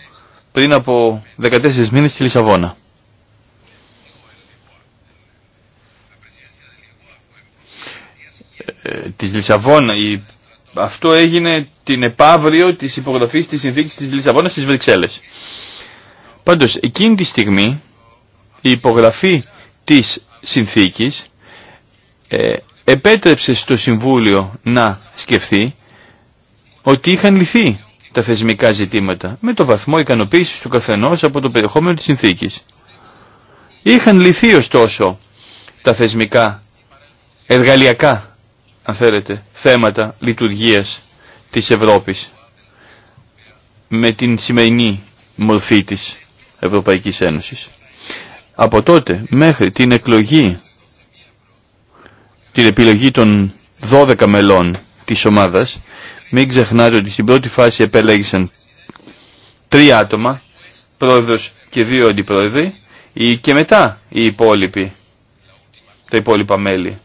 πριν από 14 μήνες στη Λισαβόνα. Ε, της Λισαβόνα, η... αυτό έγινε την επαύριο της υπογραφής της συνθήκης της Λισαβόνας στις Βρυξέλλες. Πάντως εκείνη τη στιγμή η υπογραφή της συνθήκης ε, επέτρεψε στο Συμβούλιο να σκεφτεί ότι είχαν λυθεί τα θεσμικά ζητήματα με το βαθμό ικανοποίησης του καθενός από το περιεχόμενο της συνθήκης. Είχαν λυθεί ωστόσο τα θεσμικά εργαλειακά αν θέματα λειτουργίας της Ευρώπης με την σημερινή μορφή της. Ευρωπαϊκής Ένωσης. Από τότε μέχρι την εκλογή, την επιλογή των 12 μελών της ομάδας, μην ξεχνάτε ότι στην πρώτη φάση επέλεγησαν τρία άτομα, πρόεδρος και δύο αντιπρόεδροι, και μετά οι υπόλοιποι, τα υπόλοιπα μέλη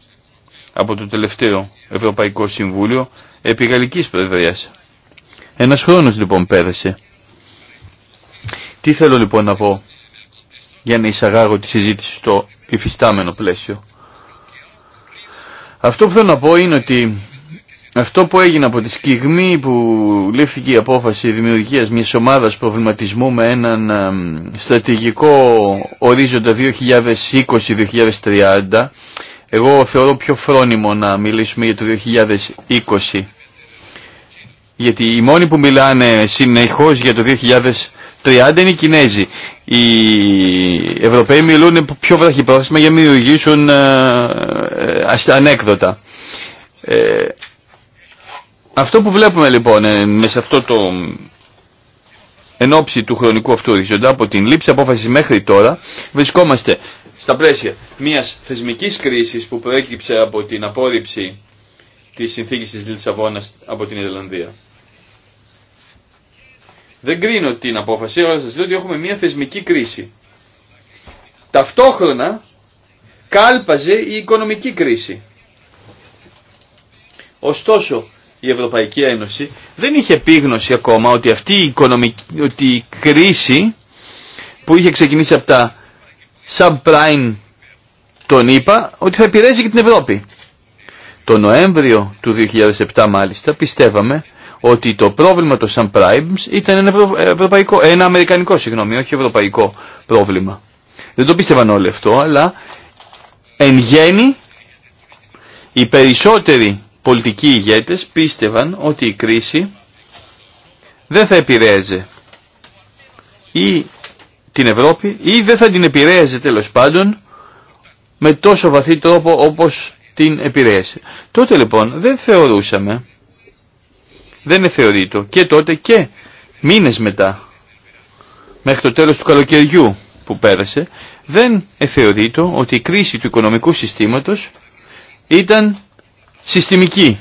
από το τελευταίο Ευρωπαϊκό Συμβούλιο επί Γαλλικής Προεδρίας. Ένας χρόνος λοιπόν πέρασε τι θέλω λοιπόν να πω για να εισαγάγω τη συζήτηση στο υφιστάμενο πλαίσιο. Αυτό που θέλω να πω είναι ότι αυτό που έγινε από τη στιγμή που λήφθηκε η απόφαση δημιουργίας μιας ομάδας προβληματισμού με έναν ε, στρατηγικό ορίζοντα 2020-2030, εγώ θεωρώ πιο φρόνιμο να μιλήσουμε για το 2020, γιατί οι μόνοι που μιλάνε συνεχώς για το 2020 30 είναι οι Κινέζοι. Οι Ευρωπαίοι μιλούν πιο βραχυπρόθεσμα για να δημιουργήσουν ε, ε, ανέκδοτα. Ε, αυτό που βλέπουμε λοιπόν ε, με σε αυτό το εν του χρονικού αυτού οριζοντά από την λήψη απόφασης μέχρι τώρα βρισκόμαστε στα πλαίσια μιας θεσμικής κρίσης που προέκυψε από την απόρριψη της συνθήκης της Λισαβόνας από την Ιρλανδία. Δεν κρίνω την απόφαση, αλλά σας λέω ότι έχουμε μια θεσμική κρίση. Ταυτόχρονα κάλπαζε η οικονομική κρίση. Ωστόσο, η Ευρωπαϊκή Ένωση δεν είχε επίγνωση ακόμα ότι αυτή η, οικονομική, ότι η κρίση που είχε ξεκινήσει από τα subprime τον είπα ότι θα επηρέαζε και την Ευρώπη. Το Νοέμβριο του 2007 μάλιστα πιστεύαμε ότι το πρόβλημα των subprimes ήταν ένα, ευρωπαϊκό, ένα αμερικανικό, συγγνώμη, όχι ευρωπαϊκό πρόβλημα. Δεν το πίστευαν όλοι αυτό, αλλά εν γέννη οι περισσότεροι πολιτικοί ηγέτες πίστευαν ότι η κρίση δεν θα επηρέαζε ή την Ευρώπη ή δεν θα την επηρέαζε τέλος πάντων με τόσο βαθύ τρόπο όπως την επηρέασε. Τότε λοιπόν δεν θεωρούσαμε δεν θεωρήτο. Και τότε και μήνες μετά, μέχρι το τέλος του καλοκαιριού που πέρασε, δεν εθεωρείτο ότι η κρίση του οικονομικού συστήματος ήταν συστημική.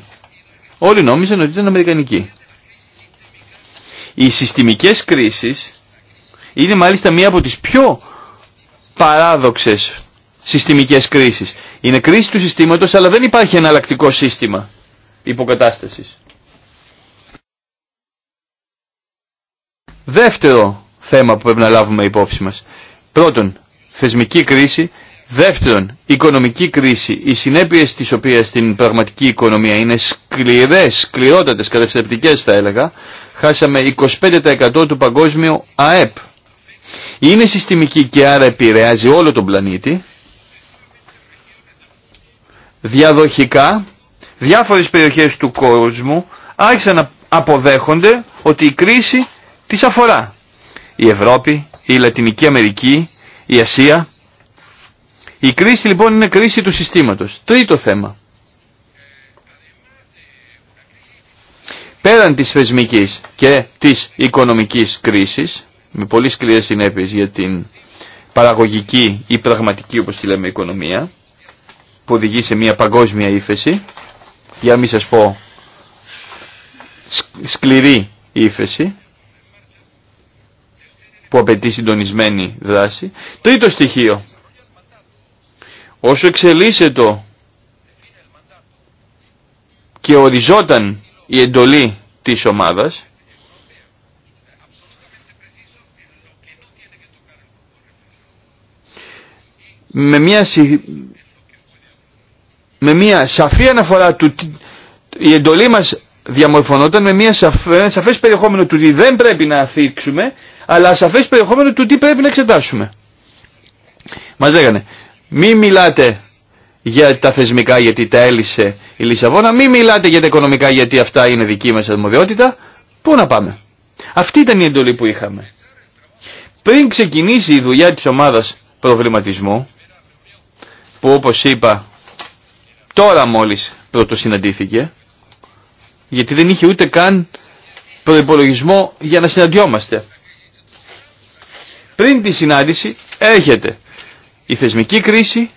Όλοι νόμιζαν ότι ήταν αμερικανική. Οι συστημικές κρίσεις είναι μάλιστα μία από τις πιο παράδοξες συστημικές κρίσεις. Είναι κρίση του συστήματος αλλά δεν υπάρχει εναλλακτικό σύστημα υποκατάστασης. Δεύτερο θέμα που πρέπει να λάβουμε υπόψη μας. Πρώτον, θεσμική κρίση. Δεύτερον, οικονομική κρίση. Οι συνέπειες της οποίας στην πραγματική οικονομία είναι σκληρές, σκληρότατες, καταστρεπτικές θα έλεγα. Χάσαμε 25% του παγκόσμιου ΑΕΠ. Είναι συστημική και άρα επηρεάζει όλο τον πλανήτη. Διαδοχικά, διάφορες περιοχές του κόσμου άρχισαν να αποδέχονται ότι η κρίση τι αφορά. Η Ευρώπη, η Λατινική Αμερική, η Ασία. Η κρίση λοιπόν είναι κρίση του συστήματος. Τρίτο θέμα. Πέραν της θεσμικής και της οικονομικής κρίσης, με πολύ σκληρές συνέπειες για την παραγωγική ή πραγματική όπως τη λέμε οικονομία, που οδηγεί σε μια παγκόσμια ύφεση, για να μην σας πω σκληρή ύφεση, που απαιτεί συντονισμένη δράση. Τρίτο στοιχείο. Όσο εξελίσσεται και οριζόταν η εντολή της ομάδας, με μια, με μια σαφή αναφορά του η εντολή μας διαμορφωνόταν με μια σαφές, περιεχόμενο του ότι δεν πρέπει να αθήξουμε αλλά σαφέ περιεχόμενο του τι πρέπει να εξετάσουμε. Μας λέγανε, μη μιλάτε για τα θεσμικά γιατί τα έλυσε η Λισαβόνα, μη μιλάτε για τα οικονομικά γιατί αυτά είναι δική μας αρμοδιότητα, πού να πάμε. Αυτή ήταν η εντολή που είχαμε. Πριν ξεκινήσει η δουλειά της ομάδας προβληματισμού, που όπως είπα τώρα μόλις πρώτο συναντήθηκε, γιατί δεν είχε ούτε καν προϋπολογισμό για να συναντιόμαστε πριν τη συνάντηση έρχεται η θεσμική κρίση,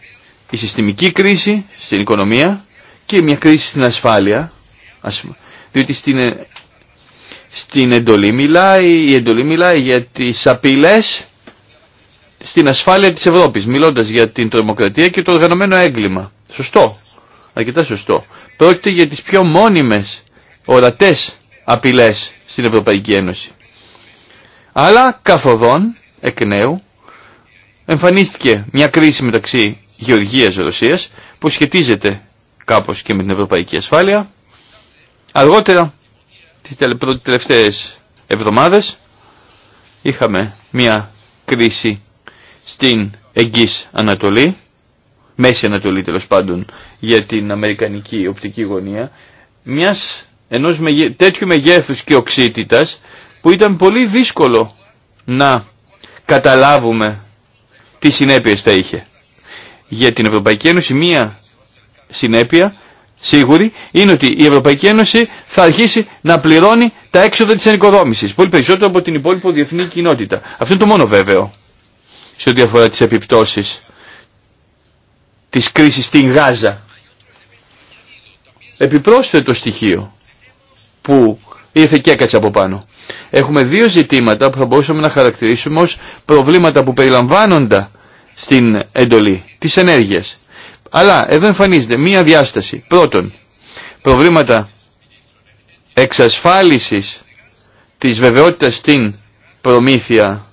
η συστημική κρίση στην οικονομία και μια κρίση στην ασφάλεια, διότι στην, ε, στην εντολή μιλάει, η εντολή μιλάει για τις απειλές στην ασφάλεια της Ευρώπης, μιλώντας για την τρομοκρατία και το οργανωμένο έγκλημα. Σωστό, αρκετά σωστό. Πρόκειται για τις πιο μόνιμες, ορατές απειλές στην Ευρωπαϊκή Ένωση. Αλλά καθοδόν εκ νέου εμφανίστηκε μια κρίση μεταξύ Γεωργίας και Ρωσίας που σχετίζεται κάπως και με την ευρωπαϊκή ασφάλεια. Αργότερα, τις τελευταίες εβδομάδες, είχαμε μια κρίση στην Εγγύς Ανατολή, Μέση Ανατολή τέλο πάντων, για την Αμερικανική οπτική γωνία, μιας ενός τέτοιου μεγέθους και οξύτητας που ήταν πολύ δύσκολο να καταλάβουμε τι συνέπειες θα είχε. Για την Ευρωπαϊκή Ένωση μία συνέπεια σίγουρη είναι ότι η Ευρωπαϊκή Ένωση θα αρχίσει να πληρώνει τα έξοδα της ενοικοδόμησης, πολύ περισσότερο από την υπόλοιπη διεθνή κοινότητα. Αυτό είναι το μόνο βέβαιο σε ό,τι αφορά τις επιπτώσεις της κρίσης στην Γάζα. Επιπρόσθετο στοιχείο που ήρθε και έκατσε από πάνω. Έχουμε δύο ζητήματα που θα μπορούσαμε να χαρακτηρίσουμε ως προβλήματα που περιλαμβάνονται στην εντολή της ενέργειας. Αλλά εδώ εμφανίζεται μία διάσταση. Πρώτον, προβλήματα εξασφάλισης της βεβαιότητας στην προμήθεια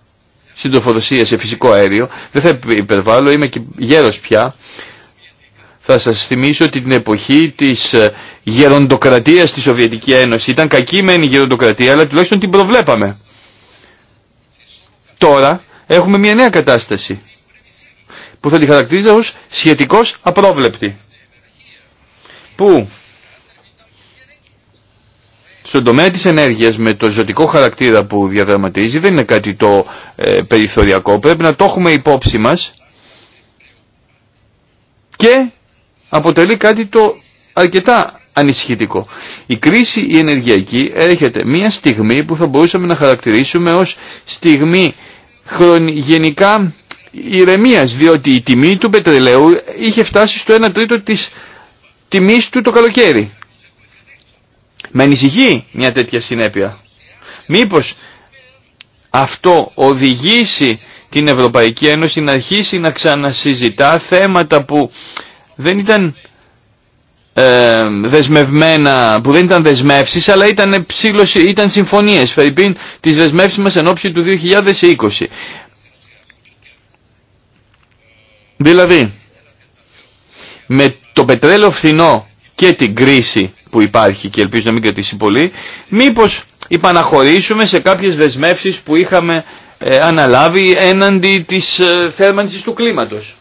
συντροφοδοσία σε φυσικό αέριο. Δεν θα υπερβάλλω, είμαι και γέρος πια. Θα σας θυμίσω ότι την εποχή της ε, γεροντοκρατίας στη Σοβιετική Ένωση ήταν κακή μεν η γεροντοκρατία, αλλά τουλάχιστον την προβλέπαμε. Τώρα έχουμε μια νέα κατάσταση που θα τη χαρακτηρίζα ως σχετικώς απρόβλεπτη. Που στον τομέα της ενέργειας με το ζωτικό χαρακτήρα που διαδραματίζει δεν είναι κάτι το ε, περιθωριακό. Πρέπει να το έχουμε υπόψη μας και αποτελεί κάτι το αρκετά ανησυχητικό. Η κρίση η ενεργειακή έρχεται μια στιγμή που θα μπορούσαμε να χαρακτηρίσουμε ως στιγμή γενικά ηρεμίας, διότι η τιμή του πετρελαίου είχε φτάσει στο 1 τρίτο της τιμής του το καλοκαίρι. Με ανησυχεί μια τέτοια συνέπεια. Μήπως αυτό οδηγήσει την Ευρωπαϊκή Ένωση να αρχίσει να ξανασυζητά θέματα που δεν ήταν ε, δεσμευμένα, που δεν ήταν δεσμεύσεις, αλλά ήταν, ψήλωση, ήταν συμφωνίες, φερειπίν, τις δεσμεύσει μας εν ώψη του 2020. Δηλαδή, με το πετρέλαιο φθηνό και την κρίση που υπάρχει και ελπίζω να μην κρατήσει πολύ, μήπως υπαναχωρήσουμε σε κάποιες δεσμεύσεις που είχαμε ε, αναλάβει έναντι της ε, θέρμανσης του κλίματος.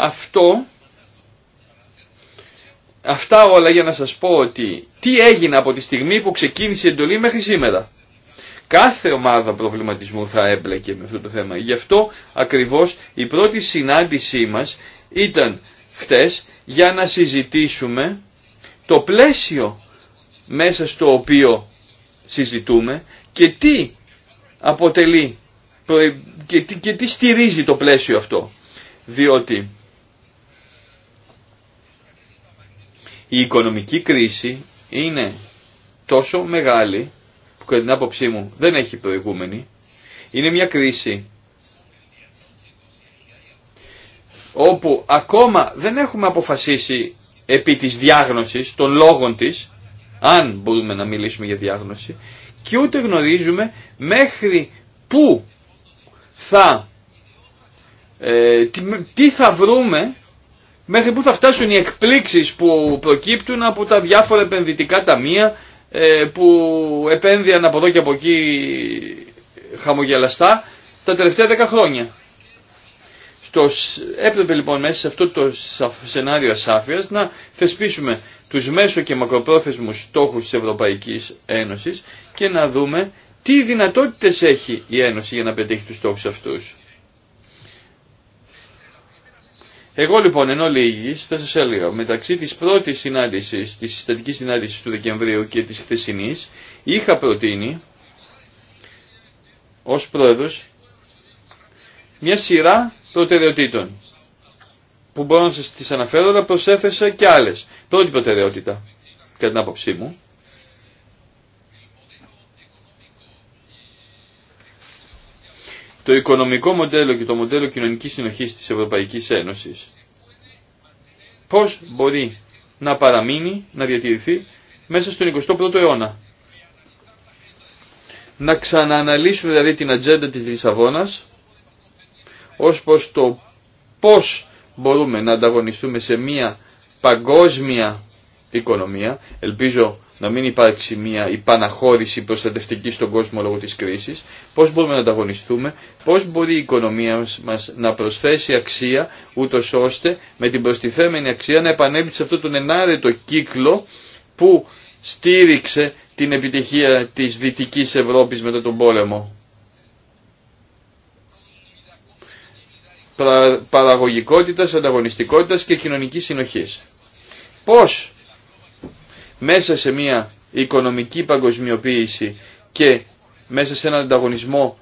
Αυτό, αυτά όλα για να σας πω ότι τι έγινε από τη στιγμή που ξεκίνησε η εντολή μέχρι σήμερα. Κάθε ομάδα προβληματισμού θα έμπλεκε με αυτό το θέμα. Γι' αυτό ακριβώς η πρώτη συνάντησή μας ήταν χτες για να συζητήσουμε το πλαίσιο μέσα στο οποίο συζητούμε και τι αποτελεί και τι, τι στηρίζει το πλαίσιο αυτό. Διότι Η οικονομική κρίση είναι τόσο μεγάλη που κατά την άποψή μου δεν έχει προηγούμενη. Είναι μια κρίση όπου ακόμα δεν έχουμε αποφασίσει επί της διάγνωσης, των λόγων της, αν μπορούμε να μιλήσουμε για διάγνωση, και ούτε γνωρίζουμε μέχρι πού θα, ε, τι θα βρούμε μέχρι πού θα φτάσουν οι εκπλήξεις που προκύπτουν από τα διάφορα επενδυτικά ταμεία ε, που επένδυαν από εδώ και από εκεί χαμογελαστά τα τελευταία δέκα χρόνια. Στο, έπρεπε λοιπόν μέσα σε αυτό το σενάριο ασάφειας να θεσπίσουμε τους μέσο και μακροπρόθεσμους στόχους της Ευρωπαϊκής Ένωσης και να δούμε τι δυνατότητες έχει η Ένωση για να πετύχει τους στόχους αυτούς. Εγώ λοιπόν ενώ λίγη, θα σα έλεγα μεταξύ της πρώτης συνάντηση, της συστατική συνάντηση του Δεκεμβρίου και της χθεσινή, είχα προτείνει ως πρόεδρο, μια σειρά προτεραιοτήτων που μπορώ να σας τις αναφέρω αλλά προσέθεσα και άλλες. Πρώτη προτεραιότητα κατά την άποψή μου το οικονομικό μοντέλο και το μοντέλο κοινωνικής συνοχής της Ευρωπαϊκής Ένωσης πώς μπορεί να παραμείνει, να διατηρηθεί μέσα στον 21ο αιώνα. Να ξανααναλύσουμε δηλαδή την ατζέντα της Λισαβόνας ως προς το πώς μπορούμε να ανταγωνιστούμε σε μια παγκόσμια οικονομία. Ελπίζω να μην υπάρξει μια υπαναχώρηση προστατευτική στον κόσμο λόγω της κρίσης, πώς μπορούμε να ανταγωνιστούμε, πώς μπορεί η οικονομία μας να προσθέσει αξία, ούτω ώστε με την προστιθέμενη αξία να επανέλθει σε αυτόν τον ενάρετο κύκλο που στήριξε την επιτυχία της Δυτικής Ευρώπης μετά τον πόλεμο. Παραγωγικότητας, ανταγωνιστικότητας και κοινωνικής συνοχής. Πώς μέσα σε μια οικονομική παγκοσμιοποίηση και μέσα σε έναν ανταγωνισμό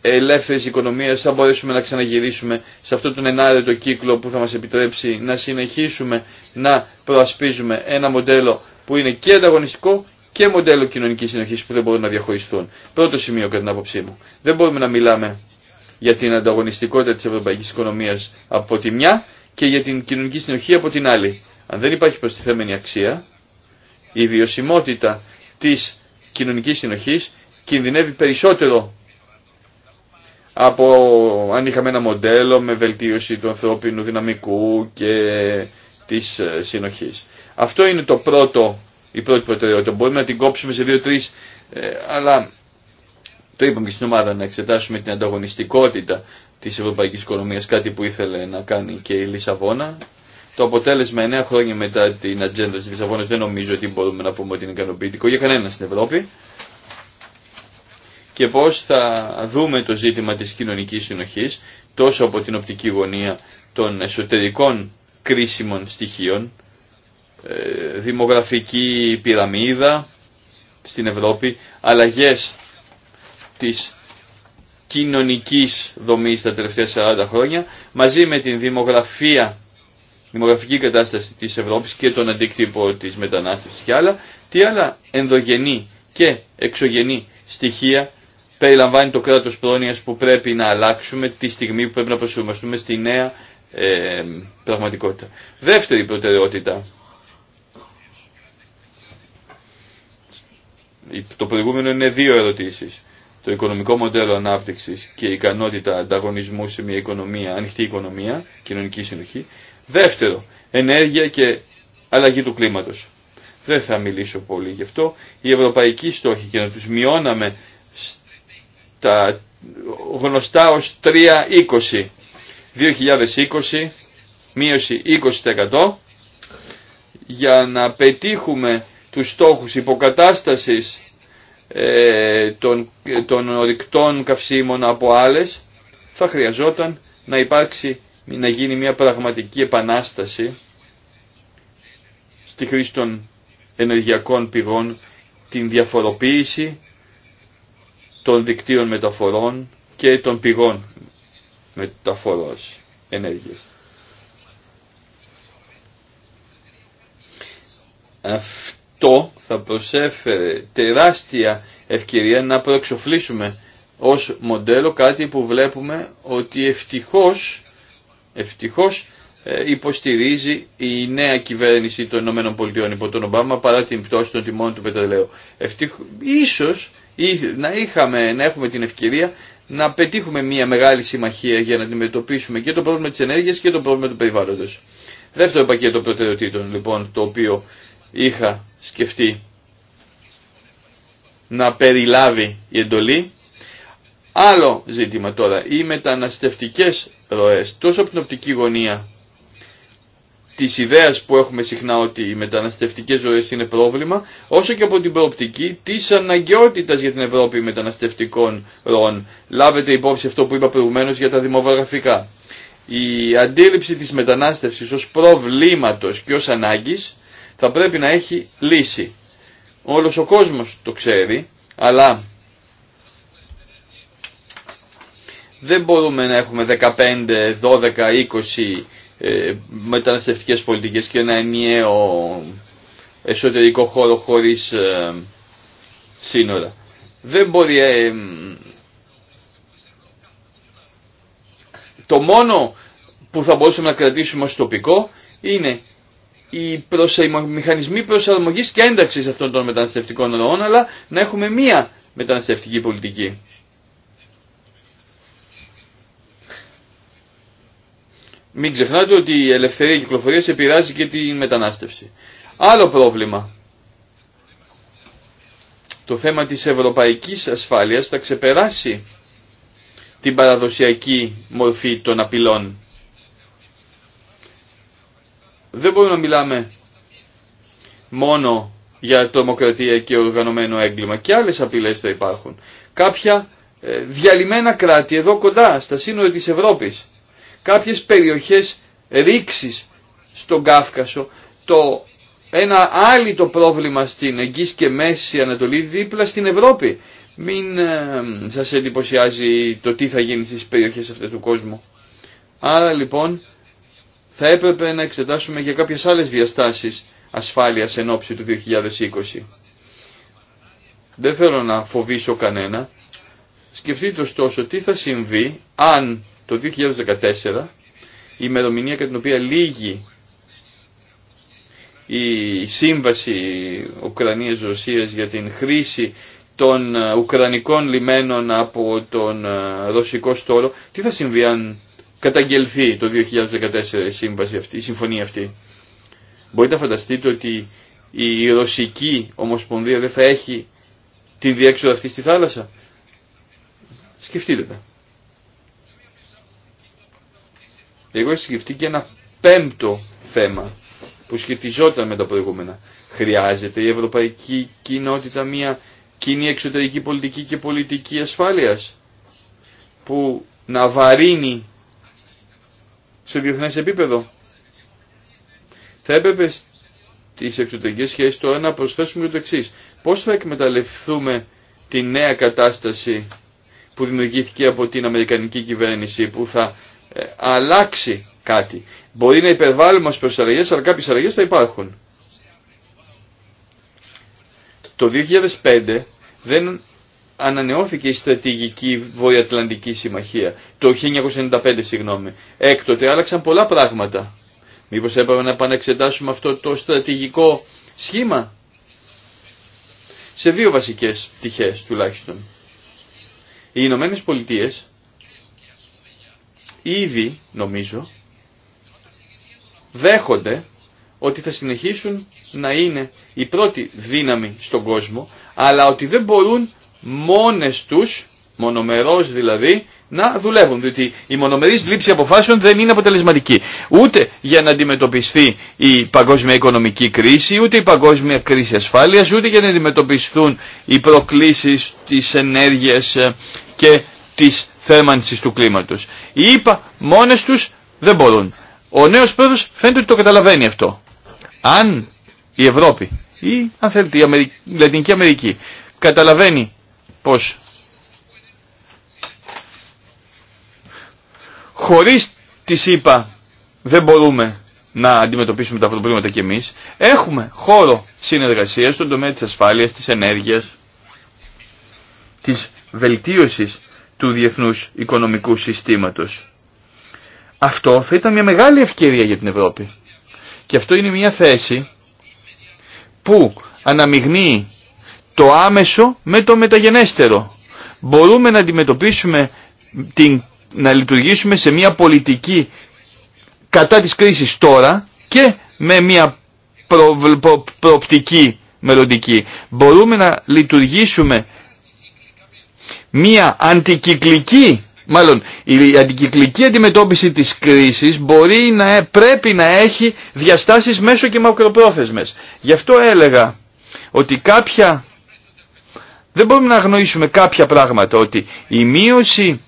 ελεύθερης οικονομίας θα μπορέσουμε να ξαναγυρίσουμε σε αυτόν τον ενάρετο κύκλο που θα μας επιτρέψει να συνεχίσουμε να προασπίζουμε ένα μοντέλο που είναι και ανταγωνιστικό και μοντέλο κοινωνική συνοχή που δεν μπορούν να διαχωριστούν. Πρώτο σημείο κατά την άποψή μου. Δεν μπορούμε να μιλάμε για την ανταγωνιστικότητα τη ευρωπαϊκή οικονομία από τη μια και για την κοινωνική συνοχή από την άλλη. Αν δεν υπάρχει προστιθέμενη αξία, η βιωσιμότητα της κοινωνικής συνοχής κινδυνεύει περισσότερο από αν είχαμε ένα μοντέλο με βελτίωση του ανθρώπινου δυναμικού και της ε, συνοχής. Αυτό είναι το πρώτο, η πρώτη προτεραιότητα. Μπορούμε να την κόψουμε σε δύο-τρεις, ε, αλλά το είπαμε και στην ομάδα να εξετάσουμε την ανταγωνιστικότητα της ευρωπαϊκής οικονομίας, κάτι που ήθελε να κάνει και η Λισαβόνα το αποτέλεσμα 9 χρόνια μετά την ατζέντα της Λισαβόνα δεν νομίζω ότι μπορούμε να πούμε ότι είναι ικανοποιητικό για κανένα στην Ευρώπη. Και πώ θα δούμε το ζήτημα τη κοινωνική συνοχή τόσο από την οπτική γωνία των εσωτερικών κρίσιμων στοιχείων, ε, δημογραφική πυραμίδα στην Ευρώπη, αλλαγές της κοινωνικής δομής τα τελευταία 40 χρόνια, μαζί με την δημογραφία δημογραφική κατάσταση της Ευρώπης και τον αντίκτυπο της μετανάστευσης και άλλα, τι άλλα ενδογενή και εξωγενή στοιχεία περιλαμβάνει το κράτος πρόνοιας που πρέπει να αλλάξουμε τη στιγμή που πρέπει να προσαρμοστούμε στη νέα ε, πραγματικότητα. Δεύτερη προτεραιότητα. Το προηγούμενο είναι δύο ερωτήσεις. Το οικονομικό μοντέλο ανάπτυξης και η ικανότητα ανταγωνισμού σε μια οικονομία, ανοιχτή οικονομία, κοινωνική συνοχή Δεύτερο, ενέργεια και αλλαγή του κλίματος. Δεν θα μιλήσω πολύ γι' αυτό. Οι ευρωπαϊκοί στόχοι και να τους μειώναμε στα γνωστά ως 3,20. 2020, μείωση 20% για να πετύχουμε τους στόχους υποκατάστασης ε, των, των ορυκτών καυσίμων από άλλες θα χρειαζόταν να υπάρξει να γίνει μια πραγματική επανάσταση στη χρήση των ενεργειακών πηγών, την διαφοροποίηση των δικτύων μεταφορών και των πηγών μεταφορός ενέργειας. Αυτό θα προσέφερε τεράστια ευκαιρία να προεξοφλήσουμε ως μοντέλο κάτι που βλέπουμε ότι ευτυχώς Ευτυχώς ε, υποστηρίζει η νέα κυβέρνηση των ΗΠΑ υπό τον Ομπάμα παρά την πτώση των τιμών του πετρελαίου. Ευτυχώς, ίσως να, είχαμε, να έχουμε την ευκαιρία να πετύχουμε μια μεγάλη συμμαχία για να αντιμετωπίσουμε και το πρόβλημα της ενέργειας και το πρόβλημα του περιβάλλοντος. Δεύτερο πακέτο προτεραιοτήτων λοιπόν το οποίο είχα σκεφτεί να περιλάβει η εντολή Άλλο ζήτημα τώρα, οι μεταναστευτικές ροές, τόσο από την οπτική γωνία της ιδέας που έχουμε συχνά ότι οι μεταναστευτικές ροές είναι πρόβλημα, όσο και από την προοπτική της αναγκαιότητας για την Ευρώπη μεταναστευτικών ροών. Λάβετε υπόψη αυτό που είπα προηγουμένως για τα δημογραφικά. Η αντίληψη της μετανάστευσης ως προβλήματος και ως ανάγκης θα πρέπει να έχει λύση. Όλος ο κόσμος το ξέρει, αλλά Δεν μπορούμε να έχουμε 15, 12, 20 μεταναστευτικέ μεταναστευτικές πολιτικές και ένα ενιαίο εσωτερικό χώρο χωρίς ε, σύνορα. Δεν μπορεί... Ε, το μόνο που θα μπορούσαμε να κρατήσουμε ως τοπικό είναι οι, μηχανισμοί προσαρμογής και ένταξης αυτών των μεταναστευτικών ροών αλλά να έχουμε μία μεταναστευτική πολιτική. Μην ξεχνάτε ότι η ελευθερία κυκλοφορίας επηρεάζει και τη μετανάστευση. Άλλο πρόβλημα. Το θέμα της ευρωπαϊκής ασφάλειας θα ξεπεράσει την παραδοσιακή μορφή των απειλών. Δεν μπορούμε να μιλάμε μόνο για τρομοκρατία και οργανωμένο έγκλημα. Και άλλες απειλές θα υπάρχουν. Κάποια ε, διαλυμένα κράτη εδώ κοντά στα σύνορα της Ευρώπης κάποιες περιοχές ρήξης στον Κάφκασο, το ένα άλλο πρόβλημα στην Εγγύς και Μέση Ανατολή δίπλα στην Ευρώπη. Μην ε, σας εντυπωσιάζει το τι θα γίνει στις περιοχές αυτές του κόσμου. Άρα λοιπόν θα έπρεπε να εξετάσουμε για κάποιες άλλες διαστάσεις ασφάλειας εν του 2020. Δεν θέλω να φοβήσω κανένα. Σκεφτείτε ωστόσο τι θα συμβεί αν το 2014 η ημερομηνία κατά την οποία λύγει η σύμβαση Ουκρανίας-Ρωσίας για την χρήση των ε, Ουκρανικών λιμένων από τον ε, Ρωσικό στόλο. Τι θα συμβεί αν καταγγελθεί το 2014 η, σύμβαση αυτή, η συμφωνία αυτή. Μπορείτε να φανταστείτε ότι η Ρωσική Ομοσπονδία δεν θα έχει την διέξοδο αυτή στη θάλασσα. Σκεφτείτε τα. εγώ σκεφτεί και ένα πέμπτο θέμα που σχετιζόταν με τα προηγούμενα. Χρειάζεται η ευρωπαϊκή κοινότητα μια κοινή εξωτερική πολιτική και πολιτική ασφάλειας που να βαρύνει σε διεθνές επίπεδο. Θα έπρεπε στις εξωτερικές σχέσεις τώρα να προσθέσουμε το εξή. Πώς θα εκμεταλλευτούμε τη νέα κατάσταση που δημιουργήθηκε από την Αμερικανική κυβέρνηση που θα ε, αλλάξει κάτι. Μπορεί να υπερβάλλουμε ως προς αλλά κάποιες αλλαγές θα υπάρχουν. Το 2005 δεν ανανεώθηκε η στρατηγική Βορειοατλαντική Συμμαχία. Το 1995, συγγνώμη. Έκτοτε άλλαξαν πολλά πράγματα. Μήπως έπρεπε να επαναξετάσουμε αυτό το στρατηγικό σχήμα. Σε δύο βασικές πτυχές τουλάχιστον. Οι Ηνωμένε Πολιτείες ήδη νομίζω δέχονται ότι θα συνεχίσουν να είναι η πρώτη δύναμη στον κόσμο, αλλά ότι δεν μπορούν μόνες τους, μονομερός δηλαδή, να δουλεύουν, διότι η μονομερής λήψη αποφάσεων δεν είναι αποτελεσματική. Ούτε για να αντιμετωπιστεί η παγκόσμια οικονομική κρίση, ούτε η παγκόσμια κρίση ασφάλειας, ούτε για να αντιμετωπιστούν οι προκλήσεις της ενέργειας ε, και της θέρμανσης του κλίματος. Οι ΙΠΑ μόνες τους δεν μπορούν. Ο νέος πρόεδρος φαίνεται ότι το καταλαβαίνει αυτό. Αν η Ευρώπη ή αν θέλετε η Αμερική, Λατινική Αμερική καταλαβαίνει πως χωρίς τις ΙΠΑ δεν μπορούμε να αντιμετωπίσουμε τα προβλήματα κι εμείς. Έχουμε χώρο συνεργασίας στον τομέα της ασφάλειας, της ενέργειας, της βελτίωσης του διεθνούς οικονομικού συστήματος. Αυτό θα ήταν μια μεγάλη ευκαιρία για την Ευρώπη. Και αυτό είναι μια θέση που αναμειγνύει το άμεσο με το μεταγενέστερο. Μπορούμε να αντιμετωπίσουμε, την, να λειτουργήσουμε σε μια πολιτική κατά της κρίσης τώρα και με μια προοπτική μελλοντική. Μπορούμε να λειτουργήσουμε μία αντικυκλική, μάλλον η αντικυκλική αντιμετώπιση της κρίσης μπορεί να, πρέπει να έχει διαστάσεις μέσω και μακροπρόθεσμες. Γι' αυτό έλεγα ότι κάποια, δεν μπορούμε να αγνοήσουμε κάποια πράγματα, ότι η μείωση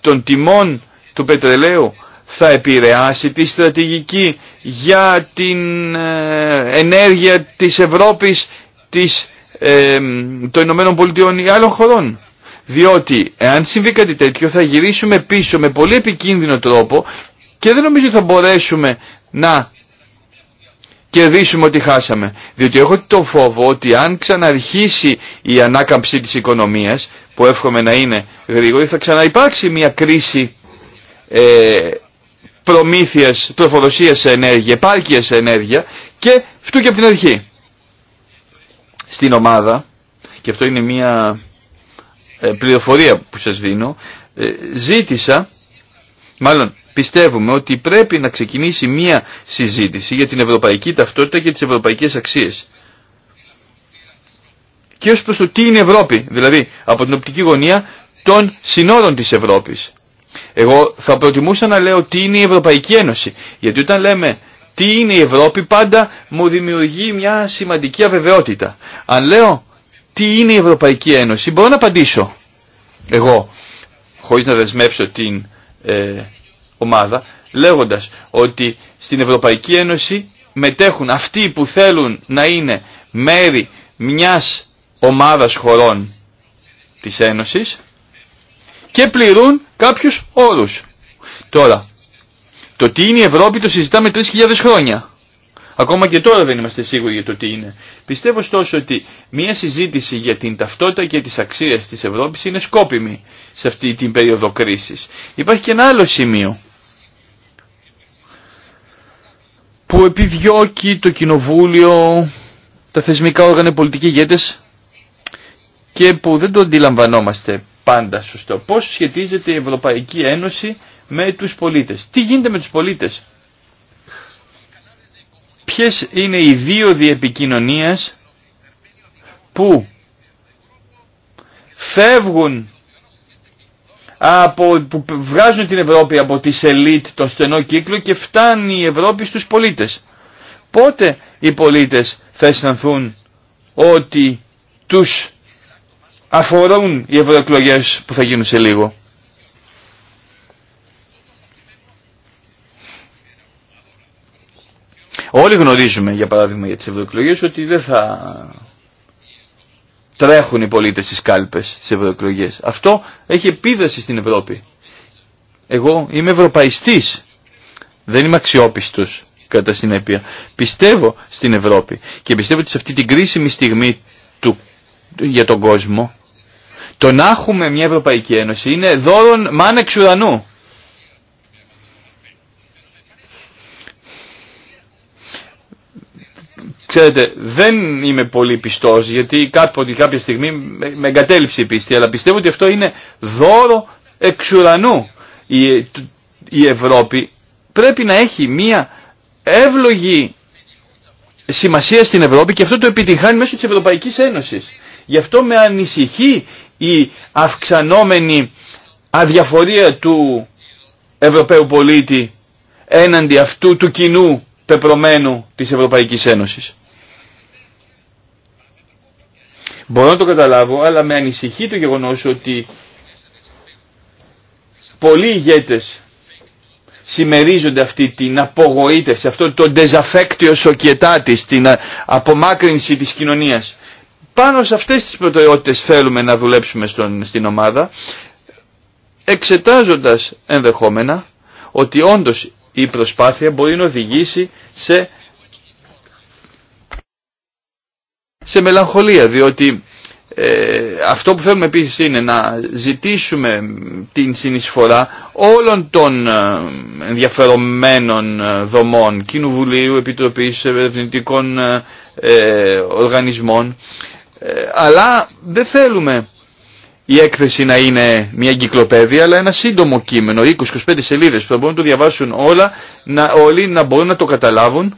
των τιμών του πετρελαίου θα επηρεάσει τη στρατηγική για την ε, ενέργεια της Ευρώπης, της, ε, των Ηνωμένων Πολιτειών ή άλλων χωρών. Διότι εάν συμβεί κάτι τέτοιο θα γυρίσουμε πίσω με πολύ επικίνδυνο τρόπο και δεν νομίζω θα μπορέσουμε να κερδίσουμε ότι χάσαμε. Διότι έχω το φόβο ότι αν ξαναρχίσει η ανάκαμψη της οικονομίας, που εύχομαι να είναι γρήγορη, θα ξαναυπάρξει μια κρίση ε, προμήθειας, τροφοδοσίας σε ενέργεια, επάρκειας σε ενέργεια και φτού και από την αρχή. Στην ομάδα, και αυτό είναι μια ε, πληροφορία που σας δίνω, ε, ζήτησα, μάλλον πιστεύουμε ότι πρέπει να ξεκινήσει μία συζήτηση για την ευρωπαϊκή ταυτότητα και τις ευρωπαϊκές αξίες. Και ως προς το τι είναι Ευρώπη, δηλαδή από την οπτική γωνία των συνόρων της Ευρώπης. Εγώ θα προτιμούσα να λέω τι είναι η Ευρωπαϊκή Ένωση, γιατί όταν λέμε τι είναι η Ευρώπη πάντα μου δημιουργεί μια σημαντική αβεβαιότητα. Αν λέω τι είναι η Ευρωπαϊκή Ένωση, μπορώ να απαντήσω εγώ, χωρίς να δεσμεύσω την ε, ομάδα, λέγοντας ότι στην Ευρωπαϊκή Ένωση μετέχουν αυτοί που θέλουν να είναι μέρη μιας ομάδας χωρών της Ένωσης και πληρούν κάποιους όρους. Τώρα, το τι είναι η Ευρώπη το συζητάμε 3.000 χρόνια. Ακόμα και τώρα δεν είμαστε σίγουροι για το τι είναι. Πιστεύω ωστόσο ότι μια συζήτηση για την ταυτότητα και τις αξίες της Ευρώπης είναι σκόπιμη σε αυτή την περίοδο κρίσης. Υπάρχει και ένα άλλο σημείο που επιδιώκει το Κοινοβούλιο, τα θεσμικά όργανα, πολιτικοί ηγέτες και που δεν το αντιλαμβανόμαστε πάντα σωστό. Πώς σχετίζεται η Ευρωπαϊκή Ένωση με τους πολίτες. Τι γίνεται με τους πολίτες. Ποιες είναι οι δύο διεπικοινωνίες που φεύγουν από, που βγάζουν την Ευρώπη από τη σελίτ, το στενό κύκλο και φτάνει η Ευρώπη στους πολίτες. Πότε οι πολίτες θα αισθανθούν ότι τους αφορούν οι ευρωεκλογέ που θα γίνουν σε λίγο. Όλοι γνωρίζουμε, για παράδειγμα, για τι ευρωεκλογέ ότι δεν θα τρέχουν οι πολίτε στι κάλπες στις ευρωεκλογέ. Αυτό έχει επίδραση στην Ευρώπη. Εγώ είμαι ευρωπαϊστής. Δεν είμαι αξιόπιστο κατά συνέπεια. Πιστεύω στην Ευρώπη και πιστεύω ότι σε αυτή την κρίσιμη στιγμή του, για τον κόσμο το να έχουμε μια Ευρωπαϊκή Ένωση είναι δώρον μάνεξ ουρανού. Ξέρετε, δεν είμαι πολύ πιστός γιατί κάποτε, κάποια στιγμή με εγκατέλειψε η πίστη, αλλά πιστεύω ότι αυτό είναι δώρο εξ ουρανού. Η, η Ευρώπη πρέπει να έχει μία εύλογη σημασία στην Ευρώπη και αυτό το επιτυγχάνει μέσω της Ευρωπαϊκής Ένωσης. Γι' αυτό με ανησυχεί η αυξανόμενη αδιαφορία του Ευρωπαίου πολίτη έναντι αυτού του κοινού πεπρωμένου της Ευρωπαϊκής Ένωσης. Μπορώ να το καταλάβω, αλλά με ανησυχεί το γεγονός ότι πολλοί ηγέτες συμμερίζονται αυτή την απογοήτευση, αυτό το desaffectio σοκιετάτη την απομάκρυνση της κοινωνίας. Πάνω σε αυτές τις προτεραιότητες θέλουμε να δουλέψουμε στον, στην ομάδα, εξετάζοντας ενδεχόμενα ότι όντως η προσπάθεια μπορεί να οδηγήσει σε, σε μελαγχολία, διότι ε, αυτό που θέλουμε επίσης είναι να ζητήσουμε την συνεισφορά όλων των ε, ενδιαφερομένων ε, δομών, Κοινοβουλίου, Επιτροπής, Ερευνητικών Οργανισμών, αλλά δεν θέλουμε η έκθεση να είναι μια εγκυκλοπαίδεια, αλλά ένα σύντομο κείμενο, 20-25 σελίδες που θα μπορούν να το διαβάσουν όλα, να, όλοι να μπορούν να το καταλάβουν.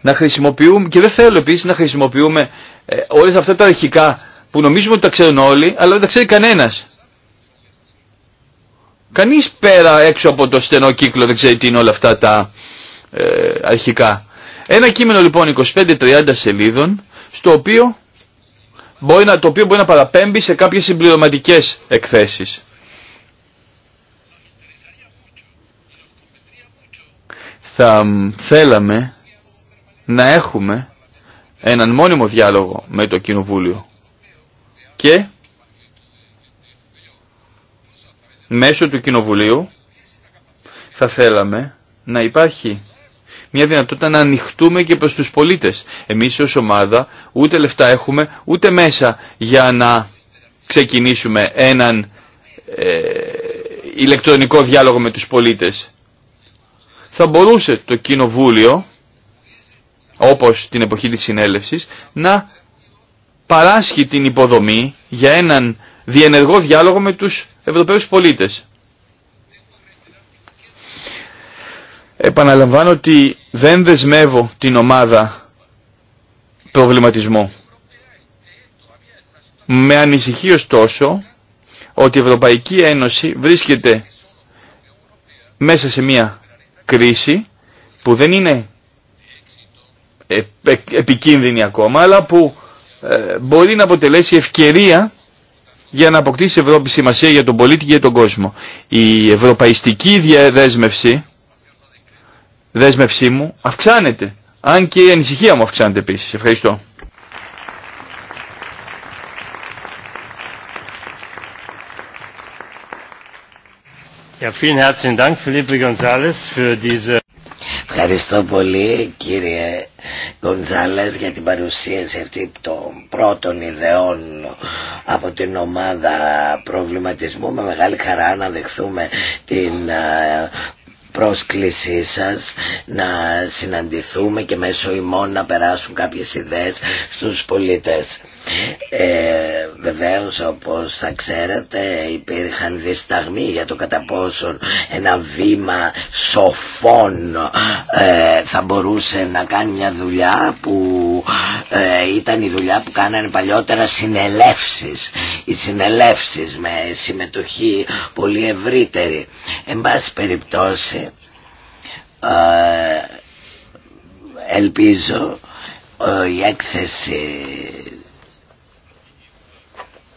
Να χρησιμοποιούμε, και δεν θέλω επίσης να χρησιμοποιούμε ε, όλες αυτά τα αρχικά που νομίζουμε ότι τα ξέρουν όλοι, αλλά δεν τα ξέρει κανένας. Κανείς πέρα έξω από το στενό κύκλο δεν ξέρει τι είναι όλα αυτά τα ε, αρχικά. Ένα κείμενο λοιπόν 25-30 σελίδων, στο οποίο μπορεί να, το οποίο μπορεί να παραπέμπει σε κάποιες συμπληρωματικές εκθέσεις. Θα θέλαμε να έχουμε έναν μόνιμο διάλογο με το Κοινοβούλιο και μέσω του Κοινοβουλίου θα θέλαμε να υπάρχει μια δυνατότητα να ανοιχτούμε και προς τους πολίτες. Εμείς ως ομάδα ούτε λεφτά έχουμε, ούτε μέσα για να ξεκινήσουμε έναν ε, ηλεκτρονικό διάλογο με τους πολίτες. Θα μπορούσε το κοινοβούλιο, όπως την εποχή της συνέλευσης, να παράσχει την υποδομή για έναν διενεργό διάλογο με τους Ευρωπαίους πολίτες. Επαναλαμβάνω ότι δεν δεσμεύω την ομάδα προβληματισμού. Με ανησυχεί ωστόσο ότι η Ευρωπαϊκή Ένωση βρίσκεται μέσα σε μια κρίση που δεν είναι ε, ε, επικίνδυνη ακόμα, αλλά που ε, μπορεί να αποτελέσει ευκαιρία για να αποκτήσει Ευρώπη σημασία για τον πολίτη και για τον κόσμο. Η ευρωπαϊστική διαδέσμευση δέσμευσή μου αυξάνεται. Αν και η ανησυχία μου αυξάνεται επίση. Ευχαριστώ. Ευχαριστώ πολύ κύριε Γκοντζάλες για την παρουσίαση αυτή των πρώτων ιδεών από την ομάδα προβληματισμού. Με μεγάλη χαρά να δεχθούμε την ε, πρόσκλησή σας να συναντηθούμε και μέσω ημών να περάσουν κάποιες ιδέες στους πολίτες. Ε, βεβαίως όπως θα ξέρετε υπήρχαν δισταγμοί για το κατά πόσον ένα βήμα σοφών ε, θα μπορούσε να κάνει μια δουλειά που ε, ήταν η δουλειά που κάνανε παλιότερα συνελεύσεις οι συνελεύσεις με συμμετοχή πολύ ευρύτερη εν πάση περιπτώσει ε, ελπίζω ε, η έκθεση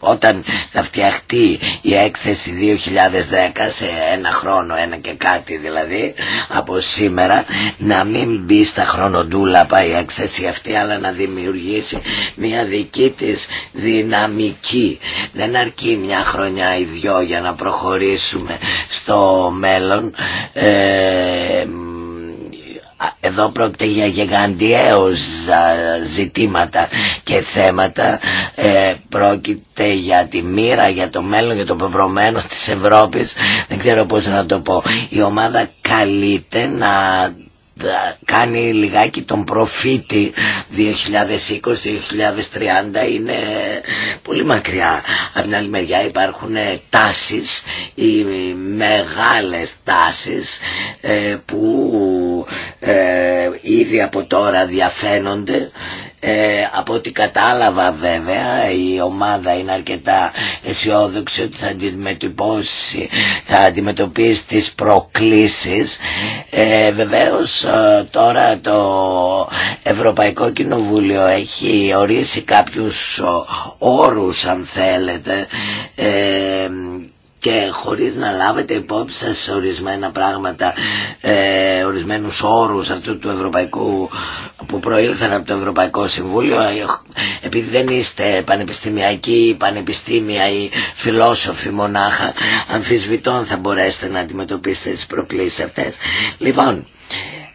όταν θα φτιαχτεί η έκθεση 2010 σε ένα χρόνο, ένα και κάτι δηλαδή από σήμερα να μην μπει στα χρονοτούλαπα η έκθεση αυτή αλλά να δημιουργήσει μια δική της δυναμική δεν αρκεί μια χρονιά ή δυο για να προχωρήσουμε στο μέλλον ε, εδώ πρόκειται για γεγαντιαίως ζητήματα και θέματα ε, πρόκειται για τη μοίρα, για το μέλλον, για το πευρωμένο της Ευρώπης δεν ξέρω πώς να το πω η ομάδα καλείται να κάνει λιγάκι τον προφήτη 2020-2030 είναι πολύ μακριά. Από την άλλη μεριά υπάρχουν ε, τάσεις, οι μεγάλες τάσεις ε, που ε, ήδη από τώρα διαφαίνονται ε, από ό,τι κατάλαβα βέβαια η ομάδα είναι αρκετά αισιόδοξη ότι θα αντιμετωπίσει, θα αντιμετωπίσει τις προκλήσεις. Ε, βεβαίως ε, τώρα το Ευρωπαϊκό Κοινοβούλιο έχει ορίσει κάποιους ε, όρους αν θέλετε ε, και χωρίς να λάβετε υπόψη σας ορισμένα πράγματα, ε, ορισμένους όρους αυτού του Ευρωπαϊκού που προήλθαν από το Ευρωπαϊκό Συμβούλιο ε, επειδή δεν είστε πανεπιστημιακοί ή πανεπιστήμια ή φιλόσοφοι μονάχα αμφισβητών θα μπορέσετε να αντιμετωπίσετε τις προκλήσεις αυτές. Λοιπόν,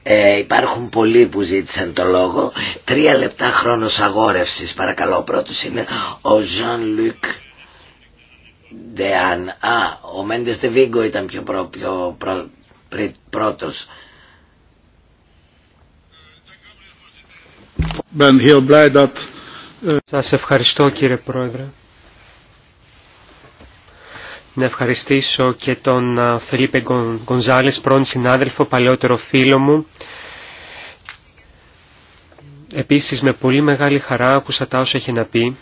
ε, υπάρχουν πολλοί που ζήτησαν το λόγο. Τρία λεπτά χρόνος αγόρευσης παρακαλώ. Ο πρώτος είναι ο Jean-Luc De α, ο Μέντες Τεβίγκο ήταν πιο, πιο πρώτος. Uh, Σας ευχαριστώ κύριε Πρόεδρε. Να ευχαριστήσω και τον Φελίπε Γκονζάλης, πρώην συνάδελφο, παλαιότερο φίλο μου. Επίσης με πολύ μεγάλη χαρά άκουσα τα όσα έχει να πει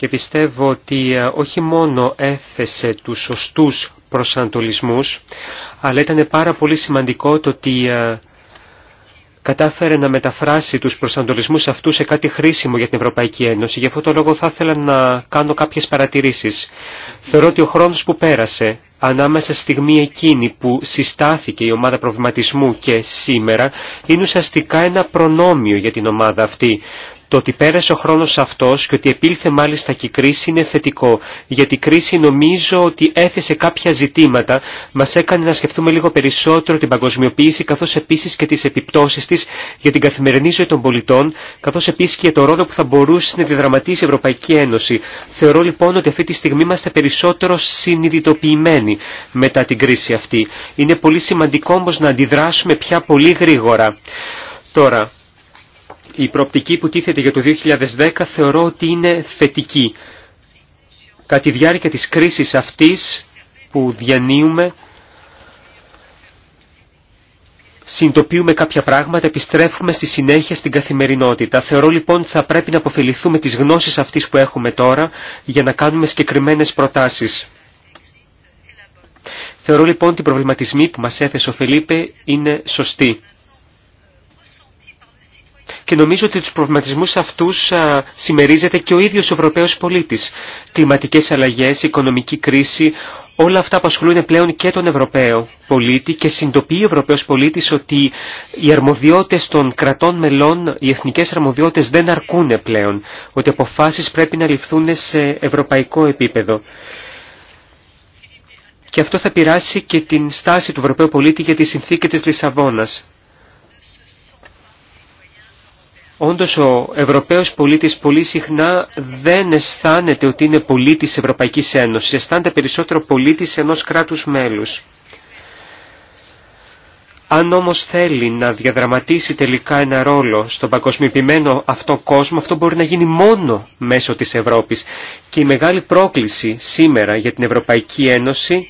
και πιστεύω ότι ε, όχι μόνο έθεσε τους σωστούς προσανατολισμούς, αλλά ήταν πάρα πολύ σημαντικό το ότι ε, κατάφερε να μεταφράσει τους προσανατολισμούς αυτούς σε κάτι χρήσιμο για την Ευρωπαϊκή Ένωση. Γι' αυτό το λόγο θα ήθελα να κάνω κάποιες παρατηρήσεις. Θεωρώ ότι ο χρόνος που πέρασε ανάμεσα στη στιγμή εκείνη που συστάθηκε η ομάδα προβληματισμού και σήμερα είναι ουσιαστικά ένα προνόμιο για την ομάδα αυτή. Το ότι πέρασε ο χρόνος αυτός και ότι επήλθε μάλιστα και η κρίση είναι θετικό, γιατί η κρίση νομίζω ότι έθεσε κάποια ζητήματα, μας έκανε να σκεφτούμε λίγο περισσότερο την παγκοσμιοποίηση, καθώς επίσης και τις επιπτώσεις της για την καθημερινή ζωή των πολιτών, καθώς επίσης και για το ρόλο που θα μπορούσε να διδραματίσει η Ευρωπαϊκή Ένωση. Θεωρώ λοιπόν ότι αυτή τη στιγμή είμαστε περισσότερο συνειδητοποιημένοι μετά την κρίση αυτή. Είναι πολύ σημαντικό όμω να αντιδράσουμε πια πολύ γρήγορα. Τώρα, η προοπτική που τίθεται για το 2010 θεωρώ ότι είναι θετική. Κατά τη διάρκεια της κρίσης αυτής που διανύουμε, συντοποιούμε κάποια πράγματα, επιστρέφουμε στη συνέχεια στην καθημερινότητα. Θεωρώ λοιπόν ότι θα πρέπει να αποφεληθούμε τις γνώσεις αυτής που έχουμε τώρα για να κάνουμε συγκεκριμένες προτάσεις. Θεωρώ λοιπόν ότι οι προβληματισμοί που μας έθεσε ο Φελίπε είναι σωστοί και νομίζω ότι τους προβληματισμούς αυτούς α, συμμερίζεται και ο ίδιος ο Ευρωπαίος πολίτης. Κλιματικές αλλαγές, οικονομική κρίση, όλα αυτά απασχολούν πλέον και τον Ευρωπαίο πολίτη και συντοποιεί ο Ευρωπαίος πολίτης ότι οι αρμοδιότητες των κρατών μελών, οι εθνικές αρμοδιότητες δεν αρκούν πλέον, ότι αποφάσεις πρέπει να ληφθούν σε ευρωπαϊκό επίπεδο. Και αυτό θα πειράσει και την στάση του Ευρωπαίου πολίτη για τη συνθήκη της Λισαβόνας. Όντως ο Ευρωπαίος πολίτης πολύ συχνά δεν αισθάνεται ότι είναι πολίτης Ευρωπαϊκής Ένωσης, αισθάνεται περισσότερο πολίτης ενός κράτους μέλους. Αν όμως θέλει να διαδραματίσει τελικά ένα ρόλο στον παγκοσμιοποιημένο αυτό κόσμο, αυτό μπορεί να γίνει μόνο μέσω της Ευρώπης. Και η μεγάλη πρόκληση σήμερα για την Ευρωπαϊκή Ένωση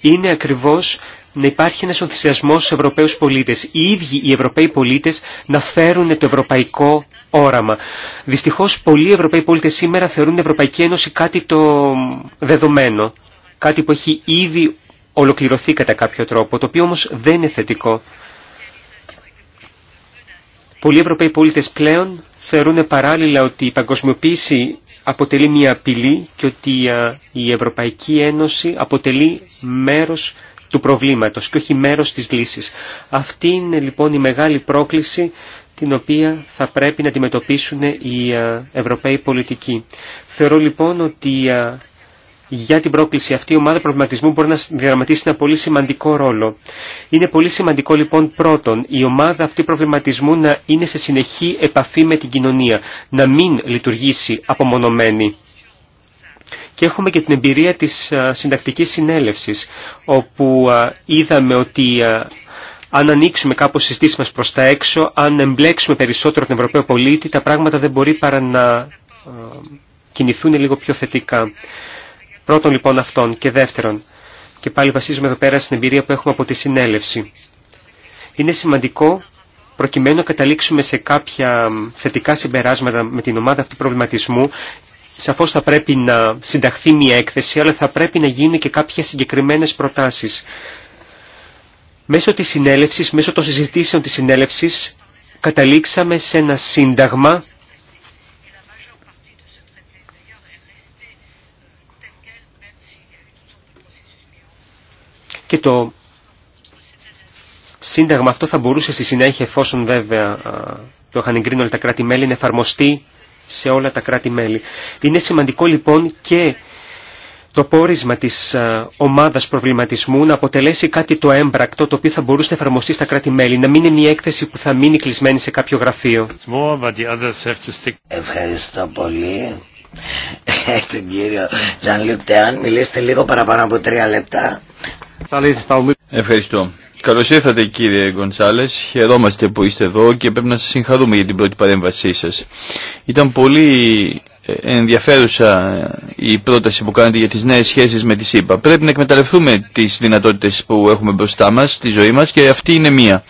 είναι ακριβώς να υπάρχει ένας ενθουσιασμός στους Ευρωπαίους πολίτες. Οι ίδιοι οι Ευρωπαίοι πολίτες να φέρουν το ευρωπαϊκό όραμα. Δυστυχώς πολλοί Ευρωπαίοι πολίτες σήμερα θεωρούν την Ευρωπαϊκή Ένωση κάτι το δεδομένο. Κάτι που έχει ήδη ολοκληρωθεί κατά κάποιο τρόπο, το οποίο όμως δεν είναι θετικό. Πολλοί Ευρωπαίοι πολίτες πλέον θεωρούν παράλληλα ότι η παγκοσμιοποίηση αποτελεί μια απειλή και ότι η Ευρωπαϊκή Ένωση αποτελεί μέρος του προβλήματος και όχι μέρος της λύσης. Αυτή είναι λοιπόν η μεγάλη πρόκληση την οποία θα πρέπει να αντιμετωπίσουν οι Ευρωπαίοι πολιτικοί. Θεωρώ λοιπόν ότι για την πρόκληση αυτή η ομάδα προβληματισμού μπορεί να διαδραματίσει ένα πολύ σημαντικό ρόλο. Είναι πολύ σημαντικό λοιπόν πρώτον η ομάδα αυτή προβληματισμού να είναι σε συνεχή επαφή με την κοινωνία, να μην λειτουργήσει απομονωμένη. Και έχουμε και την εμπειρία της συντακτικής συνέλευσης, όπου είδαμε ότι αν ανοίξουμε κάπως συστήσεις μας προς τα έξω, αν εμπλέξουμε περισσότερο τον Ευρωπαίο πολίτη, τα πράγματα δεν μπορεί παρά να κινηθούν λίγο πιο θετικά. Πρώτον λοιπόν αυτόν και δεύτερον, και πάλι βασίζουμε εδώ πέρα στην εμπειρία που έχουμε από τη συνέλευση. Είναι σημαντικό προκειμένου να καταλήξουμε σε κάποια θετικά συμπεράσματα με την ομάδα αυτού προβληματισμού Σαφώς θα πρέπει να συνταχθεί μια έκθεση, αλλά θα πρέπει να γίνουν και κάποιες συγκεκριμένες προτάσεις. Μέσω της συνέλευσης, μέσω των συζητήσεων της συνέλευσης, καταλήξαμε σε ένα σύνταγμα και το σύνταγμα αυτό θα μπορούσε στη συνέχεια, εφόσον βέβαια το είχαν εγκρίνει όλα τα κράτη-μέλη, να εφαρμοστεί σε όλα τα κράτη-μέλη. Είναι σημαντικό λοιπόν και το πόρισμα της ομάδας προβληματισμού να αποτελέσει κάτι το έμπρακτο το οποίο θα μπορούσε να εφαρμοστεί στα κράτη-μέλη, να μην είναι μια έκθεση που θα μείνει κλεισμένη σε κάποιο γραφείο. Ευχαριστώ πολύ. Ε, τον κύριο μιλήσετε λίγο παραπάνω από τρία λεπτά Ευχαριστώ. Καλώ ήρθατε κύριε Γκονσάλε. Χαιρόμαστε που είστε εδώ και πρέπει να σα συγχαρούμε για την πρώτη παρέμβασή σα. Ήταν πολύ ε, ενδιαφέρουσα ε, η πρόταση που κάνετε για τις νέες σχέσεις με τη ΣΥΠΑ. Πρέπει να εκμεταλλευτούμε τις δυνατότητες που έχουμε μπροστά μας, τη ζωή μας και αυτή είναι μία.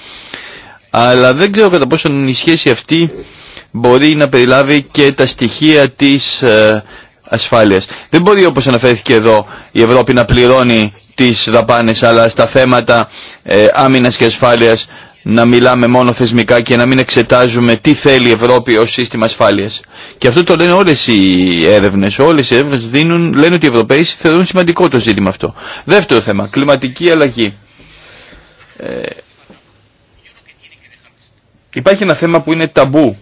Αλλά δεν ξέρω κατά πόσο η σχέση αυτή μπορεί να περιλάβει και τα στοιχεία της ε, ασφάλειας. Δεν μπορεί όπως αναφέρθηκε εδώ η Ευρώπη να πληρώνει τις δαπάνες αλλά στα θέματα ε, άμυνας και ασφάλειας να μιλάμε μόνο θεσμικά και να μην εξετάζουμε τι θέλει η Ευρώπη ως σύστημα ασφάλειας. Και αυτό το λένε όλες οι έρευνες. Όλες οι έρευνες δίνουν, λένε ότι οι Ευρωπαίοι θεωρούν σημαντικό το ζήτημα αυτό. Δεύτερο θέμα, κλιματική αλλαγή. Ε, υπάρχει ένα θέμα που είναι ταμπού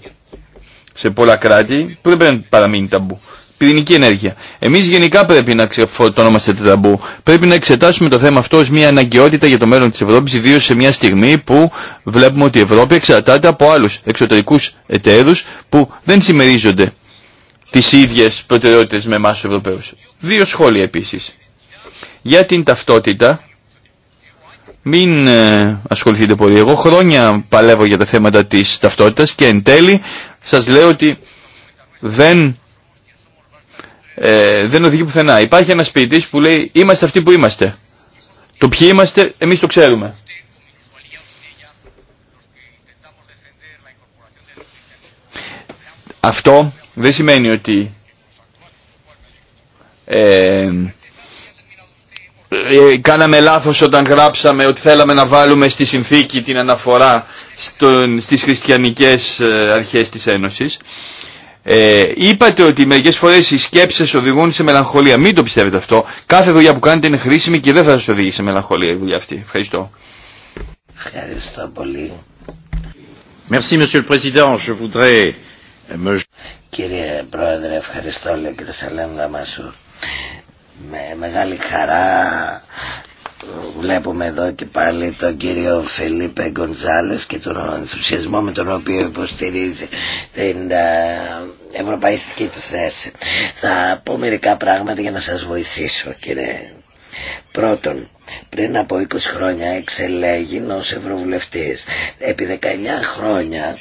σε πολλά κράτη, που δεν πρέπει να παραμείνει ταμπού πυρηνική ενέργεια. Εμεί γενικά πρέπει να ξεφορτωνόμαστε τραμπού. Πρέπει να εξετάσουμε το θέμα αυτό ω μια αναγκαιότητα για το μέλλον τη Ευρώπη, ιδίω σε μια στιγμή που βλέπουμε ότι η Ευρώπη εξαρτάται από άλλου εξωτερικού εταίρου που δεν συμμερίζονται τι ίδιε προτεραιότητε με εμά του Ευρωπαίου. Δύο σχόλια επίση. Για την ταυτότητα, μην ε, ασχοληθείτε πολύ. Εγώ χρόνια παλεύω για τα θέματα της ταυτότητας και εν τέλει σας λέω ότι δεν ε, δεν οδηγεί πουθενά. Υπάρχει ένας ποιητής που λέει είμαστε αυτοί που είμαστε. Το ποιοι είμαστε εμείς το ξέρουμε. Αυτό δεν σημαίνει ότι ε, ε κάναμε λάθος όταν γράψαμε ότι θέλαμε να βάλουμε στη συνθήκη την αναφορά στον, στις χριστιανικές ε, αρχές της Ένωσης. Ε, είπατε ότι μερικέ φορέ οι σκέψει σα οδηγούν σε μελαγχολία. Μην το πιστεύετε αυτό. Κάθε δουλειά που κάνετε είναι χρήσιμη και δεν θα σα οδηγήσει σε μελαγχολία η δουλειά αυτή. Ευχαριστώ. Ευχαριστώ πολύ. Merci, Monsieur le Président. Je voudrais... Euh, κύριε Πρόεδρε, ευχαριστώ λέει κύριε Σαλέμ Γαμασούρ. Με μεγάλη χαρά βλέπουμε εδώ και πάλι τον κύριο Φελίπε Γκοντζάλες και τον ενθουσιασμό με τον οποίο υποστηρίζει την ε, ευρωπαϊστική του θέση. Θα πω μερικά πράγματα για να σας βοηθήσω κύριε. Πρώτον, πριν από 20 χρόνια εξελέγει ως Ευρωβουλευτής. Επί 19 χρόνια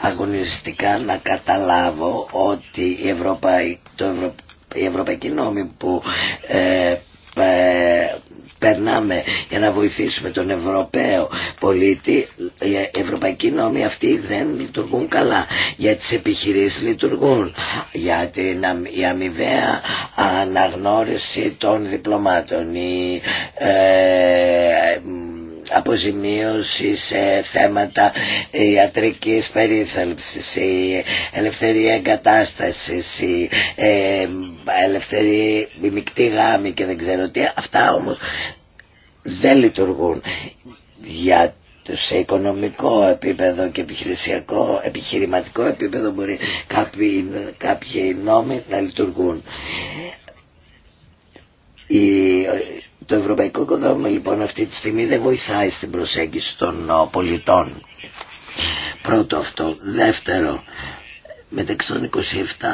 αγωνιστικά να καταλάβω ότι η, Ευρωπαϊ... το Ευρωπαϊκή νόμη που ε, ε, περνάμε για να βοηθήσουμε τον Ευρωπαίο πολίτη οι ευρωπαϊκοί νόμοι αυτοί δεν λειτουργούν καλά για τις επιχειρήσεις λειτουργούν για την η αμοιβαία αναγνώριση των διπλωμάτων η, ε, αποζημίωση σε θέματα ιατρικής περίθαλψης, η ελευθερία εγκατάστασης, η ε, ελευθερία η μεικτή γάμη και δεν ξέρω τι. Αυτά όμως δεν λειτουργούν για σε οικονομικό επίπεδο και επιχειρησιακό, επιχειρηματικό επίπεδο μπορεί κάποιοι, κάποιοι νόμοι να λειτουργούν. Το ευρωπαϊκό οικοδόμημα λοιπόν αυτή τη στιγμή δεν βοηθάει στην προσέγγιση των πολιτών. Πρώτο αυτό. Δεύτερο, μεταξύ των 27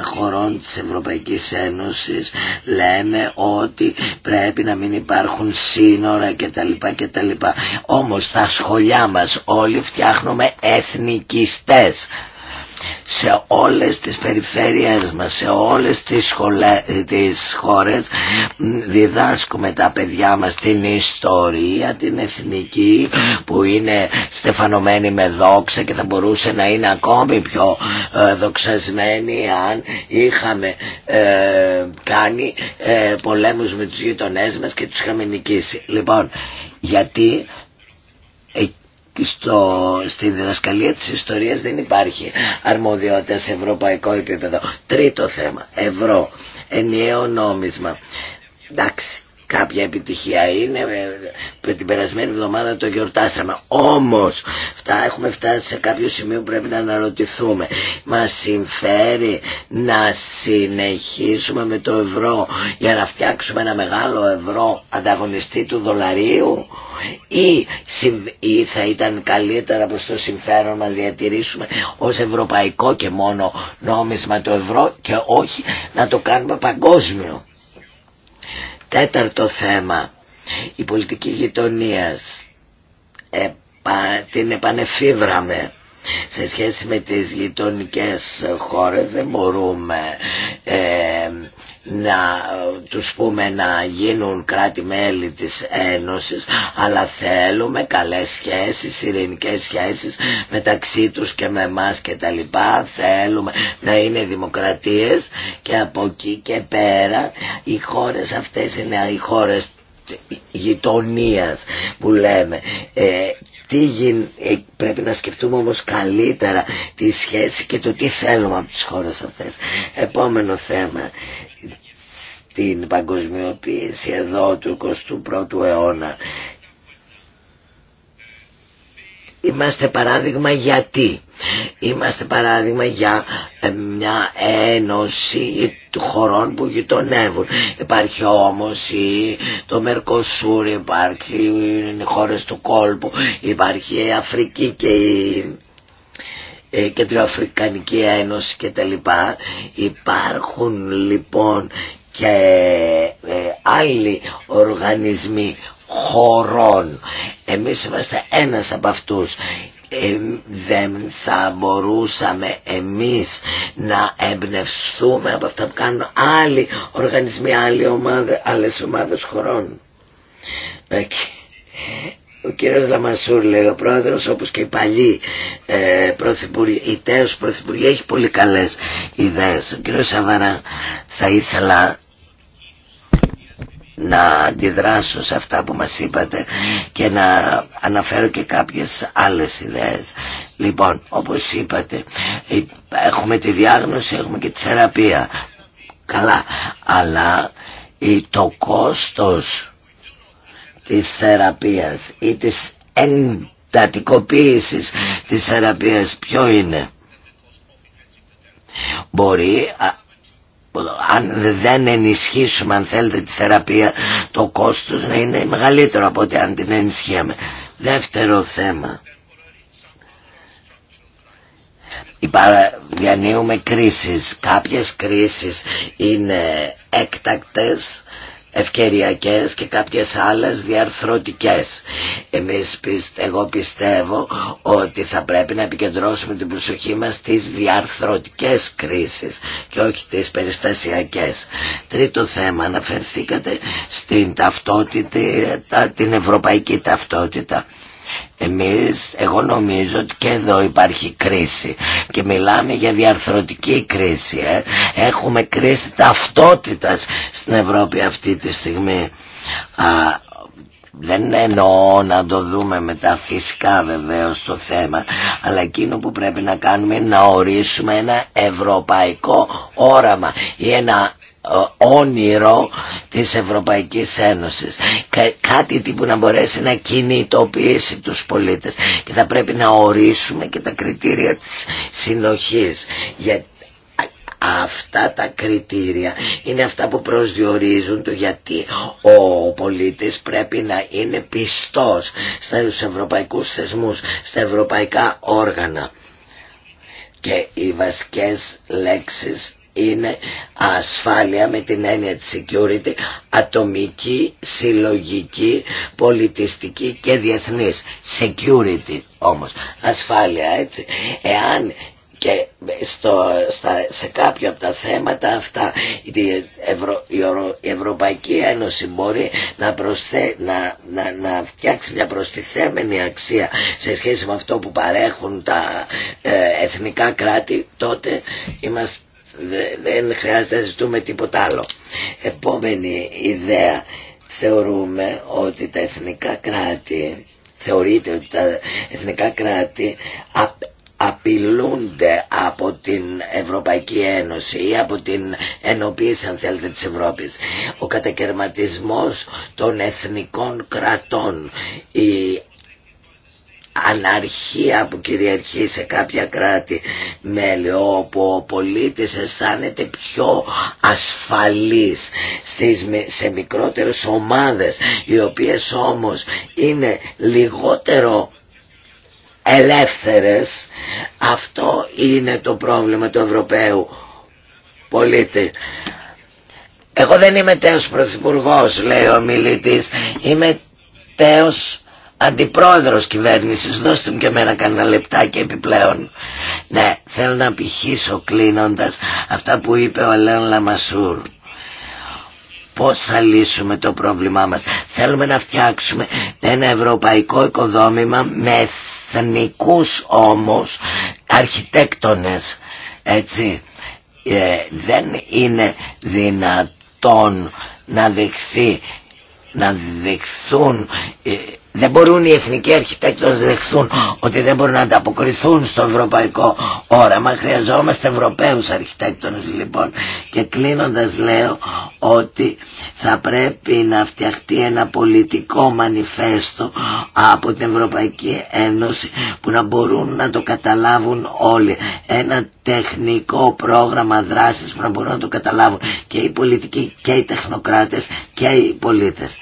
χωρών της Ευρωπαϊκής Ένωσης λένε ότι πρέπει να μην υπάρχουν σύνορα κτλ. κτλ. Όμως στα σχολιά μας όλοι φτιάχνουμε εθνικιστές σε όλες τις περιφέρειες μας, σε όλες τις, σχολέ, χώρες διδάσκουμε τα παιδιά μας την ιστορία, την εθνική που είναι στεφανωμένη με δόξα και θα μπορούσε να είναι ακόμη πιο ε, δοξασμένη αν είχαμε ε, κάνει ε, πολέμους με τους γειτονές μας και τους είχαμε νικήσει. Λοιπόν, γιατί στη διδασκαλία της ιστορίας δεν υπάρχει αρμοδιότητα σε ευρωπαϊκό επίπεδο. Τρίτο θέμα, ευρώ, ενιαίο νόμισμα. Εντάξει, κάποια επιτυχία είναι ε, ε, την περασμένη εβδομάδα το γιορτάσαμε όμως αυτά έχουμε φτάσει σε κάποιο σημείο που πρέπει να αναρωτηθούμε μας συμφέρει να συνεχίσουμε με το ευρώ για να φτιάξουμε ένα μεγάλο ευρώ ανταγωνιστή του δολαρίου ή, θα ήταν καλύτερα προς το συμφέρον να διατηρήσουμε ως ευρωπαϊκό και μόνο νόμισμα το ευρώ και όχι να το κάνουμε παγκόσμιο Τέταρτο θέμα, η πολιτική γειτονία. Επα, την επανεφίβραμε σε σχέση με τις γειτονικές χώρες δεν μπορούμε ε, να ε, τους πούμε να γίνουν κράτη-μέλη της Ένωσης αλλά θέλουμε καλές σχέσεις, ειρηνικές σχέσεις μεταξύ τους και με εμάς και τα λοιπά θέλουμε να είναι δημοκρατίες και από εκεί και πέρα οι χώρες αυτές είναι οι χώρες γειτονίας που λέμε ε, τι ε, πρέπει να σκεφτούμε όμως καλύτερα τη σχέση και το τι θέλουμε από τις χώρες αυτές επόμενο θέμα την παγκοσμιοποίηση εδώ του 21ου αιώνα. Είμαστε παράδειγμα γιατί. Είμαστε παράδειγμα για ε, μια ένωση χωρών που γειτονεύουν. Υπάρχει όμως η, το Μερκοσούρ, υπάρχει οι χώρες του κόλπου, υπάρχει η Αφρική και η ε, και Ένωση κτλ υπάρχουν λοιπόν και ε, άλλοι οργανισμοί χωρών. Εμείς είμαστε ένας από αυτούς. Ε, δεν θα μπορούσαμε εμείς να εμπνευστούμε από αυτά που κάνουν άλλοι οργανισμοί, άλλοι ομάδες, άλλες ομάδες χωρών. Ε, ο κύριος Λαμασούρ λέει ο πρόεδρος όπως και οι παλιοί ε, πρωθυπουργοί, οι τέος πρωθυπουργοί έχει πολύ καλές ιδέες. Ο κύριος Σαβαρά θα ήθελα να αντιδράσω σε αυτά που μας είπατε και να αναφέρω και κάποιες άλλες ιδέες. Λοιπόν, όπως είπατε, ε, έχουμε τη διάγνωση, έχουμε και τη θεραπεία. Καλά, αλλά το κόστος της θεραπείας ή της εντατικοποίησης της θεραπείας ποιο είναι. Μπορεί αν δεν ενισχύσουμε αν θέλετε τη θεραπεία το κόστος να είναι μεγαλύτερο από ότι αν την ενισχύαμε. Δεύτερο θέμα. Διανύουμε κρίσεις. Κάποιες κρίσεις είναι έκτακτες ευκαιριακές και κάποιες άλλες διαρθρωτικές. Εμείς εγώ πιστεύω ότι θα πρέπει να επικεντρώσουμε την προσοχή μας στις διαρθρωτικές κρίσεις και όχι τις περιστασιακές. Τρίτο θέμα αναφερθήκατε στην ταυτότητα, την ευρωπαϊκή ταυτότητα. Εμείς, εγώ νομίζω ότι και εδώ υπάρχει κρίση και μιλάμε για διαρθρωτική κρίση. Ε. Έχουμε κρίση ταυτότητας στην Ευρώπη αυτή τη στιγμή. Α, δεν εννοώ να το δούμε τα φυσικά βεβαίως το θέμα αλλά εκείνο που πρέπει να κάνουμε είναι να ορίσουμε ένα ευρωπαϊκό όραμα ή ένα όνειρο της Ευρωπαϊκής Ένωσης κάτι που να μπορέσει να κινητοποιήσει τους πολίτες και θα πρέπει να ορίσουμε και τα κριτήρια της συνοχής γιατί αυτά τα κριτήρια είναι αυτά που προσδιορίζουν το γιατί ο πολίτης πρέπει να είναι πιστός στους ευρωπαϊκούς θεσμούς, στα ευρωπαϊκά όργανα. Και οι βασικές λέξεις είναι ασφάλεια με την έννοια της security ατομική, συλλογική, πολιτιστική και διεθνής. Security όμως, ασφάλεια έτσι. Εάν και στο, σε κάποια από τα θέματα αυτά η, η, Ευρωπαϊκή Ένωση μπορεί να, προσθέ, να, να, να, φτιάξει μια προστιθέμενη αξία σε σχέση με αυτό που παρέχουν τα ε, εθνικά κράτη τότε είμαστε δεν χρειάζεται να ζητούμε τίποτα άλλο. Επόμενη ιδέα. Θεωρούμε ότι τα εθνικά κράτη, θεωρείται ότι τα εθνικά κράτη απειλούνται από την Ευρωπαϊκή Ένωση ή από την ενοποίηση αν θέλετε της Ευρώπης. Ο κατακαιρματισμός των εθνικών κρατών, η αναρχία που κυριαρχεί σε κάποια κράτη μέλη όπου ο πολίτης αισθάνεται πιο ασφαλής στις, σε μικρότερες ομάδες οι οποίες όμως είναι λιγότερο ελεύθερες αυτό είναι το πρόβλημα του Ευρωπαίου πολίτη εγώ δεν είμαι τέος πρωθυπουργός λέει ο μιλήτης είμαι τέος αντιπρόεδρος κυβέρνησης, δώστε μου και εμένα κανένα λεπτάκι επιπλέον. Ναι, θέλω να πηχήσω κλείνοντας αυτά που είπε ο Λέων Λαμασούρ. Πώς θα λύσουμε το πρόβλημά μας. Θέλουμε να φτιάξουμε ένα ευρωπαϊκό οικοδόμημα με εθνικούς όμως αρχιτέκτονες. Έτσι, ε, δεν είναι δυνατόν να δεχθεί να δεχθούν ε, δεν μπορούν οι εθνικοί αρχιτέκτονες να δεχθούν ότι δεν μπορούν να ανταποκριθούν στο ευρωπαϊκό όραμα. Χρειαζόμαστε Ευρωπαίους αρχιτέκτονες λοιπόν. Και κλείνοντας λέω ότι θα πρέπει να φτιαχτεί ένα πολιτικό μανιφέστο από την Ευρωπαϊκή Ένωση που να μπορούν να το καταλάβουν όλοι. Ένα τεχνικό πρόγραμμα δράσης που να μπορούν να το καταλάβουν και οι πολιτικοί και οι τεχνοκράτες και οι πολίτες.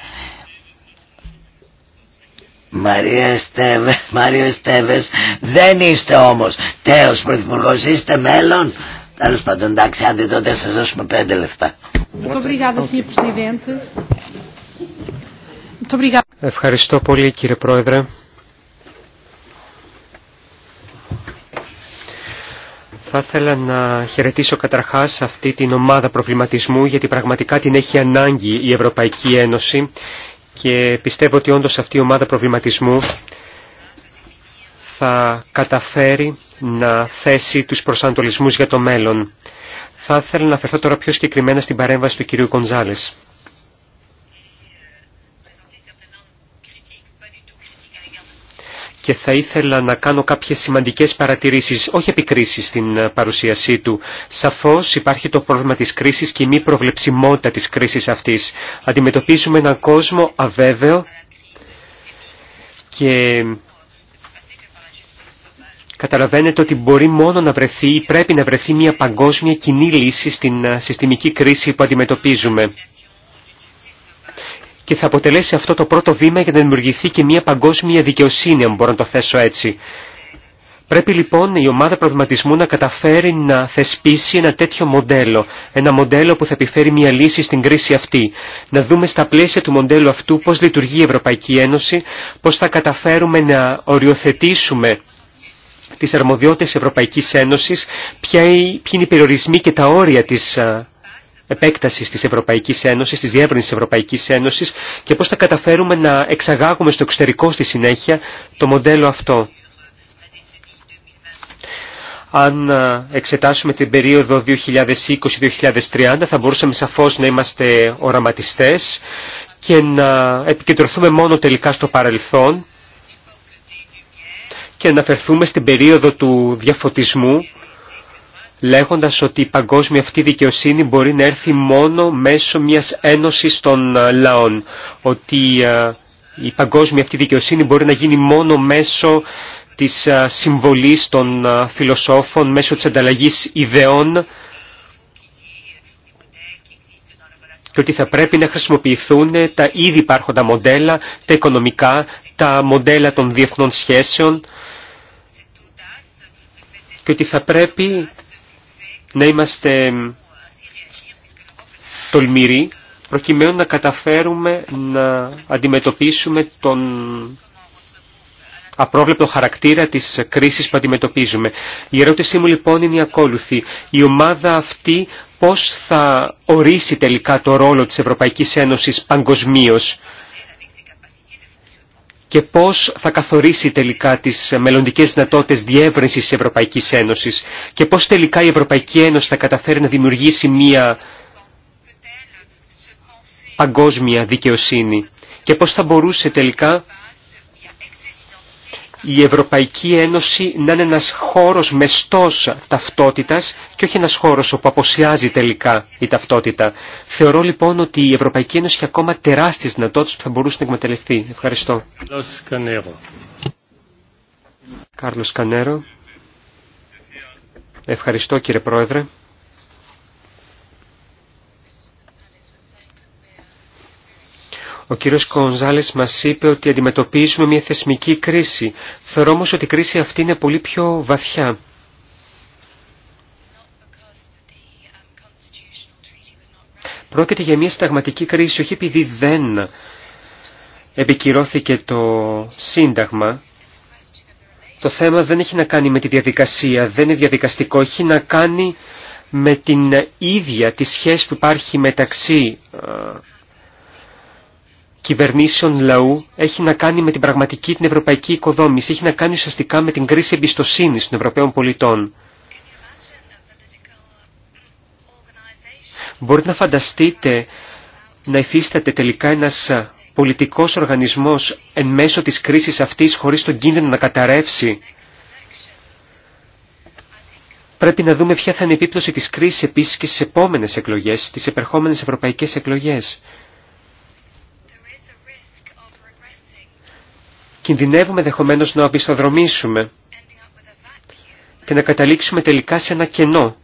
Μαρία Στέβε, Μάριο Στέβες δεν είστε όμως τέος πρωθυπουργός, είστε μέλλον. Τέλο πάντων, εντάξει, άντε τότε σας δώσουμε πέντε λεφτά. Ευχαριστώ πολύ κύριε Πρόεδρε. Θα ήθελα να χαιρετήσω καταρχάς αυτή την ομάδα προβληματισμού γιατί πραγματικά την έχει ανάγκη η Ευρωπαϊκή Ένωση και πιστεύω ότι όντως αυτή η ομάδα προβληματισμού θα καταφέρει να θέσει τους προσανατολισμούς για το μέλλον. Θα ήθελα να αφαιρθώ τώρα πιο συγκεκριμένα στην παρέμβαση του κυρίου Κοντζάλης. και θα ήθελα να κάνω κάποιες σημαντικές παρατηρήσεις, όχι επικρίσεις στην ε, παρουσίασή του. Σαφώς υπάρχει το πρόβλημα της κρίσης και η μη προβλεψιμότητα της κρίσης αυτής. Αντιμετωπίζουμε έναν κόσμο αβέβαιο και καταλαβαίνετε ότι μπορεί μόνο να βρεθεί ή πρέπει να βρεθεί μια παγκόσμια κοινή λύση στην ε, συστημική κρίση που αντιμετωπίζουμε και θα αποτελέσει αυτό το πρώτο βήμα για να δημιουργηθεί και μια παγκόσμια δικαιοσύνη, αν μπορώ να το θέσω έτσι. Πρέπει λοιπόν η ομάδα προβληματισμού να καταφέρει να θεσπίσει ένα τέτοιο μοντέλο, ένα μοντέλο που θα επιφέρει μια λύση στην κρίση αυτή. Να δούμε στα πλαίσια του μοντέλου αυτού πώς λειτουργεί η Ευρωπαϊκή Ένωση, πώς θα καταφέρουμε να οριοθετήσουμε τις αρμοδιότητες Ευρωπαϊκής Ένωσης, ποιοι είναι οι περιορισμοί και τα όρια της Επέκταση της Ευρωπαϊκής Ένωσης, της διεύρυνση της Ευρωπαϊκής Ένωσης και πώς θα καταφέρουμε να εξαγάγουμε στο εξωτερικό στη συνέχεια το μοντέλο αυτό. Αν ε, εξετάσουμε την περίοδο 2020-2030 θα μπορούσαμε σαφώς να είμαστε οραματιστές και να επικεντρωθούμε μόνο τελικά στο παρελθόν και να αναφερθούμε στην περίοδο του διαφωτισμού λέγοντας ότι η παγκόσμια αυτή δικαιοσύνη μπορεί να έρθει μόνο μέσω μιας ένωσης των ε, λαών, ότι ε, η παγκόσμια αυτή δικαιοσύνη μπορεί να γίνει μόνο μέσω της ε, συμβολής των φιλοσόφων, μέσω της ανταλλαγής ιδεών και ότι θα πρέπει να χρησιμοποιηθούν τα ήδη υπάρχοντα μοντέλα, τα οικονομικά, τα μοντέλα των διεθνών σχέσεων και ότι θα πρέπει να είμαστε τολμηροί προκειμένου να καταφέρουμε να αντιμετωπίσουμε τον απρόβλεπτο χαρακτήρα της κρίσης που αντιμετωπίζουμε. Η ερώτησή μου λοιπόν είναι η ακόλουθη. Η ομάδα αυτή πώς θα ορίσει τελικά το ρόλο της Ευρωπαϊκής Ένωσης παγκοσμίως και πώς θα καθορίσει τελικά τις μελλοντικές δυνατότητες διεύρυνσης της Ευρωπαϊκής Ένωσης και πώς τελικά η Ευρωπαϊκή Ένωση θα καταφέρει να δημιουργήσει μία παγκόσμια δικαιοσύνη και πώς θα μπορούσε τελικά η Ευρωπαϊκή Ένωση να είναι ένας χώρος μεστός ταυτότητας και όχι ένας χώρος όπου αποσιάζει τελικά η ταυτότητα. Θεωρώ λοιπόν ότι η Ευρωπαϊκή Ένωση έχει ακόμα τεράστιες δυνατότητες που θα μπορούσε να εκμεταλλευτεί. Ευχαριστώ. Κάρλος Κανέρο. Ευχαριστώ κύριε Πρόεδρε. Ο κύριος Κονζάλης μας είπε ότι αντιμετωπίζουμε μια θεσμική κρίση. Θεωρώ όμως ότι η κρίση αυτή είναι πολύ πιο βαθιά. Πρόκειται για μια σταγματική κρίση, όχι επειδή δεν επικυρώθηκε το Σύνταγμα. Το θέμα δεν έχει να κάνει με τη διαδικασία, δεν είναι διαδικαστικό, έχει να κάνει με την ίδια τη σχέση που υπάρχει μεταξύ ε, κυβερνήσεων λαού έχει να κάνει με την πραγματική την ευρωπαϊκή οικοδόμηση, έχει να κάνει ουσιαστικά με την κρίση εμπιστοσύνης των Ευρωπαίων πολιτών. Μπορείτε να φανταστείτε να υφίσταται τελικά ένας πολιτικός οργανισμός εν μέσω της κρίσης αυτής χωρίς τον κίνδυνο να καταρρεύσει. Πρέπει να δούμε ποια θα είναι η επίπτωση της κρίσης επίσης και στις επόμενες εκλογές, στις επερχόμενες ευρωπαϊκές εκλογές. κινδυνεύουμε δεχομένω να οπισθοδρομήσουμε και να καταλήξουμε τελικά σε ένα κενό.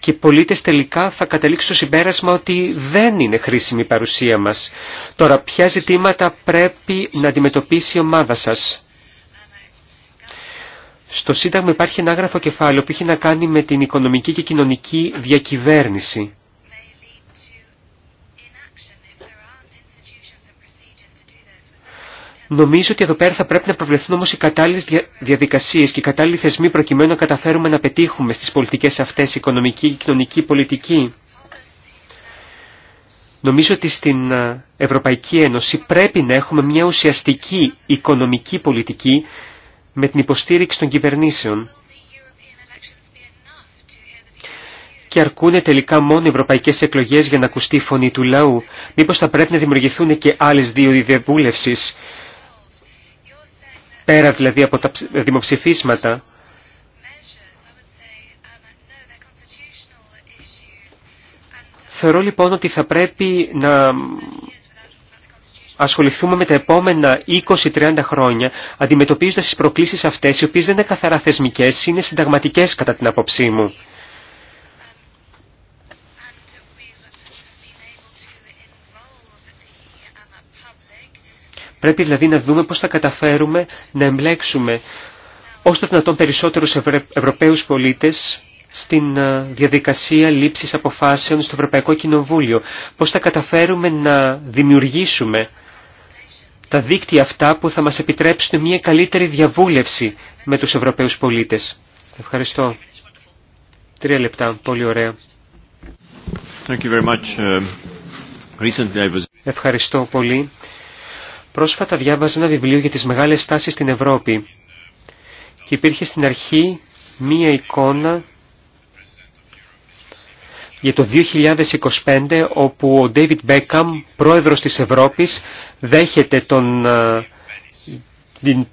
Και οι πολίτες τελικά θα καταλήξουν στο συμπέρασμα ότι δεν είναι χρήσιμη η παρουσία μας. Τώρα, ποια ζητήματα πρέπει να αντιμετωπίσει η ομάδα σας. Στο Σύνταγμα υπάρχει ένα άγραφο κεφάλαιο που έχει να κάνει με την οικονομική και κοινωνική διακυβέρνηση. Νομίζω ότι εδώ πέρα θα πρέπει να προβλεφθούν όμως οι κατάλληλες διαδικασίες και οι κατάλληλοι θεσμοί προκειμένου να καταφέρουμε να πετύχουμε στις πολιτικές αυτές οικονομική και κοινωνική πολιτική. Νομίζω ότι στην ε, Ευρωπαϊκή Ένωση πρέπει να έχουμε μια ουσιαστική οικονομική πολιτική με την υποστήριξη των κυβερνήσεων. Και αρκούν τελικά μόνο οι ευρωπαϊκές εκλογές για να ακουστεί η φωνή του λαού. Μήπως θα πρέπει να δημιουργηθούν και άλλες δύο διαβούλευσεις πέρα δηλαδή από τα δημοψηφίσματα. Θεωρώ λοιπόν ότι θα πρέπει να ασχοληθούμε με τα επόμενα 20-30 χρόνια αντιμετωπίζοντας τις προκλήσεις αυτές οι οποίες δεν είναι καθαρά θεσμικές, είναι συνταγματικές κατά την άποψή μου. Πρέπει δηλαδή να δούμε πώς θα καταφέρουμε να εμπλέξουμε ως το δυνατόν περισσότερους Ευρωπαίους πολίτες στην ε, διαδικασία λήψης αποφάσεων στο Ευρωπαϊκό Κοινοβούλιο. Πώς θα καταφέρουμε να δημιουργήσουμε τα δίκτυα αυτά που θα μας επιτρέψουν μια καλύτερη διαβούλευση με τους Ευρωπαίους πολίτες. Ευχαριστώ. Τρία λεπτά. Πολύ ωραία. Ε, Ευχαριστώ πολύ. Πρόσφατα διάβαζα ένα βιβλίο για τις μεγάλες τάσεις στην Ευρώπη και υπήρχε στην αρχή μία εικόνα για το 2025 όπου ο David Beckham, πρόεδρος της Ευρώπης, δέχεται τον,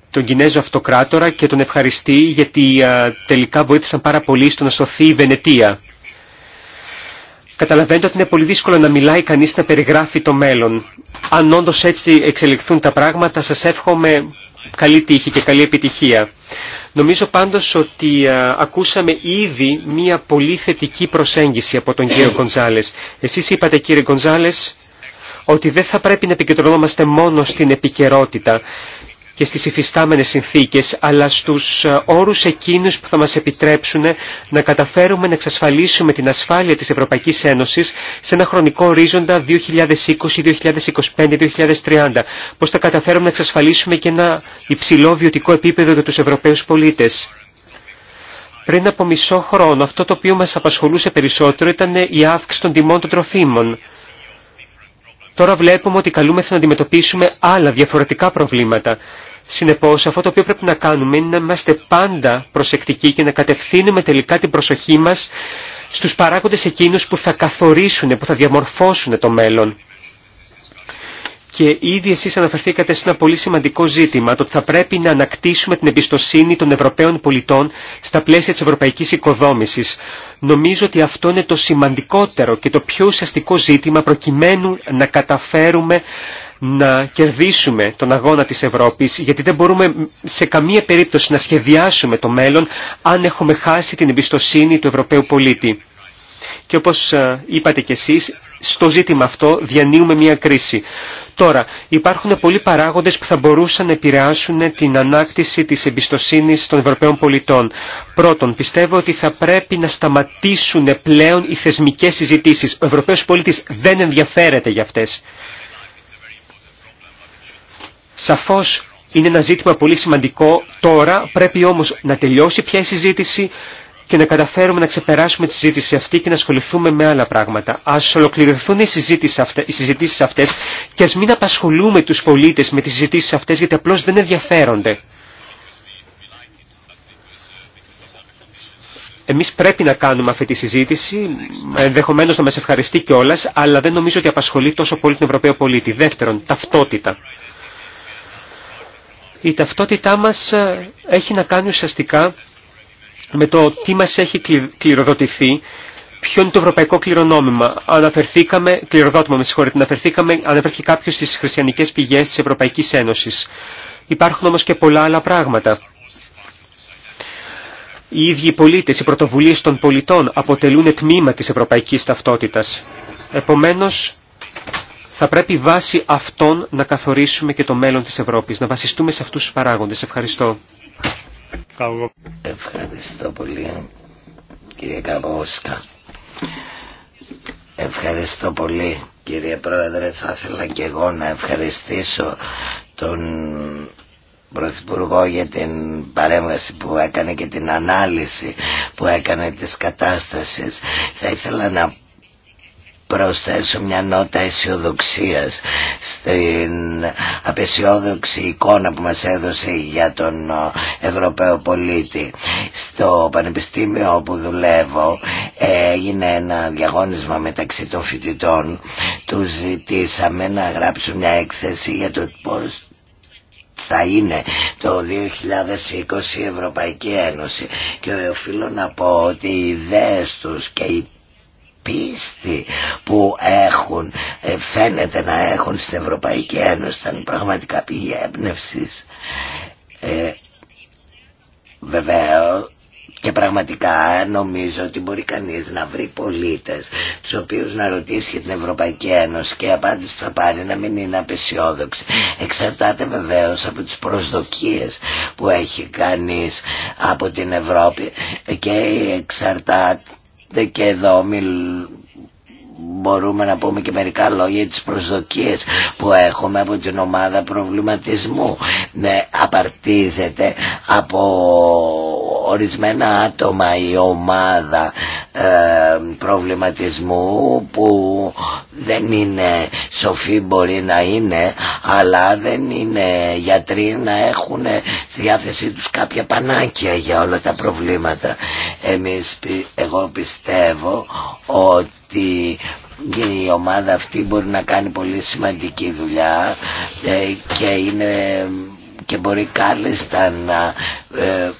τον Κινέζο αυτοκράτορα και τον ευχαριστεί γιατί τελικά βοήθησαν πάρα πολύ στο να σωθεί η Βενετία. Καταλαβαίνετε ότι είναι πολύ δύσκολο να μιλάει κανείς να περιγράφει το μέλλον. Αν όντω έτσι εξελιχθούν τα πράγματα, σας εύχομαι καλή τύχη και καλή επιτυχία. Νομίζω πάντως ότι ακούσαμε ήδη μία πολύ θετική προσέγγιση από τον κύριο Γκοντζάλες. Εσείς είπατε κύριε Γκοντζάλες ότι δεν θα πρέπει να επικεντρωνόμαστε μόνο στην επικαιρότητα και στις υφιστάμενες συνθήκες, αλλά στους ε, όρους εκείνους που θα μας επιτρέψουν να καταφέρουμε να εξασφαλίσουμε την ασφάλεια της Ευρωπαϊκής Ένωσης σε ένα χρονικό ορίζοντα 2020, 2025, 2030. Πώς θα καταφέρουμε να εξασφαλίσουμε και ένα υψηλό βιωτικό επίπεδο για τους Ευρωπαίους πολίτες. Πριν από μισό χρόνο αυτό το οποίο μας απασχολούσε περισσότερο ήταν η αύξηση των τιμών των τροφίμων. Τώρα βλέπουμε ότι καλούμεθα να αντιμετωπίσουμε άλλα διαφορετικά προβλήματα. Συνεπώς αυτό το οποίο πρέπει να κάνουμε είναι να είμαστε πάντα προσεκτικοί και να κατευθύνουμε τελικά την προσοχή μας στους παράγοντες εκείνους που θα καθορίσουν, που θα διαμορφώσουν το μέλλον. Και ήδη εσείς αναφερθήκατε σε ένα πολύ σημαντικό ζήτημα, το ότι θα πρέπει να ανακτήσουμε την εμπιστοσύνη των Ευρωπαίων πολιτών στα πλαίσια της ευρωπαϊκής οικοδόμησης. Νομίζω ότι αυτό είναι το σημαντικότερο και το πιο ουσιαστικό ζήτημα προκειμένου να καταφέρουμε να κερδίσουμε τον αγώνα της Ευρώπης, γιατί δεν μπορούμε σε καμία περίπτωση να σχεδιάσουμε το μέλλον αν έχουμε χάσει την εμπιστοσύνη του Ευρωπαίου πολίτη. Και όπως ε, είπατε κι εσείς, στο ζήτημα αυτό διανύουμε μια κρίση. Τώρα, υπάρχουν πολλοί παράγοντες που θα μπορούσαν να επηρεάσουν την ανάκτηση της εμπιστοσύνης των Ευρωπαίων πολιτών. Πρώτον, πιστεύω ότι θα πρέπει να σταματήσουν πλέον οι θεσμικές συζητήσεις. Ο Ευρωπαίος πολίτης δεν ενδιαφέρεται για αυτές. Σαφώς είναι ένα ζήτημα πολύ σημαντικό. Τώρα πρέπει όμως να τελειώσει πια η συζήτηση και να καταφέρουμε να ξεπεράσουμε τη συζήτηση αυτή και να ασχοληθούμε με άλλα πράγματα. Α ολοκληρωθούν οι συζητήσει αυτές και ας μην απασχολούμε τους πολίτες με τις συζητήσει αυτές γιατί απλώς δεν ενδιαφέρονται. Εμείς πρέπει να κάνουμε αυτή τη συζήτηση, ενδεχομένως να μας ευχαριστεί κιόλα, αλλά δεν νομίζω ότι απασχολεί τόσο πολύ τον Ευρωπαίο πολίτη. Δεύτερον, ταυτότητα η ταυτότητά μας ε, έχει να κάνει ουσιαστικά με το τι μας έχει κληροδοτηθεί, ποιο είναι το ευρωπαϊκό κληρονόμημα. Αναφερθήκαμε, κληροδότημα με συγχωρείτε, αναφερθήκαμε, αναφερθήκε κάποιος στις χριστιανικές πηγές της Ευρωπαϊκής Ένωσης. Υπάρχουν όμως και πολλά άλλα πράγματα. Οι ίδιοι πολίτες, οι πρωτοβουλίες των πολιτών αποτελούν τμήμα της ευρωπαϊκής ταυτότητας. Επομένως, θα πρέπει βάσει αυτών να καθορίσουμε και το μέλλον της Ευρώπης, να βασιστούμε σε αυτούς τους παράγοντες. Ευχαριστώ. Ευχαριστώ πολύ κύριε Καβόσκα. Ευχαριστώ πολύ κύριε Πρόεδρε. Θα ήθελα και εγώ να ευχαριστήσω τον Πρωθυπουργό για την παρέμβαση που έκανε και την ανάλυση που έκανε της κατάστασης. Θα ήθελα να προσθέσω μια νότα αισιοδοξία στην απεσιόδοξη εικόνα που μας έδωσε για τον ε, Ευρωπαίο πολίτη. Στο πανεπιστήμιο όπου δουλεύω έγινε ένα διαγώνισμα μεταξύ των φοιτητών. Τους ζητήσαμε να γράψουν μια έκθεση για το πώς θα είναι το 2020 η Ευρωπαϊκή Ένωση και οφείλω να πω ότι οι ιδέες τους και οι πίστη που έχουν, ε, φαίνεται να έχουν στην Ευρωπαϊκή Ένωση, ήταν πραγματικά πηγή έμπνευση. Ε, βεβαίω και πραγματικά νομίζω ότι μπορεί κανείς να βρει πολίτες τους οποίους να ρωτήσει για την Ευρωπαϊκή Ένωση και η απάντηση που θα πάρει να μην είναι απεσιόδοξη. Εξαρτάται βεβαίως από τις προσδοκίες που έχει κανείς από την Ευρώπη και εξαρτάται και εδώ μιλ... μπορούμε να πούμε και μερικά λόγια τις προσδοκίες που έχουμε από την ομάδα προβληματισμού ναι, απαρτίζεται από ορισμένα άτομα η ομάδα ε, προβληματισμού που δεν είναι σοφοί μπορεί να είναι αλλά δεν είναι γιατροί να έχουν στη διάθεσή τους κάποια πανάκια για όλα τα προβλήματα. Εμείς, εγώ πιστεύω ότι η ομάδα αυτή μπορεί να κάνει πολύ σημαντική δουλειά ε, και είναι και μπορεί κάλλιστα να ε,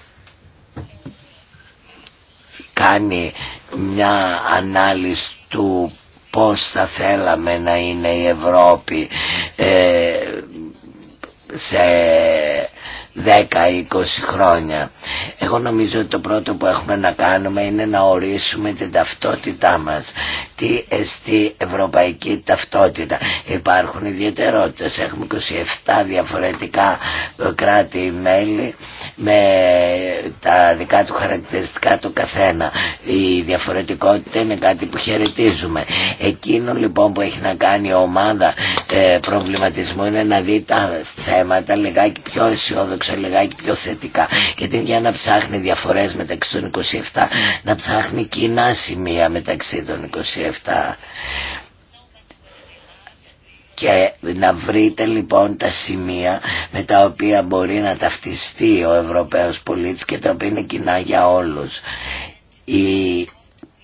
κάνει μια ανάλυση του πώς θα θέλαμε να είναι η Ευρώπη ε, σε 10-20 χρόνια. Εγώ νομίζω ότι το πρώτο που έχουμε να κάνουμε είναι να ορίσουμε την ταυτότητά μας. Τι εστί ευρωπαϊκή ταυτότητα. Υπάρχουν ιδιαιτερότητες. Έχουμε 27 διαφορετικά ε, κράτη-μέλη με τα δικά του χαρακτηριστικά του καθένα. Η διαφορετικότητα είναι κάτι που χαιρετίζουμε. Εκείνο λοιπόν που έχει να κάνει η ομάδα ε, προβληματισμού είναι να δει τα θέματα λιγάκι πιο αισιόδοξα λιγάκι πιο θετικά γιατί για να ψάχνει διαφορές μεταξύ των 27 να ψάχνει κοινά σημεία μεταξύ των 27 και να βρείτε λοιπόν τα σημεία με τα οποία μπορεί να ταυτιστεί ο Ευρωπαίος πολίτης και τα οποία είναι κοινά για όλους.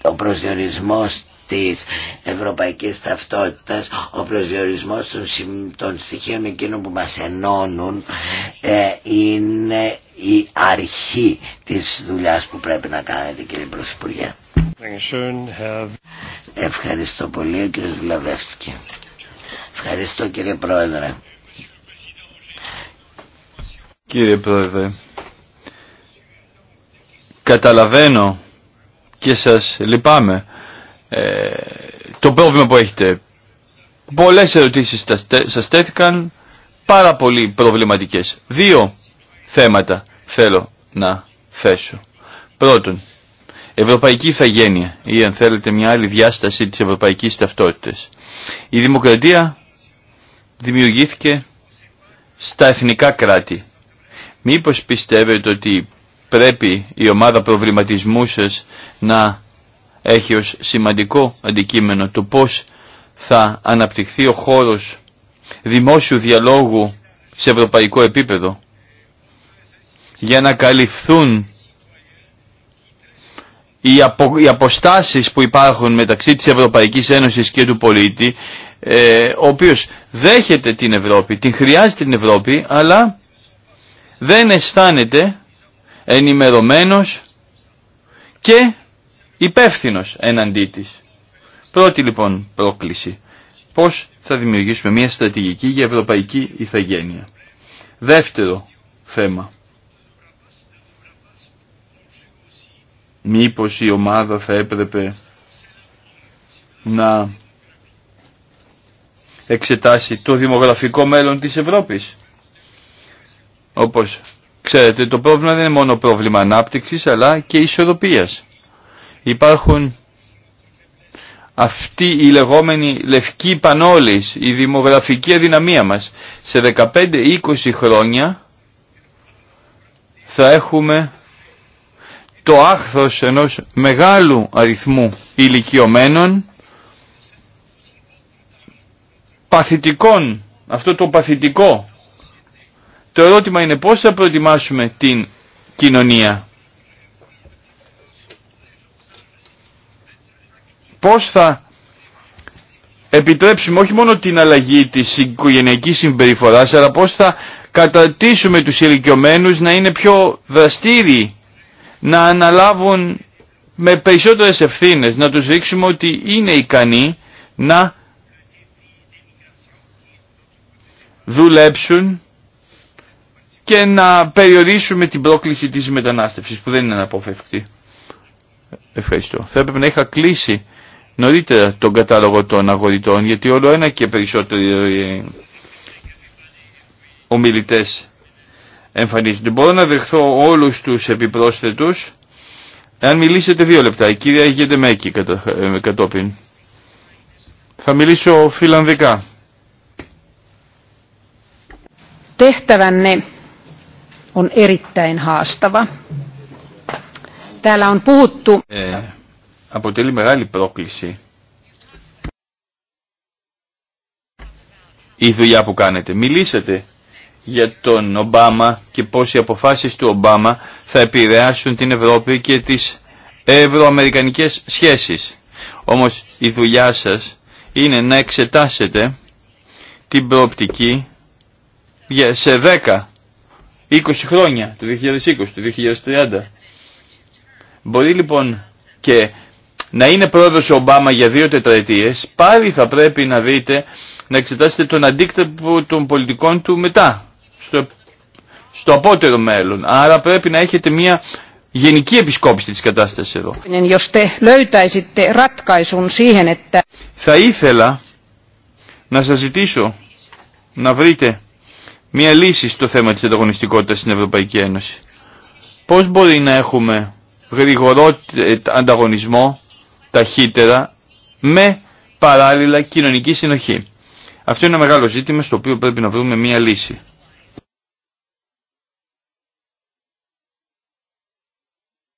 ο προσδιορισμός της ευρωπαϊκής ταυτότητας ο προσδιορισμός των, στοιχείων εκείνων που μας ενώνουν ε, είναι η αρχή της δουλειάς που πρέπει να κάνετε κύριε Πρωθυπουργέ. Ευχαριστώ πολύ κύριε Βλαβεύσκη. Ευχαριστώ κύριε Πρόεδρε. Κύριε Πρόεδρε, καταλαβαίνω και σας λυπάμαι ε, το πρόβλημα που έχετε. Πολλές ερωτήσεις σας στέθηκαν πάρα πολύ προβληματικές. Δύο θέματα θέλω να θέσω. Πρώτον, ευρωπαϊκή ηθαγένεια ή αν θέλετε μια άλλη διάσταση της ευρωπαϊκής ταυτότητας. Η δημοκρατία δημιουργήθηκε στα εθνικά κράτη. Μήπως πιστεύετε ότι πρέπει η ομάδα προβληματισμού σας να έχει ως σημαντικό αντικείμενο το πώς θα αναπτυχθεί ο χώρος δημόσιου διαλόγου σε ευρωπαϊκό επίπεδο για να καλυφθούν οι, απο, αποστάσεις που υπάρχουν μεταξύ της Ευρωπαϊκής Ένωσης και του πολίτη ε, ο οποίος δέχεται την Ευρώπη, την χρειάζεται την Ευρώπη αλλά δεν αισθάνεται ενημερωμένος και υπεύθυνο εναντί της. Πρώτη λοιπόν πρόκληση. Πώς θα δημιουργήσουμε μια στρατηγική για ευρωπαϊκή ηθαγένεια. Δεύτερο θέμα. Μήπως η ομάδα θα έπρεπε να εξετάσει το δημογραφικό μέλλον της Ευρώπης. Όπως ξέρετε το πρόβλημα δεν είναι μόνο πρόβλημα ανάπτυξης αλλά και ισορροπίας. Υπάρχουν αυτοί οι λεγόμενοι λευκοί πανόλης, η δημογραφική αδυναμία μας. Σε 15-20 χρόνια θα έχουμε το άχθος ενός μεγάλου αριθμού ηλικιωμένων παθητικών, αυτό το παθητικό. Το ερώτημα είναι πώς θα προετοιμάσουμε την κοινωνία πώς θα επιτρέψουμε όχι μόνο την αλλαγή της οικογενειακής συμπεριφοράς, αλλά πώς θα κατατήσουμε τους ηλικιωμένους να είναι πιο δραστήριοι, να αναλάβουν με περισσότερες ευθύνες, να τους δείξουμε ότι είναι ικανοί να δουλέψουν και να περιορίσουμε την πρόκληση της μετανάστευσης που δεν είναι αναποφευκτή. Ευχαριστώ. Θα έπρεπε να είχα κλείσει νωρίτερα τον κατάλογο των αγοριτών γιατί όλο ένα και περισσότεροι ε, ομιλητές εμφανίζονται. Μπορώ να δεχθώ όλους τους επιπρόσθετους αν μιλήσετε δύο λεπτά. Η κυρία Γεντεμέκη ε, κατόπιν. Θα μιλήσω φιλανδικά. Tehtävänne on erittäin haastava. Täällä on puhuttu... Ε, αποτελεί μεγάλη πρόκληση η δουλειά που κάνετε. Μιλήσατε για τον Ομπάμα και πώς οι αποφάσεις του Ομπάμα θα επηρεάσουν την Ευρώπη και τις ευρωαμερικανικές σχέσεις. Όμως η δουλειά σας είναι να εξετάσετε την προοπτική σε 10, 20 χρόνια, το 2020, το 2030. Μπορεί λοιπόν και να είναι πρόεδρος ο Ομπάμα για δύο τετραετίες, πάλι θα πρέπει να δείτε, να εξετάσετε τον αντίκτυπο των πολιτικών του μετά, στο, στο απότερο μέλλον. Άρα πρέπει να έχετε μια γενική επισκόπηση της κατάστασης εδώ. Θα ήθελα να σας ζητήσω να βρείτε μια λύση στο θέμα της ανταγωνιστικότητας στην Ευρωπαϊκή Ένωση. Πώς μπορεί να έχουμε γρηγορό ε, ανταγωνισμό ταχύτερα με παράλληλα κοινωνική συνοχή. Αυτό είναι ένα μεγάλο ζήτημα στο οποίο πρέπει να βρούμε μία λύση.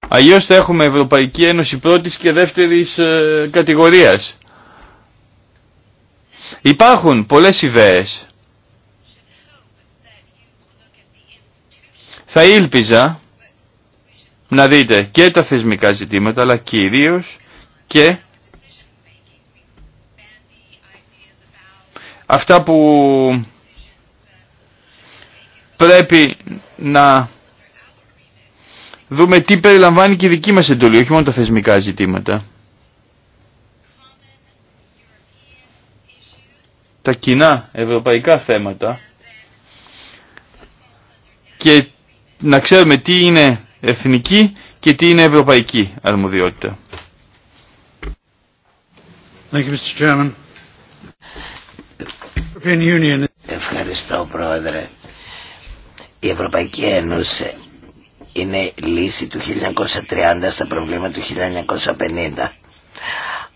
Αλλιώς θα έχουμε Ευρωπαϊκή Ένωση πρώτης και δεύτερης ε, κατηγορίας. Υπάρχουν πολλές ιδέες. Θα ήλπιζα να δείτε και τα θεσμικά ζητήματα, αλλά κυρίως και αυτά που πρέπει να δούμε τι περιλαμβάνει και η δική μας εντολή, όχι μόνο τα θεσμικά ζητήματα. Τα κοινά ευρωπαϊκά θέματα και να ξέρουμε τι είναι εθνική και τι είναι ευρωπαϊκή αρμοδιότητα. Ευχαριστώ πρόεδρε. Η Ευρωπαϊκή Ένωση είναι λύση του 1930 στα προβλήματα του 1950.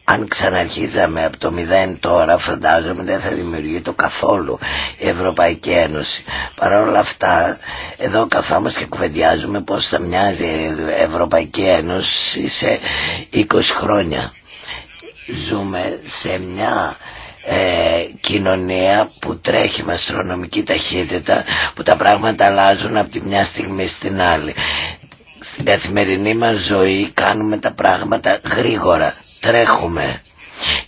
Αν ξαναρχίζαμε από το μηδέν τώρα φαντάζομαι δεν θα δημιουργεί το καθόλου η Ευρωπαϊκή Ένωση. Παρ' όλα αυτά εδώ καθόμαστε και κουβεντιάζουμε πώς θα μοιάζει η Ευρωπαϊκή Ένωση σε 20 χρόνια ζούμε σε μια ε, κοινωνία που τρέχει με αστρονομική ταχύτητα που τα πράγματα αλλάζουν από τη μια στιγμή στην άλλη στην καθημερινή μας ζωή κάνουμε τα πράγματα γρήγορα τρέχουμε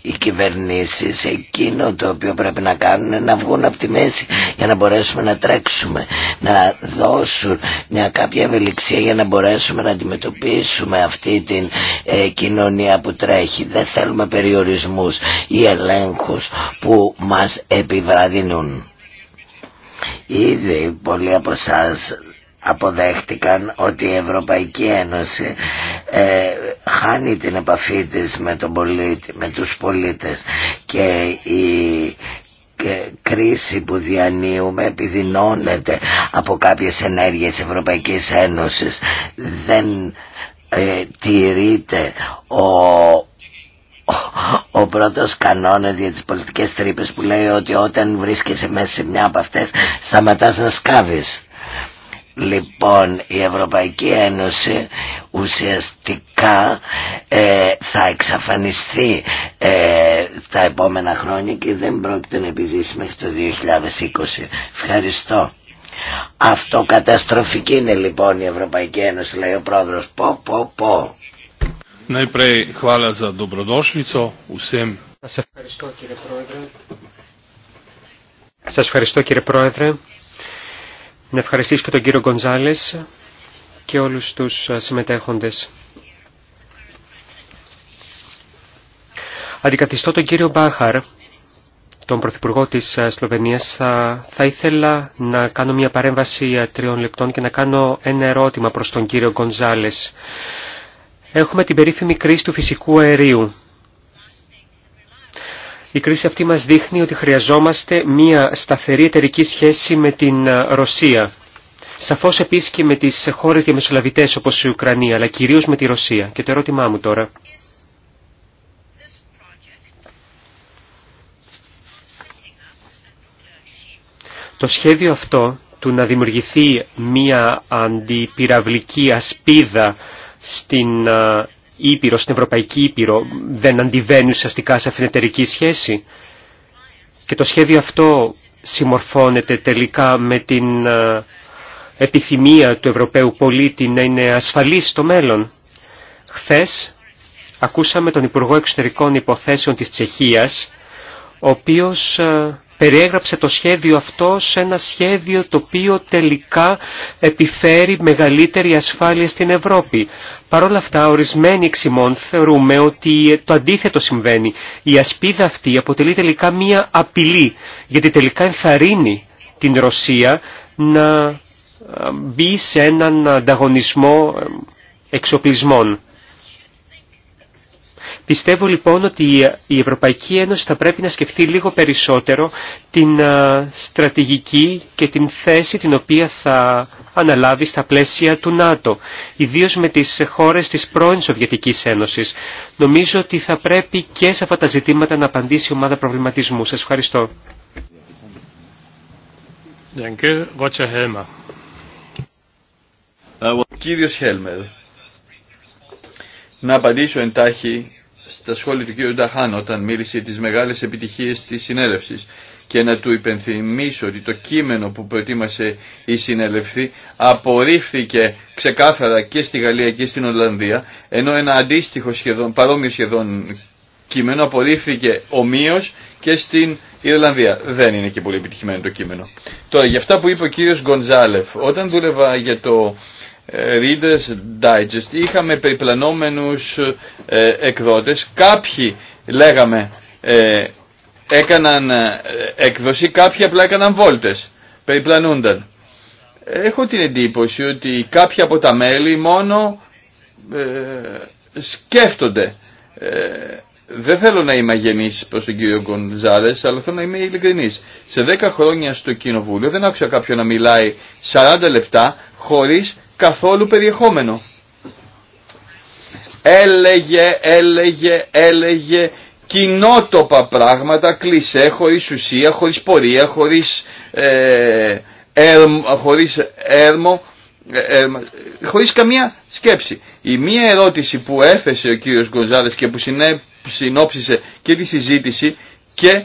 οι κυβερνήσεις εκείνο το οποίο πρέπει να κάνουν είναι να βγουν από τη μέση για να μπορέσουμε να τρέξουμε να δώσουν μια κάποια ευελιξία για να μπορέσουμε να αντιμετωπίσουμε αυτή την ε, κοινωνία που τρέχει δεν θέλουμε περιορισμούς ή ελέγχους που μας επιβραδινούν. ήδη πολλοί από εσά αποδέχτηκαν ότι η Ευρωπαϊκή Ένωση ε, χάνει την επαφή της με, τον πολίτη, τους πολίτες και η κρίση που διανύουμε επιδεινώνεται από κάποιες ενέργειες Ευρωπαϊκής Ένωσης δεν ε, τηρείται ο, ο, ο πρώτος κανόνας για τις πολιτικές τρύπες που λέει ότι όταν βρίσκεσαι μέσα σε μια από αυτές σταματάς να σκάβεις. Λοιπόν, η Ευρωπαϊκή Ένωση ουσιαστικά ε, θα εξαφανιστεί ε, τα επόμενα χρόνια και δεν πρόκειται να επιζήσει μέχρι το 2020. Ευχαριστώ. Αυτό καταστροφική είναι λοιπόν η Ευρωπαϊκή Ένωση, λέει ο πρόεδρος. Πω, πω, πω. Σας ευχαριστώ κύριε Πρόεδρε. Σας ευχαριστώ κύριε Πρόεδρε. Να ευχαριστήσω και τον κύριο Γκονζάλη και όλους τους ε, συμμετέχοντες. Αντικαθιστώ τον κύριο Μπάχαρ, τον Πρωθυπουργό της ε, Σλοβενίας, θα, ήθελα να κάνω μια παρέμβαση ε, τριών λεπτών και να κάνω ένα ερώτημα προς τον κύριο Γκονζάλες. Έχουμε την περίφημη κρίση του φυσικού αερίου. Η κρίση αυτή μας δείχνει ότι χρειαζόμαστε μια σταθερή εταιρική σχέση με την ε, Ρωσία. Σαφώς επίσης και με τις χώρες διαμεσολαβητές όπως η Ουκρανία, αλλά κυρίως με τη Ρωσία. Και το ερώτημά μου τώρα Το σχέδιο αυτό του να δημιουργηθεί μία αντιπυραυλική ασπίδα στην Ήπειρο, στην Ευρωπαϊκή Ήπειρο, δεν αντιβαίνει ουσιαστικά σε αυτήν σχέση. Και το σχέδιο αυτό συμμορφώνεται τελικά με την επιθυμία του Ευρωπαίου πολίτη να είναι ασφαλής στο μέλλον. Χθες ακούσαμε τον Υπουργό Εξωτερικών Υποθέσεων της Τσεχίας, ο οποίος περιέγραψε το σχέδιο αυτό σε ένα σχέδιο το οποίο τελικά επιφέρει μεγαλύτερη ασφάλεια στην Ευρώπη. Παρ' όλα αυτά, ορισμένοι εξημών θεωρούμε ότι το αντίθετο συμβαίνει. Η ασπίδα αυτή αποτελεί τελικά μία απειλή, γιατί τελικά ενθαρρύνει την Ρωσία να ε, μπει σε έναν ανταγωνισμό ε, εξοπλισμών. Πιστεύω λοιπόν ότι η Ευρωπαϊκή Ένωση θα πρέπει να σκεφτεί λίγο περισσότερο την στρατηγική και την θέση την οποία θα αναλάβει στα πλαίσια του ΝΑΤΟ, ιδίως με τις χώρες της πρώην Σοβιετικής Ένωσης. Νομίζω ότι θα πρέπει και σε αυτά τα ζητήματα να απαντήσει η ομάδα προβληματισμού. Σας ευχαριστώ. Ε, να απαντήσω εντάχει στα σχόλια του κ. Νταχάν όταν μίλησε τις μεγάλες επιτυχίες της συνέλευσης και να του υπενθυμίσω ότι το κείμενο που προετοίμασε η Συνέλευση απορρίφθηκε ξεκάθαρα και στη Γαλλία και στην Ολλανδία ενώ ένα αντίστοιχο σχεδόν, παρόμοιο σχεδόν κείμενο απορρίφθηκε ομοίως και στην Ιρλανδία. Δεν είναι και πολύ επιτυχημένο το κείμενο. Τώρα, για αυτά που είπε ο κύριος Γκοντζάλεφ, όταν δούλευα για το Readers Digest είχαμε περιπλανόμενους ε, εκδότες κάποιοι λέγαμε ε, έκαναν ε, έκδοση κάποιοι απλά έκαναν βόλτες περιπλανούνταν έχω την εντύπωση ότι κάποια από τα μέλη μόνο ε, σκέφτονται δεν θέλω να είμαι αγενής προς τον κύριο Γκονζάλες, αλλά θέλω να είμαι ειλικρινής. Σε 10 χρόνια στο κοινοβούλιο δεν άκουσα κάποιον να μιλάει 40 λεπτά χωρίς καθόλου περιεχόμενο. Έλεγε, έλεγε, έλεγε κοινότοπα πράγματα, κλεισέ, χωρίς ουσία, χωρίς πορεία, χωρίς, ε, έρμο, ε, χωρίς καμία σκέψη. Η μία ερώτηση που έθεσε ο κύριος Γκοζάλες και που συνέ, συνόψισε και τη συζήτηση και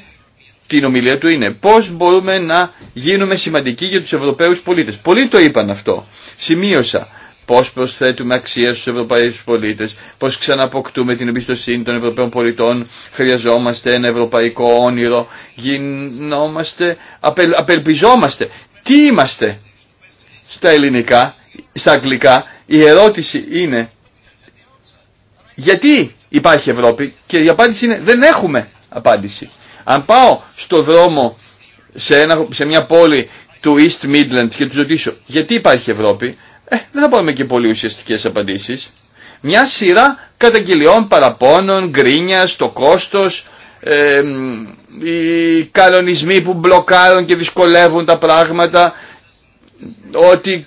την ομιλία του είναι πώς μπορούμε να γίνουμε σημαντικοί για τους Ευρωπαίους πολίτες. Πολλοί το είπαν αυτό. Σημείωσα πώς προσθέτουμε αξία στους Ευρωπαίους πολίτες, πώς ξαναποκτούμε την εμπιστοσύνη των Ευρωπαίων πολιτών, χρειαζόμαστε ένα ευρωπαϊκό όνειρο, γινόμαστε, απελ, απελπιζόμαστε. Τι είμαστε στα ελληνικά, στα αγγλικά, η ερώτηση είναι γιατί υπάρχει Ευρώπη και η απάντηση είναι δεν έχουμε απάντηση. Αν πάω στο δρόμο σε, σε μια πόλη του East Midlands και του ρωτήσω γιατί υπάρχει Ευρώπη, ε, δεν θα πάρουμε και πολύ ουσιαστικέ απαντήσει. Μια σειρά καταγγελιών, παραπώνων, γκρίνια, το κόστο, ε, οι κανονισμοί που μπλοκάρουν και δυσκολεύουν τα πράγματα, ότι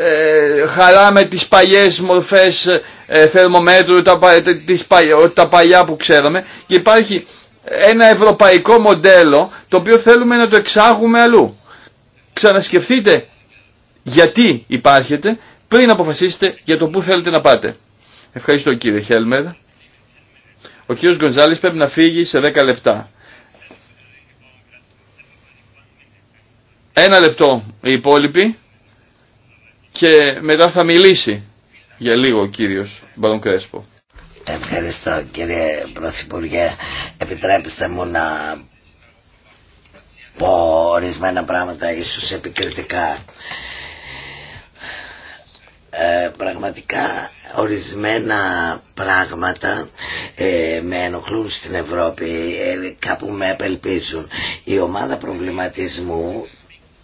ε, χαράμε τις παλιές μορφές ε, θερμομέτρου, τα, ε, τα παλιά που ξέραμε και υπάρχει ένα ευρωπαϊκό μοντέλο το οποίο θέλουμε να το εξάγουμε αλλού. Ξανασκεφτείτε γιατί υπάρχετε πριν αποφασίσετε για το που θέλετε να πάτε. Ευχαριστώ κύριε Χέλμερ. Ο κύριος Γκονζάλης πρέπει να φύγει σε 10 λεπτά. Ένα λεπτό οι υπόλοιποι και μετά θα μιλήσει για λίγο ο κύριος Μπαρον Κρέσπο. Ευχαριστώ κύριε Πρωθυπουργέ επιτρέψτε μου να πω ορισμένα πράγματα ίσως επικριτικά. Ε, πραγματικά ορισμένα πράγματα ε, με ενοχλούν στην Ευρώπη, ε, κάπου με απελπίζουν. Η ομάδα προβληματισμού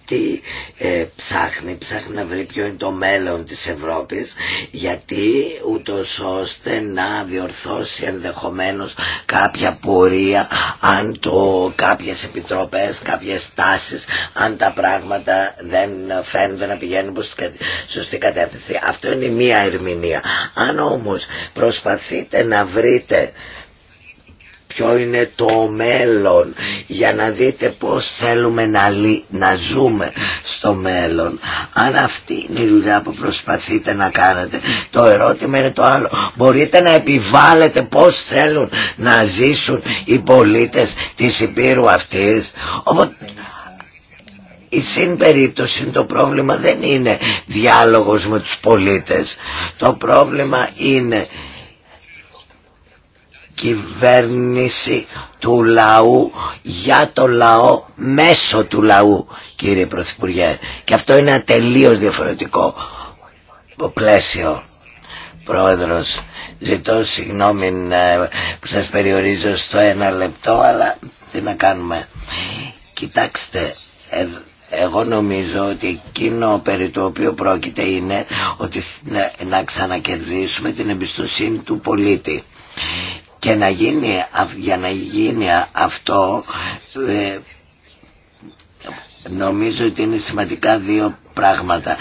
τι ε, ψάχνει, ψάχνει να βρει ποιο είναι το μέλλον της Ευρώπης γιατί ούτω ώστε να διορθώσει ενδεχομένως κάποια πορεία αν το κάποιες επιτροπές, κάποιες τάσεις αν τα πράγματα δεν φαίνονται να πηγαίνουν προς την σωστή κατεύθυνση. Αυτό είναι μία ερμηνεία. Αν όμως προσπαθείτε να βρείτε ποιο είναι το μέλλον για να δείτε πως θέλουμε να, ζούμε στο μέλλον αν αυτή είναι η δουλειά που προσπαθείτε να κάνετε το ερώτημα είναι το άλλο μπορείτε να επιβάλλετε πως θέλουν να ζήσουν οι πολίτες της Υπήρου αυτής Οπότε, η συμπερίπτωση, το πρόβλημα δεν είναι διάλογος με τους πολίτες το πρόβλημα είναι κυβέρνηση του λαού για το λαό μέσω του λαού κύριε Πρωθυπουργέ και αυτό είναι ένα τελείως διαφορετικό πλαίσιο Πρόεδρος ζητώ συγγνώμη ε, που σας περιορίζω στο ένα λεπτό αλλά τι να κάνουμε κοιτάξτε ε, εγώ νομίζω ότι εκείνο περί το οποίο πρόκειται είναι ότι να, να ξανακερδίσουμε την εμπιστοσύνη του πολίτη και να γίνει, για να γίνει αυτό ε, Νομίζω ότι είναι σημαντικά δύο πράγματα.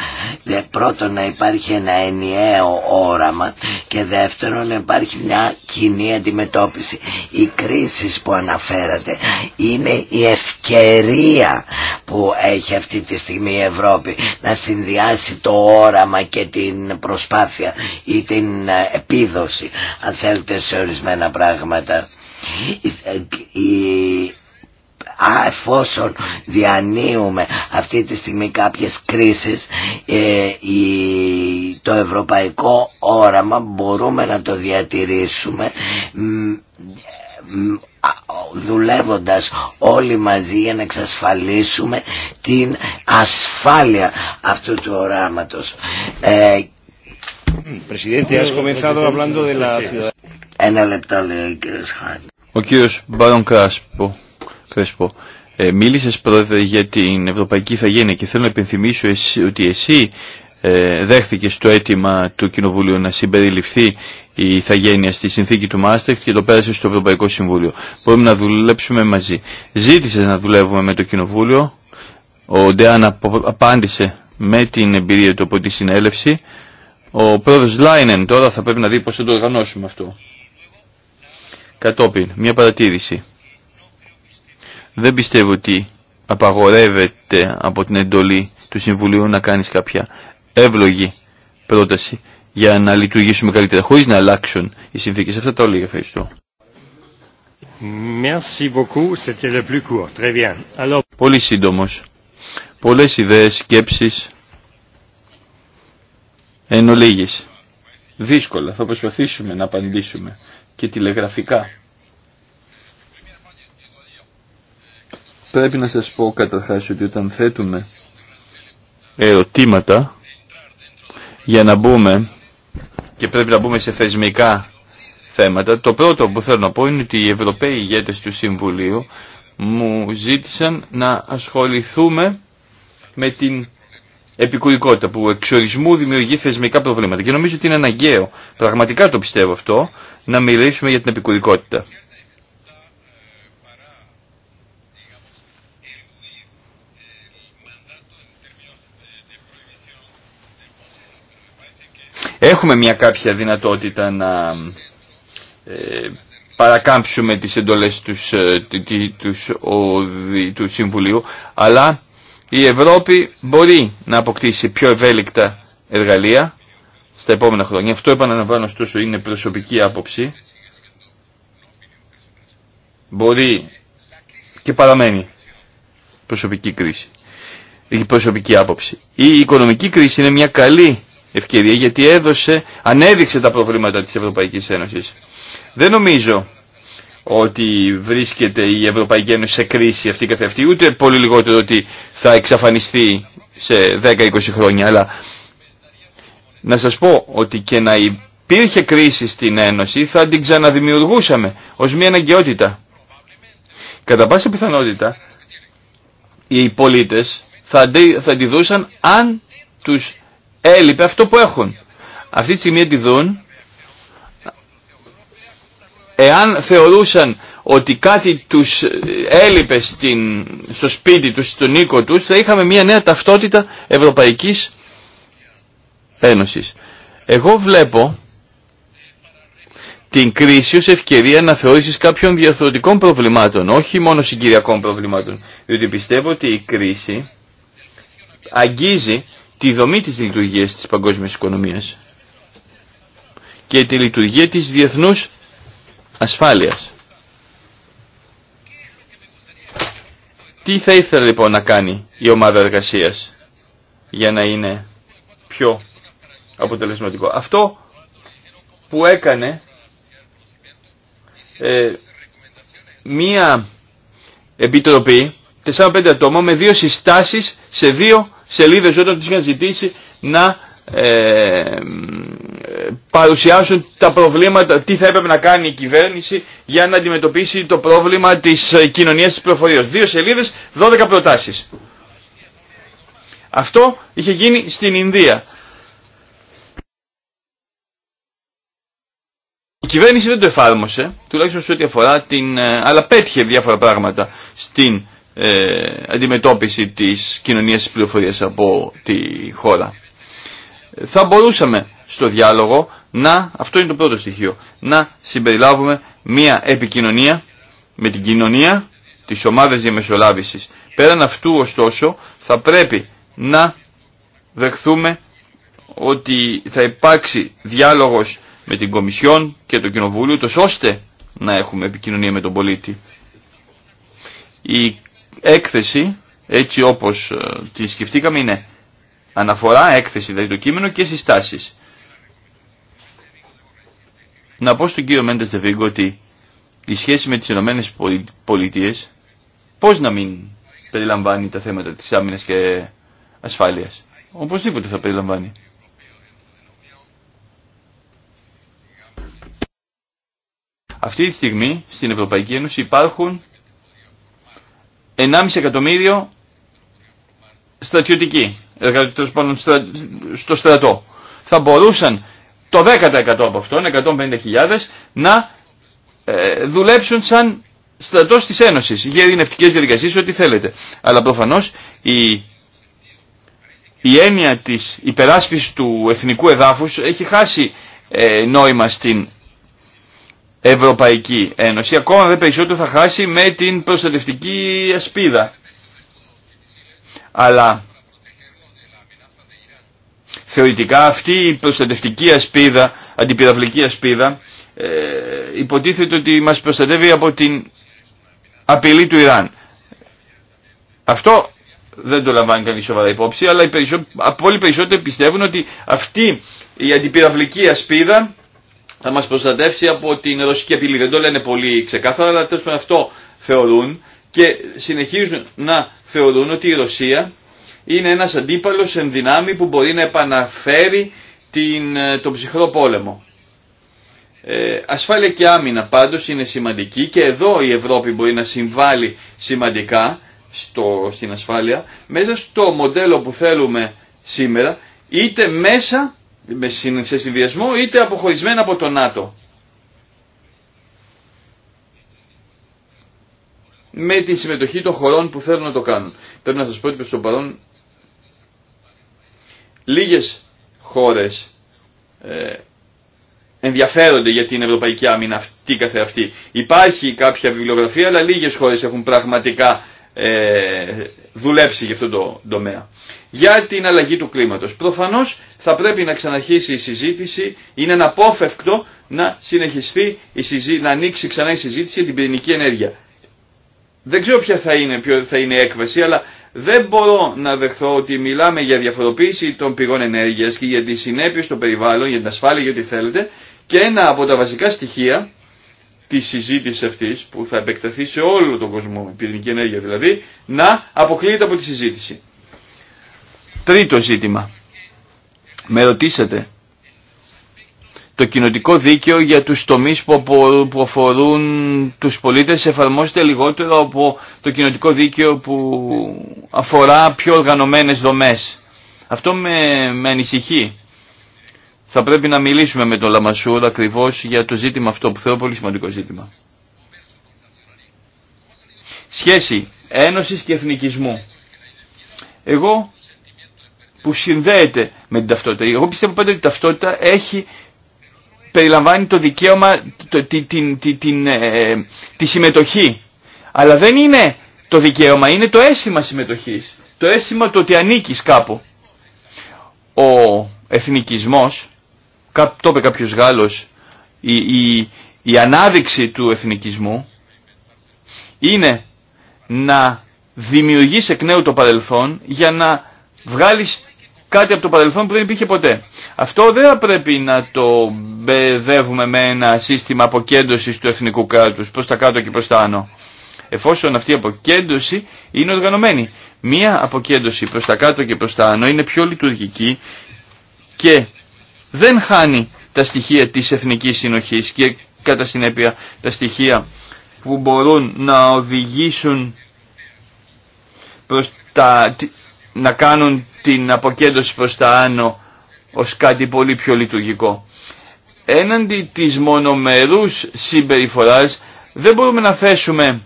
Πρώτον να υπάρχει ένα ενιαίο όραμα και δεύτερον να υπάρχει μια κοινή αντιμετώπιση. Οι κρίσεις που αναφέρατε είναι η ευκαιρία που έχει αυτή τη στιγμή η Ευρώπη να συνδυάσει το όραμα και την προσπάθεια ή την ε, επίδοση αν θέλετε σε ορισμένα πράγματα. η την ε, επιδοση αν θελετε σε ορισμενα πραγματα α, εφόσον διανύουμε αυτή τη στιγμή κάποιες κρίσεις ε, η, το ευρωπαϊκό όραμα μπορούμε να το διατηρήσουμε μ, δουλεύοντας όλοι μαζί για να εξασφαλίσουμε την ασφάλεια αυτού του οράματος. Ε, Ένα λεπτό λέει ο κύριος Χάν. Ο κύριος Μπαρον Κρέσπο, ε, μίλησες πρόεδρε για την Ευρωπαϊκή Ιθαγένεια και θέλω να υπενθυμίσω ότι εσύ ε, στο το αίτημα του Κοινοβουλίου να συμπεριληφθεί η Ιθαγένεια στη συνθήκη του Μάστρεχτ και το πέρασε στο Ευρωπαϊκό Συμβούλιο. Μπορούμε να δουλέψουμε μαζί. Ζήτησε να δουλεύουμε με το Κοινοβούλιο. Ο Ντεάν απάντησε με την εμπειρία του από τη συνέλευση. Ο πρόεδρος Λάινεν τώρα θα πρέπει να δει πω θα το οργανώσουμε αυτό. Κατόπιν, μια παρατήρηση. Δεν πιστεύω ότι απαγορεύεται από την εντολή του Συμβουλίου να κάνεις κάποια εύλογη πρόταση για να λειτουργήσουμε καλύτερα χωρίς να αλλάξουν οι συνθήκες. Αυτά τα όλα ευχαριστώ. Merci Πολύ σύντομος. Πολλές ιδέες, σκέψεις, εν Δύσκολα, θα προσπαθήσουμε να απαντήσουμε και τηλεγραφικά. Πρέπει να σας πω καταρχάς ότι όταν θέτουμε ερωτήματα για να μπούμε και πρέπει να μπούμε σε θεσμικά θέματα, το πρώτο που θέλω να πω είναι ότι οι Ευρωπαίοι ηγέτες του Συμβουλίου μου ζήτησαν να ασχοληθούμε με την επικουρικότητα που εξορισμού δημιουργεί θεσμικά προβλήματα. Και νομίζω ότι είναι αναγκαίο, πραγματικά το πιστεύω αυτό, να μιλήσουμε για την επικουρικότητα. έχουμε μια κάποια δυνατότητα να ε, παρακάμψουμε τις εντολές τους, ε, τους, του Συμβουλίου, αλλά η Ευρώπη μπορεί να αποκτήσει πιο ευέλικτα εργαλεία στα επόμενα χρόνια. Αυτό επαναλαμβάνω ωστόσο είναι προσωπική άποψη. Μπορεί και παραμένει προσωπική κρίση, η προσωπική άποψη. Η οικονομική κρίση είναι μια καλή ευκαιρία γιατί έδωσε, ανέδειξε τα προβλήματα της Ευρωπαϊκής Ένωσης. Δεν νομίζω ότι βρίσκεται η Ευρωπαϊκή Ένωση σε κρίση αυτή καθ' ούτε πολύ λιγότερο ότι θα εξαφανιστεί σε 10-20 χρόνια, αλλά να σας πω ότι και να υπήρχε κρίση στην Ένωση θα την ξαναδημιουργούσαμε ως μια αναγκαιότητα. Κατά πάσα πιθανότητα οι πολίτες θα, αντι, θα αν τους έλειπε αυτό που έχουν. Αυτή τη στιγμή τη δουν Εάν θεωρούσαν ότι κάτι τους έλειπε στην, στο σπίτι τους, στον οίκο τους, θα είχαμε μια νέα ταυτότητα Ευρωπαϊκής Ένωσης. Εγώ βλέπω την κρίση ως ευκαιρία να θεωρήσεις κάποιων διαφορετικών προβλημάτων, όχι μόνο συγκυριακών προβλημάτων, διότι πιστεύω ότι η κρίση αγγίζει τη δομή της λειτουργίας της παγκόσμιας οικονομίας και τη λειτουργία της διεθνούς ασφάλειας. Τι θα ήθελε λοιπόν να κάνει η ομάδα εργασία για να είναι πιο αποτελεσματικό. Αυτό που έκανε ε, μία επιτροπή 4-5 ατόμων με δύο συστάσεις σε δύο σελίδες όταν τους είχαν ζητήσει να ε, παρουσιάσουν τα προβλήματα, τι θα έπρεπε να κάνει η κυβέρνηση για να αντιμετωπίσει το πρόβλημα της ε, κοινωνίας της πληροφορίας. Δύο σελίδες, 12 προτάσεις. Αυτό είχε γίνει στην Ινδία. Η κυβέρνηση δεν το εφάρμοσε, τουλάχιστον σε ό,τι αφορά την... Ε, αλλά πέτυχε διάφορα πράγματα στην ε, αντιμετώπιση της κοινωνίας της πληροφορίας από τη χώρα. Θα μπορούσαμε στο διάλογο να, αυτό είναι το πρώτο στοιχείο, να συμπεριλάβουμε μία επικοινωνία με την κοινωνία της ομάδας διαμεσολάβησης. Πέραν αυτού ωστόσο θα πρέπει να δεχθούμε ότι θα υπάρξει διάλογος με την Κομισιόν και το Κοινοβούλιο, τόσο ώστε να έχουμε επικοινωνία με τον πολίτη. Η έκθεση, έτσι όπως ε, τη σκεφτήκαμε, είναι αναφορά, έκθεση, δηλαδή το κείμενο και συστάσεις. Να πω στον κύριο Μέντες Δεβίγκο ότι η σχέση με τις Ηνωμένες Πολιτείες πώς να μην περιλαμβάνει τα θέματα της άμυνας και ασφάλειας. Οπωσδήποτε θα περιλαμβάνει. Αυτή τη στιγμή στην Ευρωπαϊκή Ένωση υπάρχουν 1,5 εκατομμύριο στρατιωτικοί, στο στρατό. Θα μπορούσαν το 10% από αυτόν, 150.000, να ε, δουλέψουν σαν στρατό της Ένωσης για ειρηνευτικές διαδικασίες, ό,τι θέλετε. Αλλά προφανώς η, η έννοια της υπεράσπισης του εθνικού εδάφους έχει χάσει ε, νόημα στην Ευρωπαϊκή Ένωση, ακόμα δεν περισσότερο θα χάσει με την προστατευτική ασπίδα. Αλλά θεωρητικά αυτή η προστατευτική ασπίδα, αντιπυραυλική ασπίδα, ε, υποτίθεται ότι μας προστατεύει από την απειλή του Ιράν. Αυτό δεν το λαμβάνει κανείς σοβαρά υπόψη, αλλά οι περισσότερο, περισσότεροι πιστεύουν ότι αυτή η αντιπυραυλική ασπίδα θα μας προστατεύσει από την ρωσική απειλή. Δεν το λένε πολύ ξεκάθαρα, αλλά τέλος πάντων αυτό θεωρούν και συνεχίζουν να θεωρούν ότι η Ρωσία είναι ένας αντίπαλος εν δυνάμει που μπορεί να επαναφέρει την, ε, τον ψυχρό πόλεμο. Ε, ασφάλεια και άμυνα πάντως είναι σημαντική και εδώ η Ευρώπη μπορεί να συμβάλλει σημαντικά στο, στην ασφάλεια μέσα στο μοντέλο που θέλουμε σήμερα είτε μέσα σε συνδυασμό είτε αποχωρισμένα από το ΝΑΤΟ. με τη συμμετοχή των χωρών που θέλουν να το κάνουν. Πρέπει να σας πω ότι προς το παρόν λίγες χώρες ε, ενδιαφέρονται για την ευρωπαϊκή άμυνα αυτή καθεαυτή. Υπάρχει κάποια βιβλιογραφία αλλά λίγες χώρες έχουν πραγματικά ε, δουλέψει για αυτό το τομέα. Για την αλλαγή του κλίματος. Προφανώς θα πρέπει να ξαναρχίσει η συζήτηση, είναι αναπόφευκτο να συνεχιστεί, η συζή, να ανοίξει ξανά η συζήτηση για την πυρηνική ενέργεια. Δεν ξέρω ποια θα είναι, ποιο θα είναι η έκβαση, αλλά δεν μπορώ να δεχθώ ότι μιλάμε για διαφοροποίηση των πηγών ενέργειας και για τις συνέπειες στο περιβάλλον, για την ασφάλεια και ό,τι θέλετε και ένα από τα βασικά στοιχεία Τη συζήτηση αυτή που θα επεκταθεί σε όλο τον κόσμο, η πυρηνική ενέργεια δηλαδή, να αποκλείεται από τη συζήτηση. Τρίτο ζήτημα. Με ρωτήσατε το κοινοτικό δίκαιο για τους τομείς που αφορούν τους πολίτες εφαρμόζεται λιγότερο από το κοινοτικό δίκαιο που αφορά πιο οργανωμένες δομές. Αυτό με, με ανησυχεί θα πρέπει να μιλήσουμε με τον Λαμασούρ ακριβώς για το ζήτημα αυτό που θεωρώ πολύ σημαντικό ζήτημα. Σχέση ένωσης και εθνικισμού. Εγώ που συνδέεται με την ταυτότητα. Εγώ πιστεύω πάντα ότι η ταυτότητα έχει περιλαμβάνει το δικαίωμα, τη, την, την, ε, τη συμμετοχή. Αλλά δεν είναι το δικαίωμα, είναι το αίσθημα συμμετοχής. Το αίσθημα το ότι ανήκεις κάπου. Ο εθνικισμός το είπε κάποιος Γάλλος, η, η, ανάδειξη του εθνικισμού είναι να δημιουργείς εκ νέου το παρελθόν για να βγάλεις κάτι από το παρελθόν που δεν υπήρχε ποτέ. Αυτό δεν πρέπει να το μπεδεύουμε με ένα σύστημα αποκέντρωσης του εθνικού κράτους προς τα κάτω και προς τα άνω. Εφόσον αυτή η αποκέντρωση είναι οργανωμένη. Μία αποκέντρωση προς τα κάτω και προς τα άνω είναι πιο λειτουργική και δεν χάνει τα στοιχεία της εθνικής συνοχής και κατά συνέπεια τα στοιχεία που μπορούν να οδηγήσουν προς τα, να κάνουν την αποκέντρωση προς τα άνω ως κάτι πολύ πιο λειτουργικό. Έναντι της μονομερούς συμπεριφοράς δεν μπορούμε να θέσουμε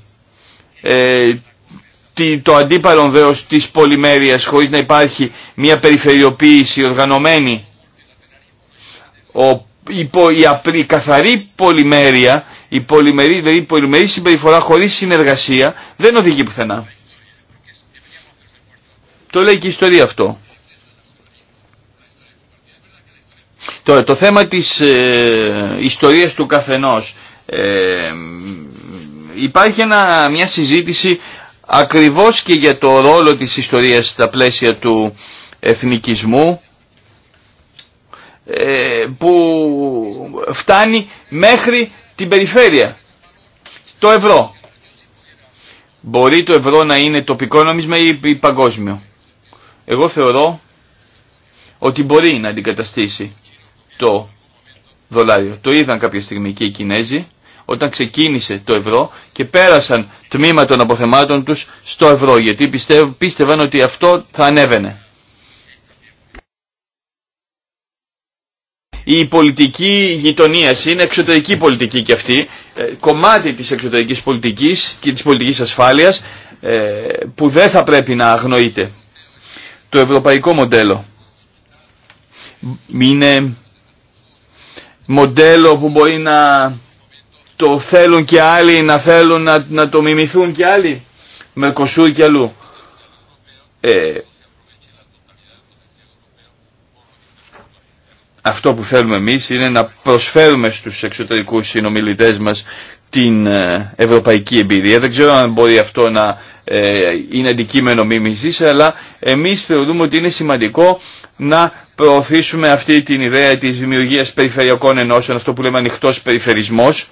ε, το αντίπαλον δέος της πολυμέρειας χωρίς να υπάρχει μια περιφερειοποίηση οργανωμένη ο, η, η, η καθαρή πολυμέρεια, η πολυμερή, δηλαδή η πολυμερή συμπεριφορά χωρίς συνεργασία δεν οδηγεί πουθενά. Το λέει και η ιστορία αυτό. Τώρα, το θέμα της ε, ιστορίας του καθενός. Ε, υπάρχει μια συζήτηση ακριβώς και για το ρόλο της ιστορίας στα πλαίσια του εθνικισμού ε, που φτάνει μέχρι την περιφέρεια. Το ευρώ. Μπορεί το ευρώ να είναι τοπικό νομίσμα ή παγκόσμιο. Εγώ θεωρώ ότι μπορεί να αντικαταστήσει το δολάριο. Το είδαν κάποια στιγμή και οι Κινέζοι όταν ξεκίνησε το ευρώ και πέρασαν τμήμα των αποθεμάτων τους στο ευρώ γιατί πίστευαν ότι αυτό θα ανέβαινε. Η πολιτική γειτονία είναι εξωτερική πολιτική και αυτή, ε, κομμάτι της εξωτερικής πολιτικής και της πολιτικής ασφάλειας ε, που δεν θα πρέπει να αγνοείται. Το ευρωπαϊκό μοντέλο είναι μοντέλο που μπορεί να το θέλουν και άλλοι, να θέλουν να, το μιμηθούν και άλλοι, με κοσούρ και αλλού. Ε, αυτό που θέλουμε εμείς είναι να προσφέρουμε στους εξωτερικούς συνομιλητές μας την ε, ευρωπαϊκή εμπειρία. Δεν ξέρω αν μπορεί αυτό να ε, είναι αντικείμενο μίμησης, αλλά εμείς θεωρούμε ότι είναι σημαντικό να προωθήσουμε αυτή την ιδέα της δημιουργίας περιφερειακών ενώσεων, αυτό που λέμε ανοιχτό περιφερισμός,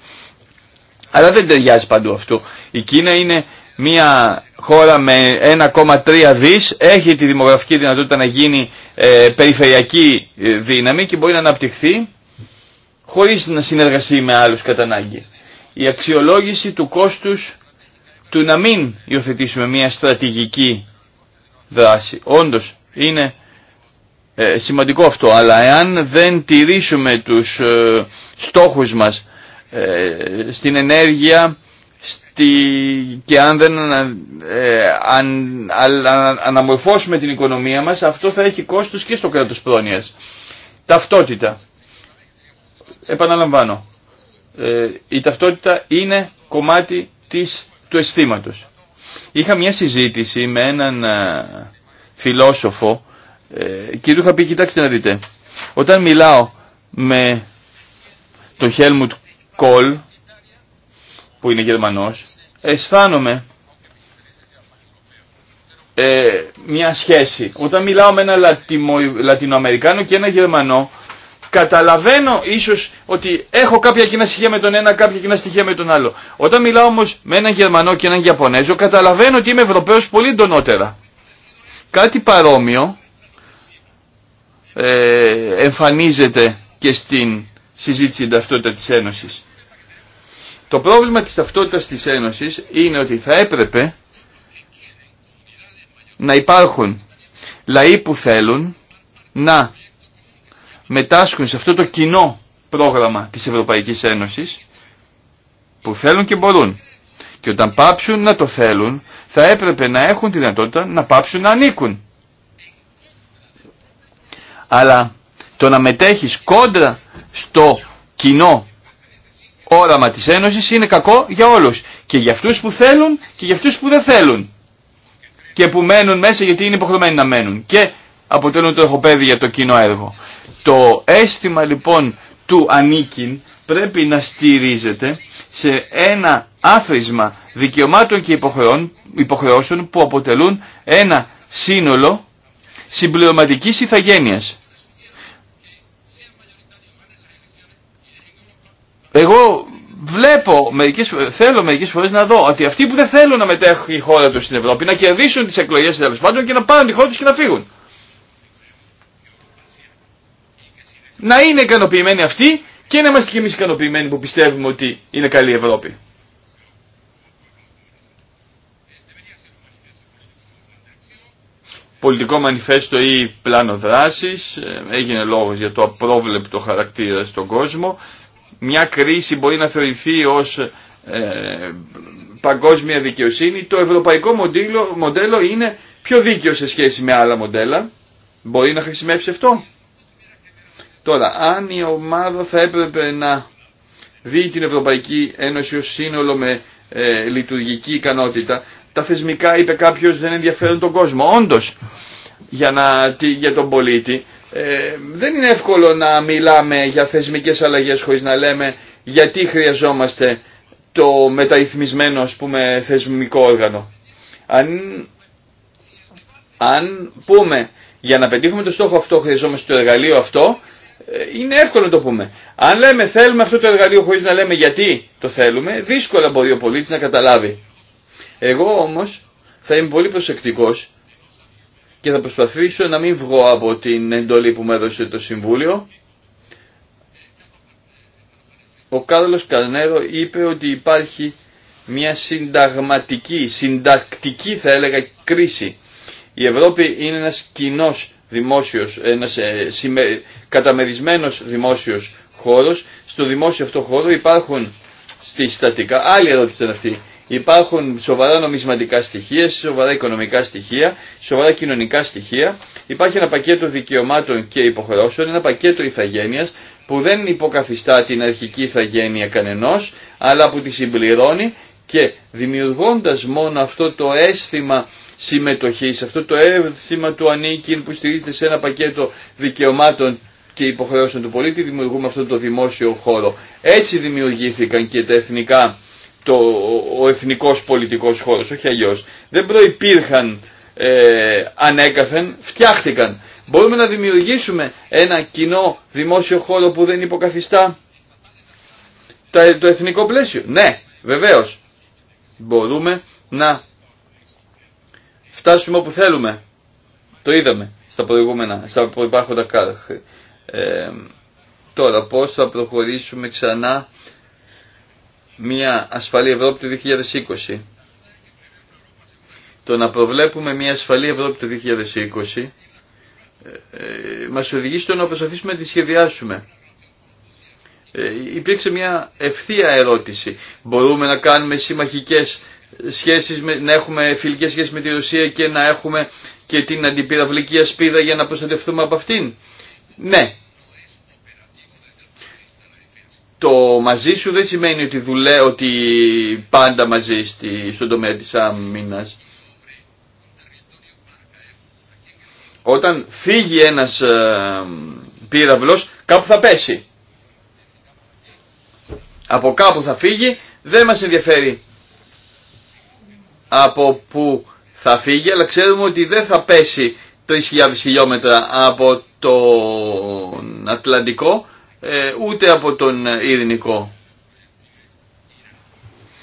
αλλά δεν ταιριάζει παντού αυτό. Η Κίνα είναι μια χώρα με 1,3 δις έχει τη δημογραφική δυνατότητα να γίνει ε, περιφερειακή ε, δύναμη και μπορεί να αναπτυχθεί χωρίς να συνεργαστεί με άλλους κατά ανάγκη. Η αξιολόγηση του κόστους του να μην υιοθετήσουμε μια στρατηγική δράση. Όντως είναι ε, σημαντικό αυτό, αλλά εάν δεν τηρήσουμε τους στόχους μας στην ενέργεια, στη, και αν δεν ε, αναμορφώσουμε την οικονομία μας αυτό θα έχει κόστος και στο κράτος πρόνοιας. Ταυτότητα. Επαναλαμβάνω. Ε, η ταυτότητα είναι κομμάτι της, του αισθήματο. Είχα μια συζήτηση με έναν ε, φιλόσοφο και του είχα πει κοιτάξτε να δείτε. Όταν μιλάω με τον Χέλμουτ Κόλ που είναι Γερμανός, αισθάνομαι ε, μια σχέση. Όταν μιλάω με ένα Λατιμο, Λατινοαμερικάνο και ένα Γερμανό, καταλαβαίνω ίσως ότι έχω κάποια κοινά στοιχεία με τον ένα, κάποια κοινά στοιχεία με τον άλλο. Όταν μιλάω όμως με έναν Γερμανό και έναν Ιαπωνέζο, καταλαβαίνω ότι είμαι Ευρωπαίος πολύ εντονότερα. Κάτι παρόμοιο ε, εμφανίζεται και στην συζήτηση ταυτότητα της Ένωσης. Το πρόβλημα της ταυτότητας της Ένωσης είναι ότι θα έπρεπε να υπάρχουν λαοί που θέλουν να μετάσχουν σε αυτό το κοινό πρόγραμμα της Ευρωπαϊκής Ένωσης που θέλουν και μπορούν. Και όταν πάψουν να το θέλουν θα έπρεπε να έχουν τη δυνατότητα να πάψουν να ανήκουν. Αλλά το να μετέχεις κόντρα στο κοινό όραμα της Ένωσης είναι κακό για όλους. Και για αυτούς που θέλουν και για αυτούς που δεν θέλουν. Και που μένουν μέσα γιατί είναι υποχρεωμένοι να μένουν. Και αποτελούν το για το κοινό έργο. Το αίσθημα λοιπόν του ανήκειν πρέπει να στηρίζεται σε ένα άθροισμα δικαιωμάτων και υποχρεώσεων που αποτελούν ένα σύνολο συμπληρωματικής ηθαγένειας. Εγώ βλέπω μερικές, θέλω μερικέ φορές να δω ότι αυτοί που δεν θέλουν να μετέχουν η χώρα του στην Ευρώπη να κερδίσουν τις εκλογές τέλο πάντων και να πάρουν τη χώρα τους και να φύγουν. Να είναι ικανοποιημένοι αυτοί και να είμαστε κι εμεί ικανοποιημένοι που πιστεύουμε ότι είναι καλή η Ευρώπη. πολιτικό μανιφέστο ή πλάνο δράσης, ε, έγινε λόγος για το απρόβλεπτο χαρακτήρα στον κόσμο, μια κρίση μπορεί να θεωρηθεί ως ε, παγκόσμια δικαιοσύνη. Το ευρωπαϊκό μοντέλο είναι πιο δίκαιο σε σχέση με άλλα μοντέλα. Μπορεί να χρησιμεύσει αυτό. Τώρα, αν η ομάδα θα έπρεπε να δει την Ευρωπαϊκή Ένωση ως σύνολο με ε, λειτουργική ικανότητα, τα θεσμικά είπε κάποιος δεν ενδιαφέρουν τον κόσμο. Όντως, για, να, για τον πολίτη, ε, δεν είναι εύκολο να μιλάμε για θεσμικές αλλαγές χωρίς να λέμε γιατί χρειαζόμαστε το μεταρρυθμισμένο ας πούμε θεσμικό όργανο. Αν, αν πούμε για να πετύχουμε το στόχο αυτό χρειαζόμαστε το εργαλείο αυτό, ε, είναι εύκολο να το πούμε. Αν λέμε θέλουμε αυτό το εργαλείο χωρίς να λέμε γιατί το θέλουμε, δύσκολα μπορεί ο πολίτης να καταλάβει. Εγώ όμως θα είμαι πολύ προσεκτικός και θα προσπαθήσω να μην βγω από την εντολή που μου έδωσε το Συμβούλιο. Ο Κάρλος Καρνέρο είπε ότι υπάρχει μια συνταγματική, συντακτική θα έλεγα κρίση. Η Ευρώπη είναι ένας κοινός δημόσιος, ένας ε, καταμερισμένος δημόσιος χώρος. Στο δημόσιο αυτό χώρο υπάρχουν στη στατικά, άλλη ερώτηση ήταν αυτή, Υπάρχουν σοβαρά νομισματικά στοιχεία, σοβαρά οικονομικά στοιχεία, σοβαρά κοινωνικά στοιχεία. Υπάρχει ένα πακέτο δικαιωμάτων και υποχρεώσεων, ένα πακέτο ηθαγένειας που δεν υποκαθιστά την αρχική ηθαγένεια κανενός, αλλά που τη συμπληρώνει και δημιουργώντας μόνο αυτό το αίσθημα συμμετοχής, αυτό το αίσθημα του ανήκει που στηρίζεται σε ένα πακέτο δικαιωμάτων και υποχρεώσεων του πολίτη, δημιουργούμε αυτό το δημόσιο χώρο. Έτσι δημιουργήθηκαν και τα εθνικά το, ο εθνικός πολιτικός χώρος, όχι αλλιώ. Δεν προϋπήρχαν ε, ανέκαθεν, φτιάχτηκαν. Μπορούμε να δημιουργήσουμε ένα κοινό δημόσιο χώρο που δεν υποκαθιστά το, εθνικό πλαίσιο. Ναι, βεβαίως. Μπορούμε να φτάσουμε όπου θέλουμε. Το είδαμε στα προηγούμενα, στα προϋπάρχοντα κάρχη. Ε, τώρα πώς θα προχωρήσουμε ξανά μια ασφαλή Ευρώπη του 2020. Το να προβλέπουμε μια ασφαλή Ευρώπη του 2020 ε, ε, μας οδηγεί στο να προσπαθήσουμε να τη σχεδιάσουμε. Ε, υπήρξε μια ευθεία ερώτηση. Μπορούμε να κάνουμε συμμαχικές σχέσεις, να έχουμε φιλικές σχέσεις με τη Ρωσία και να έχουμε και την αντιπυραυλική ασπίδα για να προστατευτούμε από αυτήν. Ναι, το μαζί σου δεν σημαίνει ότι δουλεύει, ότι πάντα μαζί στη, στον τομέα της άμυνας. Όταν φύγει ένας ε, πύραυλος κάπου θα πέσει. Από κάπου θα φύγει, δεν μας ενδιαφέρει από που θα φύγει, αλλά ξέρουμε ότι δεν θα πέσει 3.000 χιλιόμετρα από τον Ατλαντικό, ε, ούτε από τον ε, ειρηνικό.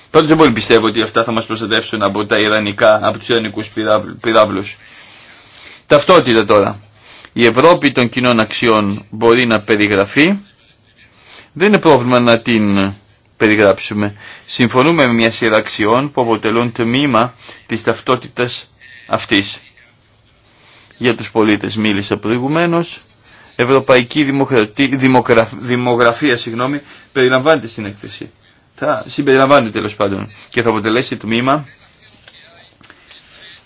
Πάντως δεν να πιστεύω ότι αυτά θα μας προστατεύσουν από τα ιρανικά, από τους ιρανικούς πυράβλους. Ταυτότητα τώρα. Η Ευρώπη των κοινών αξιών μπορεί να περιγραφεί. Δεν είναι πρόβλημα να την περιγράψουμε. Συμφωνούμε με μια σειρά αξιών που αποτελούν τμήμα της ταυτότητας αυτής. Για τους πολίτες μίλησα προηγουμένως ευρωπαϊκή δημογραφία συγγνώμη, περιλαμβάνεται στην έκθεση. Θα συμπεριλαμβάνεται τέλο πάντων και θα αποτελέσει τμήμα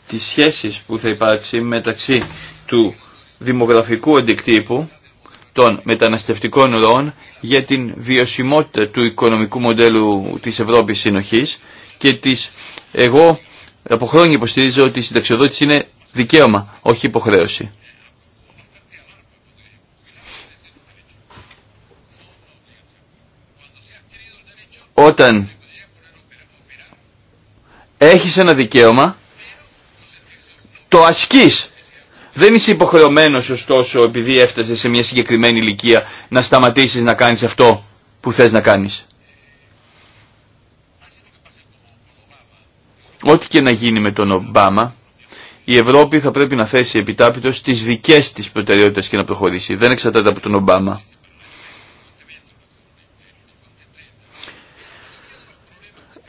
της σχέση που θα υπάρξει μεταξύ του δημογραφικού αντικτύπου των μεταναστευτικών ροών για την βιωσιμότητα του οικονομικού μοντέλου της Ευρώπης συνοχής και της εγώ από χρόνια υποστηρίζω ότι η συνταξιοδότηση είναι δικαίωμα, όχι υποχρέωση. όταν έχεις ένα δικαίωμα, το ασκείς. Δεν είσαι υποχρεωμένος ωστόσο επειδή έφτασε σε μια συγκεκριμένη ηλικία να σταματήσεις να κάνεις αυτό που θες να κάνεις. Ό,τι και να γίνει με τον Ομπάμα, η Ευρώπη θα πρέπει να θέσει επιτάπητος τις δικές της προτεραιότητες και να προχωρήσει. Δεν εξαρτάται από τον Ομπάμα.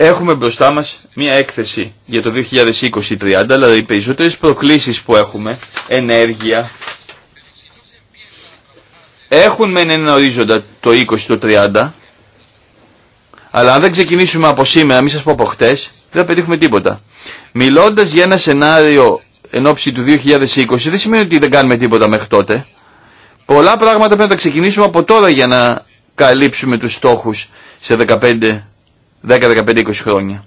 Έχουμε μπροστά μας μια έκθεση για το 2020-30, δηλαδή οι περισσότερες προκλήσεις που έχουμε, ενέργεια, έχουν μεν ένα ορίζοντα το 20-30, αλλά αν δεν ξεκινήσουμε από σήμερα, μην σας πω από χτες, δεν θα πετύχουμε τίποτα. Μιλώντας για ένα σενάριο εν ώψη του 2020, δεν σημαίνει ότι δεν κάνουμε τίποτα μέχρι τότε. Πολλά πράγματα πρέπει να τα ξεκινήσουμε από τώρα για να καλύψουμε τους στόχους σε 15 10-15-20 χρόνια.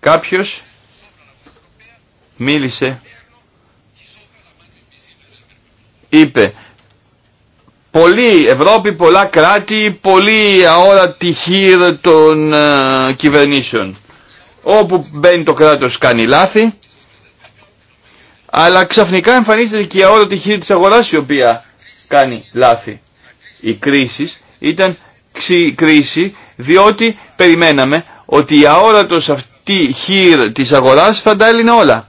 Κάποιος μίλησε, είπε Πολύ Ευρώπη, πολλά κράτη, πολύ αόρατη χείρ των ε, κυβερνήσεων. Όπου μπαίνει το κράτος κάνει λάθη, αλλά ξαφνικά εμφανίζεται και η αόρατη χείρ της αγοράς η οποία κάνει λάθη. Η κρίση ήταν κρίση διότι περιμέναμε ότι η αόρατος αυτή χείρ της αγοράς θα τα όλα.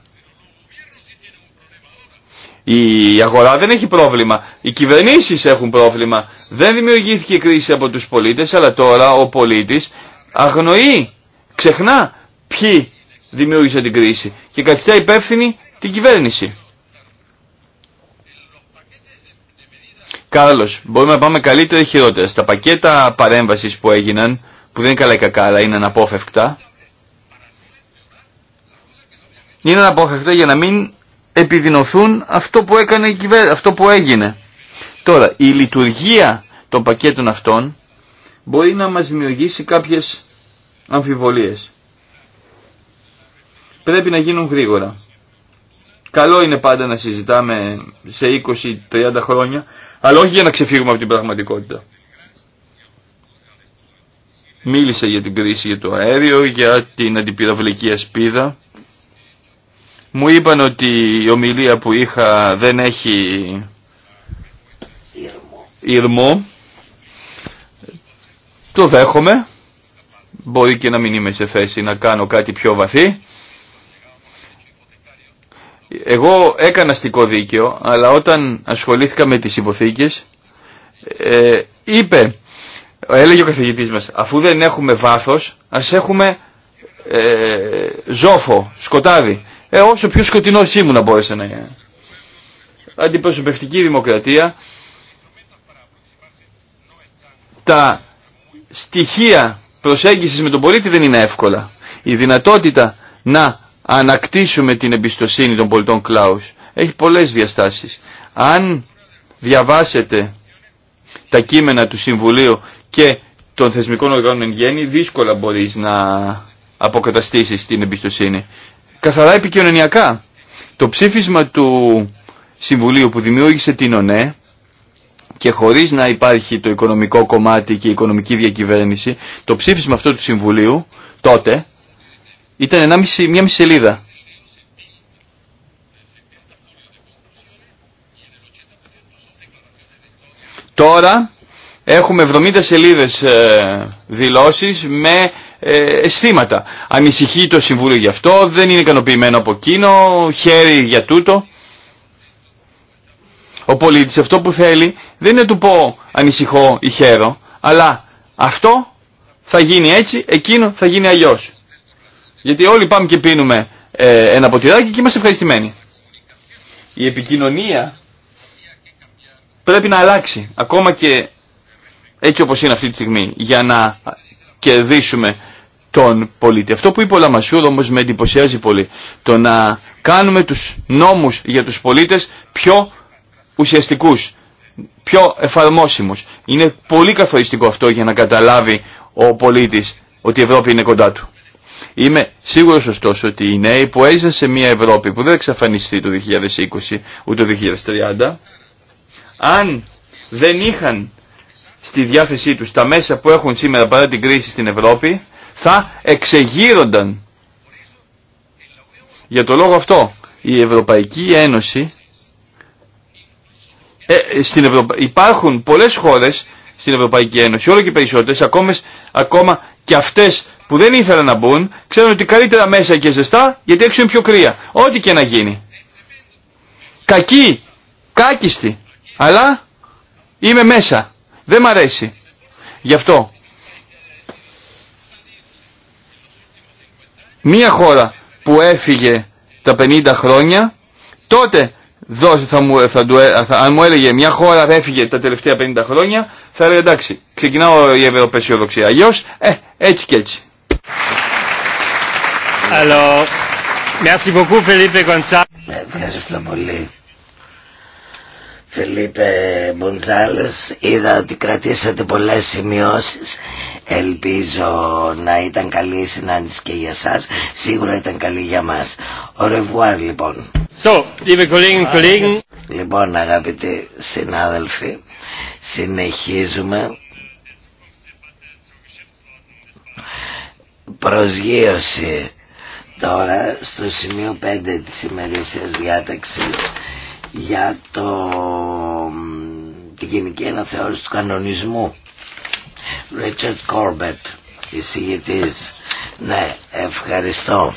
Η αγορά δεν έχει πρόβλημα. Οι κυβερνήσεις έχουν πρόβλημα. Δεν δημιουργήθηκε κρίση από τους πολίτες, αλλά τώρα ο πολίτης αγνοεί, ξεχνά ποιοι δημιούργησαν την κρίση και καθιστά υπεύθυνη την κυβέρνηση. Κάρλο, μπορούμε να πάμε καλύτερα ή χειρότερα. Στα πακέτα παρέμβαση που έγιναν, που δεν είναι καλά ή κακά, αλλά είναι αναπόφευκτα, είναι αναπόφευκτα για να μην επιδεινωθούν αυτό που, έκανε αυτό που έγινε. Τώρα, η λειτουργία των πακέτων αυτών μπορεί να μας δημιουργήσει κάποιες αμφιβολίες. Πρέπει να γίνουν γρήγορα. Καλό είναι πάντα να συζητάμε σε 20-30 χρόνια αλλά όχι για να ξεφύγουμε από την πραγματικότητα. Μίλησα για την κρίση για το αέριο, για την αντιπυραυλική ασπίδα. Μου είπαν ότι η ομιλία που είχα δεν έχει ήρμο. Το δέχομαι. Μπορεί και να μην είμαι σε θέση να κάνω κάτι πιο βαθύ. Εγώ έκανα αστικό δίκαιο, αλλά όταν ασχολήθηκα με τις υποθήκες, ε, είπε, έλεγε ο καθηγητής μας, αφού δεν έχουμε βάθος, ας έχουμε ε, ζόφο, σκοτάδι. Ε, όσο πιο σκοτεινός ήμουν μπόρεσα να είναι. Αντιπροσωπευτική δημοκρατία, τα στοιχεία προσέγγισης με τον πολίτη δεν είναι εύκολα. Η δυνατότητα να ανακτήσουμε την εμπιστοσύνη των πολιτών κλάους. Έχει πολλές διαστάσεις. Αν διαβάσετε τα κείμενα του Συμβουλίου και των θεσμικών οργάνων εν γέννη, δύσκολα μπορείς να αποκαταστήσεις την εμπιστοσύνη. Καθαρά επικοινωνιακά. Το ψήφισμα του Συμβουλίου που δημιούργησε την ΟΝΕ και χωρίς να υπάρχει το οικονομικό κομμάτι και η οικονομική διακυβέρνηση, το ψήφισμα αυτό του Συμβουλίου τότε ήταν μία μισή σελίδα. Τώρα έχουμε 70 σελίδες ε, δηλώσεις με ε, αισθήματα. Ανησυχεί το Συμβούλιο για αυτό, δεν είναι ικανοποιημένο από εκείνο, χέρι για τούτο. Ο πολίτης αυτό που θέλει δεν είναι να του πω ανησυχώ ή χαίρο, αλλά αυτό θα γίνει έτσι, εκείνο θα γίνει αλλιώς. Γιατί όλοι πάμε και πίνουμε ε, ένα ποτηράκι και είμαστε ευχαριστημένοι. Η επικοινωνία πρέπει να αλλάξει. Ακόμα και έτσι όπως είναι αυτή τη στιγμή. Για να κερδίσουμε τον πολίτη. Αυτό που είπε ο Λαμασούρ όμως με εντυπωσιάζει πολύ. Το να κάνουμε τους νόμους για τους πολίτες πιο ουσιαστικούς, πιο εφαρμόσιμους. Είναι πολύ καθοριστικό αυτό για να καταλάβει ο πολίτης ότι η Ευρώπη είναι κοντά του. Είμαι σίγουρο ωστόσο ότι οι νέοι που έζησαν σε μια Ευρώπη που δεν εξαφανιστεί το 2020 ούτε το 2030, αν δεν είχαν στη διάθεσή τους τα μέσα που έχουν σήμερα παρά την κρίση στην Ευρώπη, θα εξεγείρονταν. Για το λόγο αυτό, η Ευρωπαϊκή Ένωση, ε, στην Ευρω... υπάρχουν πολλές χώρες στην Ευρωπαϊκή Ένωση, όλο και περισσότερες, ακόμα, ακόμα και αυτές που δεν ήθελαν να μπουν ξέρουν ότι καλύτερα μέσα και ζεστά γιατί έξω είναι πιο κρύα. Ό,τι και να γίνει. Κακή, κάκιστη, αλλά είμαι μέσα. Δεν μ' αρέσει. Γι' αυτό. Μία χώρα που έφυγε τα 50 χρόνια, τότε θα μου, ε, θα αν μου έλεγε μια χώρα έφυγε τα τελευταία 50 χρόνια, θα έλεγε εντάξει, ξεκινάω η ευρωπαισιοδοξία. Αλλιώ, ε, έτσι και έτσι. Ναι, ευχαριστώ πολύ. Φελίπε Μποντζάλες, είδα ότι κρατήσατε πολλές σημειώσεις. Ελπίζω να ήταν καλή η συνάντηση και για σας. Σίγουρα ήταν καλή για μας. Au λοιπόν. So, liebe Kollegen, Λοιπόν, αγαπητοί συνάδελφοι, συνεχίζουμε. προσγείωση τώρα στο σημείο 5 της ημερήσιας διάταξης για το, την γενική αναθεώρηση του κανονισμού Richard Corbett εισηγητής ναι ευχαριστώ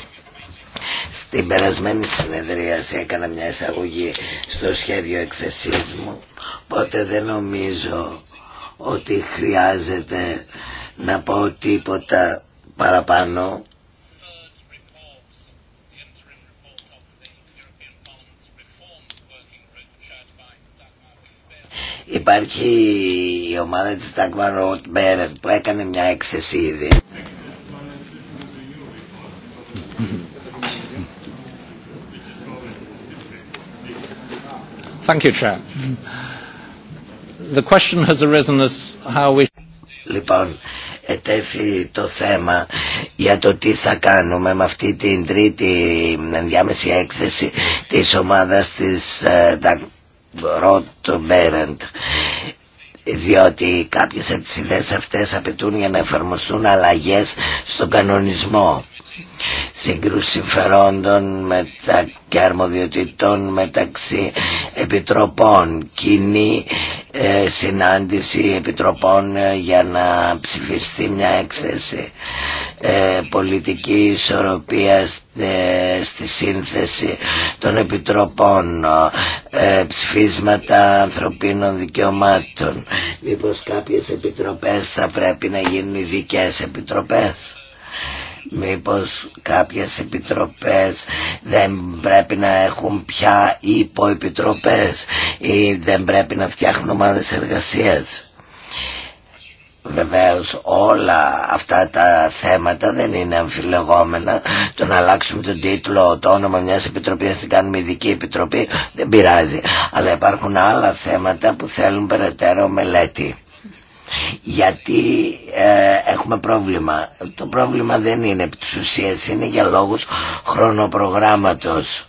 στην περασμένη συνεδρίαση έκανα μια εισαγωγή στο σχέδιο εκθεσής μου οπότε δεν νομίζω ότι χρειάζεται να πω τίποτα παραπάνω Υπάρχει η ομάδα της Dagmar Roth Beret που έκανε μια έκθεση ήδη. Thank you, Chair. The question has arisen as how we... Λοιπόν, ετέθη το θέμα για το τι θα κάνουμε με αυτή την τρίτη ενδιάμεση έκθεση της ομάδας της Ρότ ε, Μπέρεντ διότι κάποιες από τις ιδέες αυτές απαιτούν για να εφαρμοστούν αλλαγές στον κανονισμό σύγκρουση συμφερόντων μετα... και αρμοδιοτητών μεταξύ επιτροπών, κοινή ε, συνάντηση επιτροπών ε, για να ψηφιστεί μια έκθεση, ε, πολιτική ισορροπία στη σύνθεση των επιτροπών, ψηφίσματα ανθρωπίνων δικαιωμάτων. Μήπως κάποιες επιτροπές θα πρέπει να γίνουν ειδικέ επιτροπές μήπως κάποιες επιτροπές δεν πρέπει να έχουν πια υποεπιτροπές ή δεν πρέπει να φτιάχνουν ομάδες εργασίας. Βεβαίως όλα αυτά τα θέματα δεν είναι αμφιλεγόμενα. Το να αλλάξουμε τον τίτλο, το όνομα μιας επιτροπής, την κάνουμε ειδική επιτροπή, δεν πειράζει. Αλλά υπάρχουν άλλα θέματα που θέλουν περαιτέρω μελέτη γιατί ε, έχουμε πρόβλημα. Το πρόβλημα δεν είναι επί της είναι για λόγους χρονοπρογράμματος.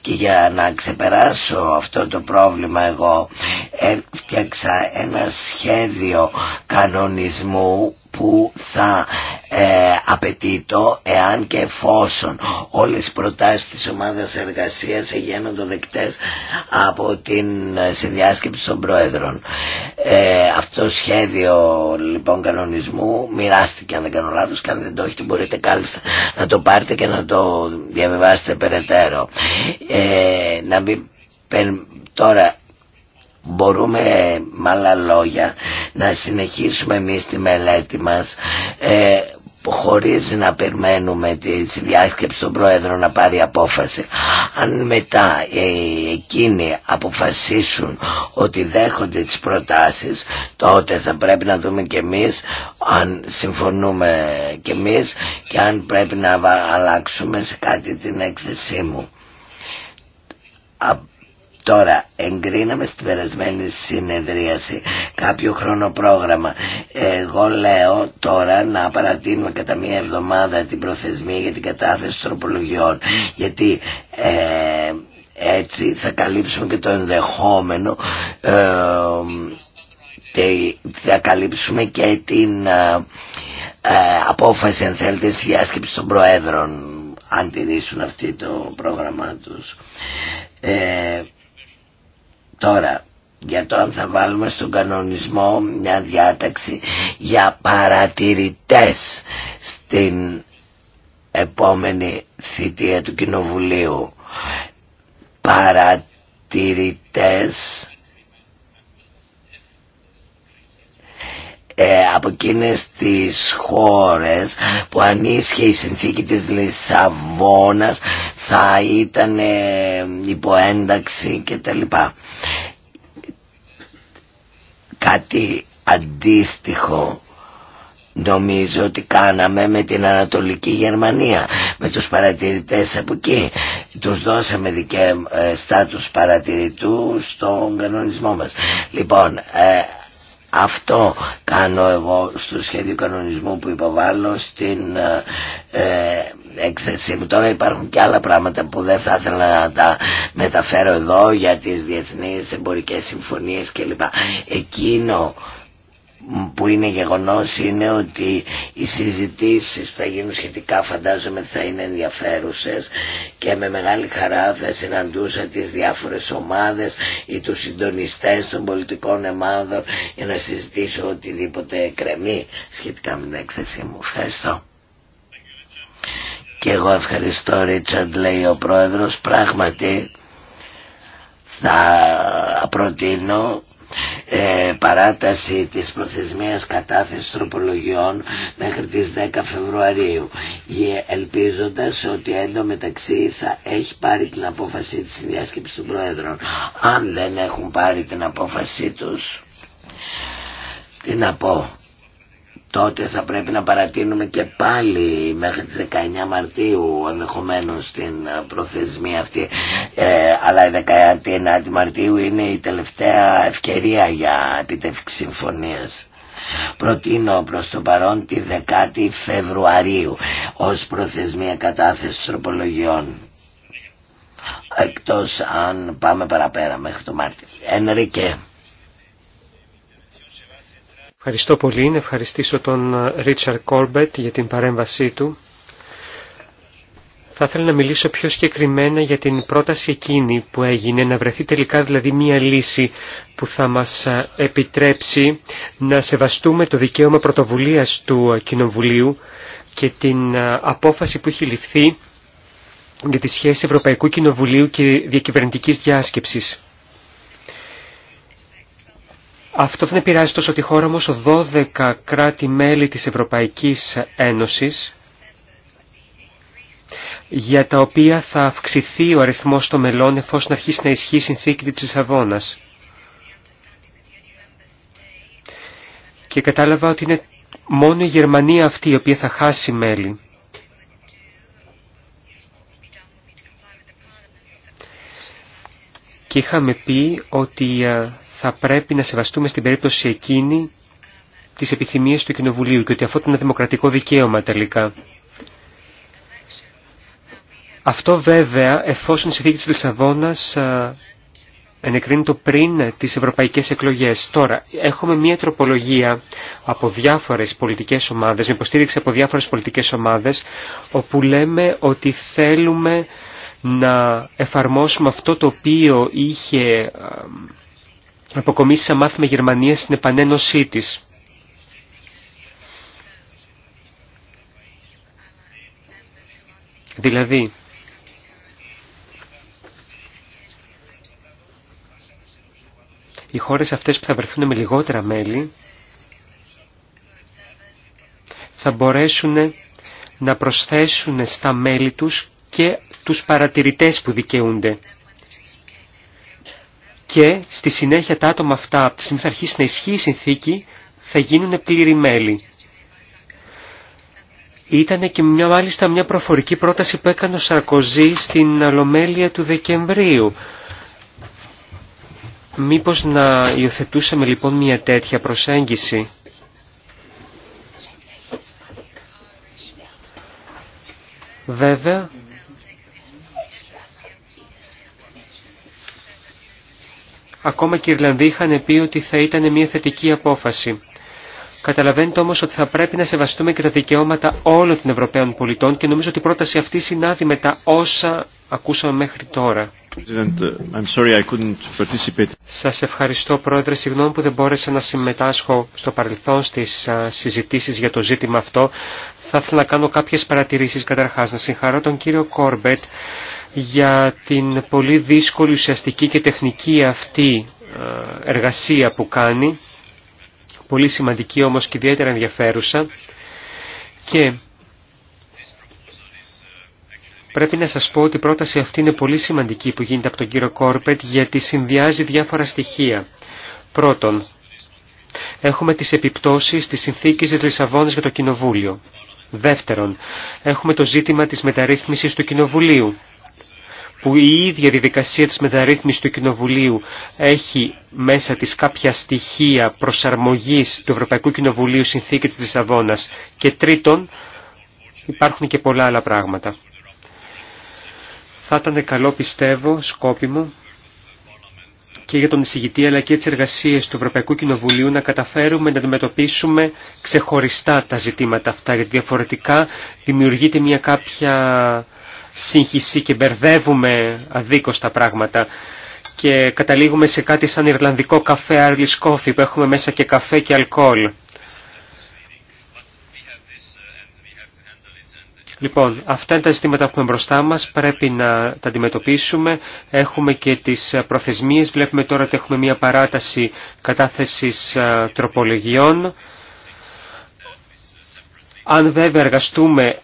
Και για να ξεπεράσω αυτό το πρόβλημα εγώ έφτιαξα ένα σχέδιο κανονισμού που θα ε, απαιτεί το εάν και εφόσον όλες οι προτάσεις της ομάδας εργασίας γίνονται δεκτές από την ε, συνδιάσκεψη των Πρόεδρων. Ε, αυτό το σχέδιο λοιπόν κανονισμού μοιράστηκε αν δεν κάνω λάθος και αν δεν το έχετε μπορείτε κάλλιστα να το πάρετε και να το διαβιβάσετε περαιτέρω. Ε, να μην, τώρα μπορούμε με άλλα λόγια να συνεχίσουμε εμείς τη μελέτη μας ε, χωρίς να περιμένουμε τη διάσκεψη των Πρόεδρων να πάρει απόφαση. Αν μετά ε, εκείνοι αποφασίσουν ότι δέχονται τις προτάσεις, τότε θα πρέπει να δούμε και εμείς αν συμφωνούμε και εμείς και αν πρέπει να αλλάξουμε σε κάτι την έκθεσή μου. Τώρα εγκρίναμε στην περασμένη συνεδρίαση κάποιο χρονοπρόγραμμα. Εγώ λέω τώρα να παρατείνουμε κατά μία εβδομάδα την προθεσμία για την κατάθεση τροπολογιών. Γιατί ε, έτσι θα καλύψουμε και το ενδεχόμενο ε, θα καλύψουμε και την ε, απόφαση αν θέλετε διάσκεψη των Προέδρων αν τηρήσουν αυτή το πρόγραμμά τους. Τώρα, για το αν θα βάλουμε στον κανονισμό μια διάταξη για παρατηρητές στην επόμενη θητεία του Κοινοβουλίου. Παρατηρητές Ε, από εκείνες τις χώρες που αν ίσχυε η συνθήκη της Λισαβόνας θα ήταν ε, υποένταξη κτλ. Κάτι αντίστοιχο νομίζω ότι κάναμε με την Ανατολική Γερμανία με τους παρατηρητές από εκεί τους δώσαμε δικαίωμα ε, στάτους παρατηρητού στον κανονισμό μας λοιπόν αυτό κάνω εγώ στο σχέδιο κανονισμού που υποβάλλω στην ε, ε, έκθεσή μου. Τώρα υπάρχουν και άλλα πράγματα που δεν θα ήθελα να τα μεταφέρω εδώ για τις διεθνείς εμπορικές συμφωνίες κλπ. Εκείνο που είναι γεγονός είναι ότι οι συζητήσεις που θα γίνουν σχετικά φαντάζομαι θα είναι ενδιαφέρουσες και με μεγάλη χαρά θα συναντούσα τις διάφορες ομάδες ή τους συντονιστές των πολιτικών εμάδων για να συζητήσω οτιδήποτε κρεμεί σχετικά με την έκθεσή μου. Ευχαριστώ. Και εγώ ευχαριστώ Ρίτσαντ λέει ο πρόεδρος πράγματι θα προτείνω ε, παράταση της προθεσμίας κατάθεσης τροπολογιών μέχρι τις 10 Φεβρουαρίου ελπίζοντας ότι έντο μεταξύ θα έχει πάρει την απόφαση της συνδιάσκεψης των Πρόεδρων αν δεν έχουν πάρει την απόφαση τους τι να πω τότε θα πρέπει να παρατείνουμε και πάλι μέχρι τις 19 Μαρτίου ενδεχομένω την ε, προθεσμία αυτή ε, αλλά η 19η Μαρτίου είναι τελευταία ευκαιρία για επιτεύξη συμφωνίας. Προτείνω προς το παρόν τη 10η Φεβρουαρίου ως προθεσμία κατάθεση τροπολογιών εκτός αν πάμε παραπέρα μέχρι το Μάρτιο. Ενρικέ. Ευχαριστώ πολύ. ευχαριστήσω τον Ρίτσαρ ε, Κόρμπετ για την παρέμβασή του. Θα ήθελα να μιλήσω πιο συγκεκριμένα για την πρόταση εκείνη που έγινε, να βρεθεί τελικά δηλαδή μία λύση που θα μας ε, επιτρέψει να σεβαστούμε το δικαίωμα πρωτοβουλίας του ε, Κοινοβουλίου και την απόφαση που έχει ληφθεί για τη σχέση Ευρωπαϊκού Κοινοβουλίου και διακυβερνητικής διάσκεψης. Αυτό δεν επηρεάζει τόσο τη χώρα όμως 12 κράτη-μέλη της Ευρωπαϊκής Ένωσης για τα οποία θα αυξηθεί ο αριθμός των μελών εφόσον αρχίσει να ισχύει η συνθήκη της Λισαβόνας. Και κατάλαβα ότι είναι μόνο η Γερμανία αυτή η οποία θα χάσει μέλη. Και είχαμε πει ότι ε, θα πρέπει να σεβαστούμε στην περίπτωση εκείνη τις επιθυμίες του Κοινοβουλίου και ότι αυτό είναι δημοκρατικό δικαίωμα τελικά. Αυτό βέβαια εφόσον η συνθήκη της Λισαβόνας το πριν τις ευρωπαϊκές εκλογές. Τώρα, έχουμε μία τροπολογία από διάφορες πολιτικές ομάδες, με υποστήριξη από διάφορες πολιτικές ομάδες, όπου λέμε ότι θέλουμε να εφαρμόσουμε αυτό το οποίο είχε αποκομίσει μάθημα Γερμανία στην επανένωσή της. Δηλαδή, οι χώρες αυτές που θα βρεθούν με λιγότερα μέλη θα μπορέσουν να προσθέσουν στα μέλη τους και τους παρατηρητές που δικαιούνται και στη συνέχεια τα άτομα αυτά, από τη στιγμή θα αρχίσει να ισχύει η συνθήκη, θα γίνουν πλήρη μέλη. Ήταν και μια, μάλιστα μια προφορική πρόταση που έκανε ο Σαρκοζή στην Αλομέλεια του Δεκεμβρίου. Μήπως να υιοθετούσαμε λοιπόν μια τέτοια προσέγγιση. Βέβαια, Ακόμα και οι Ιρλανδοί είχαν πει ότι θα ήταν μια θετική απόφαση. Καταλαβαίνετε όμως ότι θα πρέπει να σεβαστούμε και τα δικαιώματα όλων των Ευρωπαίων πολιτών και νομίζω ότι η πρόταση αυτή συνάδει με τα όσα ακούσαμε μέχρι τώρα. Uh, I'm Σας ευχαριστώ Πρόεδρε, συγγνώμη που δεν μπόρεσα να συμμετάσχω στο παρελθόν στις uh, συζητήσεις για το ζήτημα αυτό. Θα ήθελα να κάνω κάποιες παρατηρήσεις καταρχάς. Να συγχαρώ τον κύριο Κόρμπετ για την πολύ δύσκολη ουσιαστική και τεχνική αυτή ε, εργασία που κάνει, πολύ σημαντική όμως και ιδιαίτερα ενδιαφέρουσα και Πρέπει να σας πω ότι η πρόταση αυτή είναι πολύ σημαντική που γίνεται από τον κύριο Κόρπετ γιατί συνδυάζει διάφορα στοιχεία. Πρώτον, έχουμε τις επιπτώσεις της συνθήκης της Λισαβόνας για το Κοινοβούλιο. Δεύτερον, έχουμε το ζήτημα της μεταρρύθμισης του Κοινοβουλίου που η ίδια διαδικασία της μεταρρύθμισης του Κοινοβουλίου έχει μέσα της κάποια στοιχεία προσαρμογής του Ευρωπαϊκού Κοινοβουλίου συνθήκη της Λισαβόνας και τρίτον υπάρχουν και πολλά άλλα πράγματα. Θα ήταν καλό πιστεύω, σκόπιμο, και για τον εισηγητή αλλά και τις εργασίες του Ευρωπαϊκού Κοινοβουλίου να καταφέρουμε να αντιμετωπίσουμε ξεχωριστά τα ζητήματα αυτά γιατί διαφορετικά δημιουργείται μια κάποια σύγχυση και μπερδεύουμε αδίκως τα πράγματα και καταλήγουμε σε κάτι σαν Ιρλανδικό καφέ Arliss Coffee που έχουμε μέσα και καφέ και αλκοόλ. Λοιπόν, αυτά είναι τα ζητήματα που έχουμε μπροστά μας, πρέπει να τα αντιμετωπίσουμε. Έχουμε και τις προθεσμίες, βλέπουμε τώρα ότι έχουμε μια παράταση κατάθεσης τροπολογιών. Αν βέβαια εργαστούμε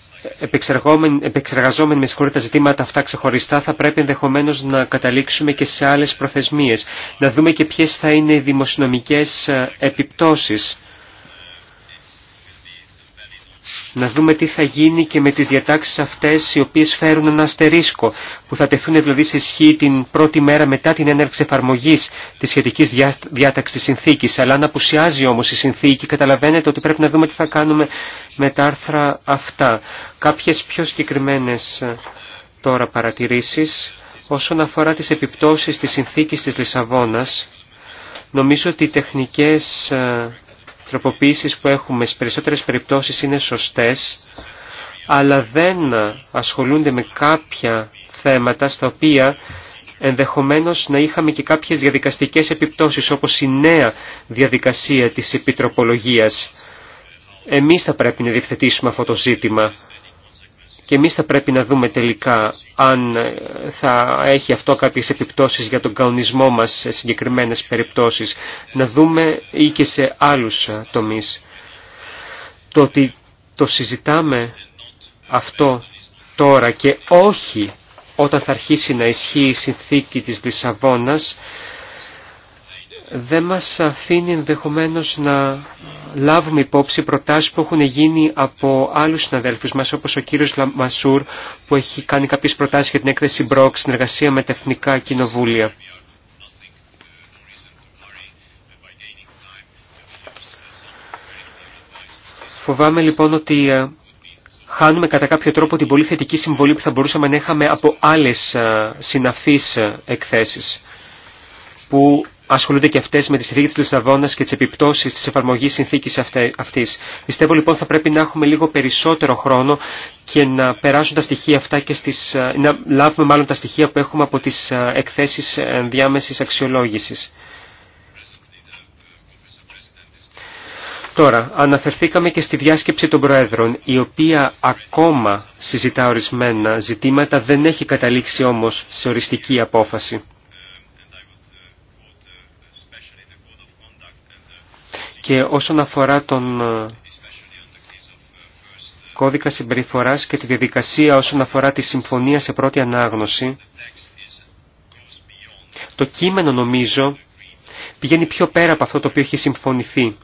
επεξεργαζόμενοι με συγχωρεί τα ζητήματα αυτά ξεχωριστά θα πρέπει ενδεχομένως να καταλήξουμε και σε άλλες προθεσμίες. Να δούμε και ποιες θα είναι οι δημοσιονομικές ε, επιπτώσεις να δούμε τι θα γίνει και με τις διατάξεις αυτές οι οποίες φέρουν ένα αστερίσκο, που θα τεθούν δηλαδή σε ισχύ την πρώτη μέρα μετά την έναρξη εφαρμογή της σχετικής διάταξης της συνθήκης. Αλλά αν απουσιάζει όμως η συνθήκη, καταλαβαίνετε ότι πρέπει να δούμε τι θα κάνουμε με τα άρθρα αυτά. Κάποιες πιο συγκεκριμένε ε, τώρα παρατηρήσεις όσον αφορά τις επιπτώσεις της συνθήκης της Λισαβόνας, νομίζω ότι οι τεχνικές ε, τροποποιήσεις που έχουμε στις περισσότερες περιπτώσεις είναι σωστές, αλλά δεν ασχολούνται με κάποια θέματα στα οποία ενδεχομένως να είχαμε και κάποιες διαδικαστικές επιπτώσεις όπως η νέα διαδικασία της επιτροπολογίας. Εμείς θα πρέπει να διευθετήσουμε αυτό το ζήτημα και εμείς θα πρέπει να δούμε τελικά αν ε, θα έχει αυτό κάποιες επιπτώσεις για τον κανονισμό μας σε συγκεκριμένες περιπτώσεις. Να δούμε ή και σε άλλους ε, τομείς. Το ότι το συζητάμε αυτό τώρα και όχι όταν θα αρχίσει να ισχύει η συνθήκη της Λισαβόνας δεν μας αφήνει ενδεχομένως να λάβουμε υπόψη προτάσεις που έχουν γίνει από άλλους συναδέλφους μας, όπως ο κύριος Μασούρ που έχει κάνει κάποιες προτάσεις για την έκθεση Μπρόκ, συνεργασία με τα Εθνικά Κοινοβούλια. Φοβάμαι λοιπόν ότι ε, χάνουμε κατά κάποιο τρόπο την πολύ θετική συμβολή που θα μπορούσαμε να έχαμε από άλλες ε, συναφείς ε, εκθέσεις που ασχολούνται και αυτές με τη συνθήκη της Λισαβόνας και τις επιπτώσεις της εφαρμογής συνθήκης αυτής. Πιστεύω λοιπόν θα πρέπει να έχουμε λίγο περισσότερο χρόνο και να περάσουν τα στοιχεία αυτά και στις, ε, να λάβουμε μάλλον τα στοιχεία που έχουμε από τις ε, εκθέσεις διάμεσης αξιολόγησης. Τώρα, αναφερθήκαμε και στη διάσκεψη των Προέδρων, η οποία ακόμα συζητά ορισμένα ζητήματα, δεν έχει καταλήξει όμως σε οριστική απόφαση. και όσον αφορά τον ε, κώδικα συμπεριφοράς και τη διαδικασία όσον αφορά τη συμφωνία σε πρώτη ανάγνωση, το κείμενο νομίζω πηγαίνει πιο πέρα από αυτό το οποίο έχει συμφωνηθεί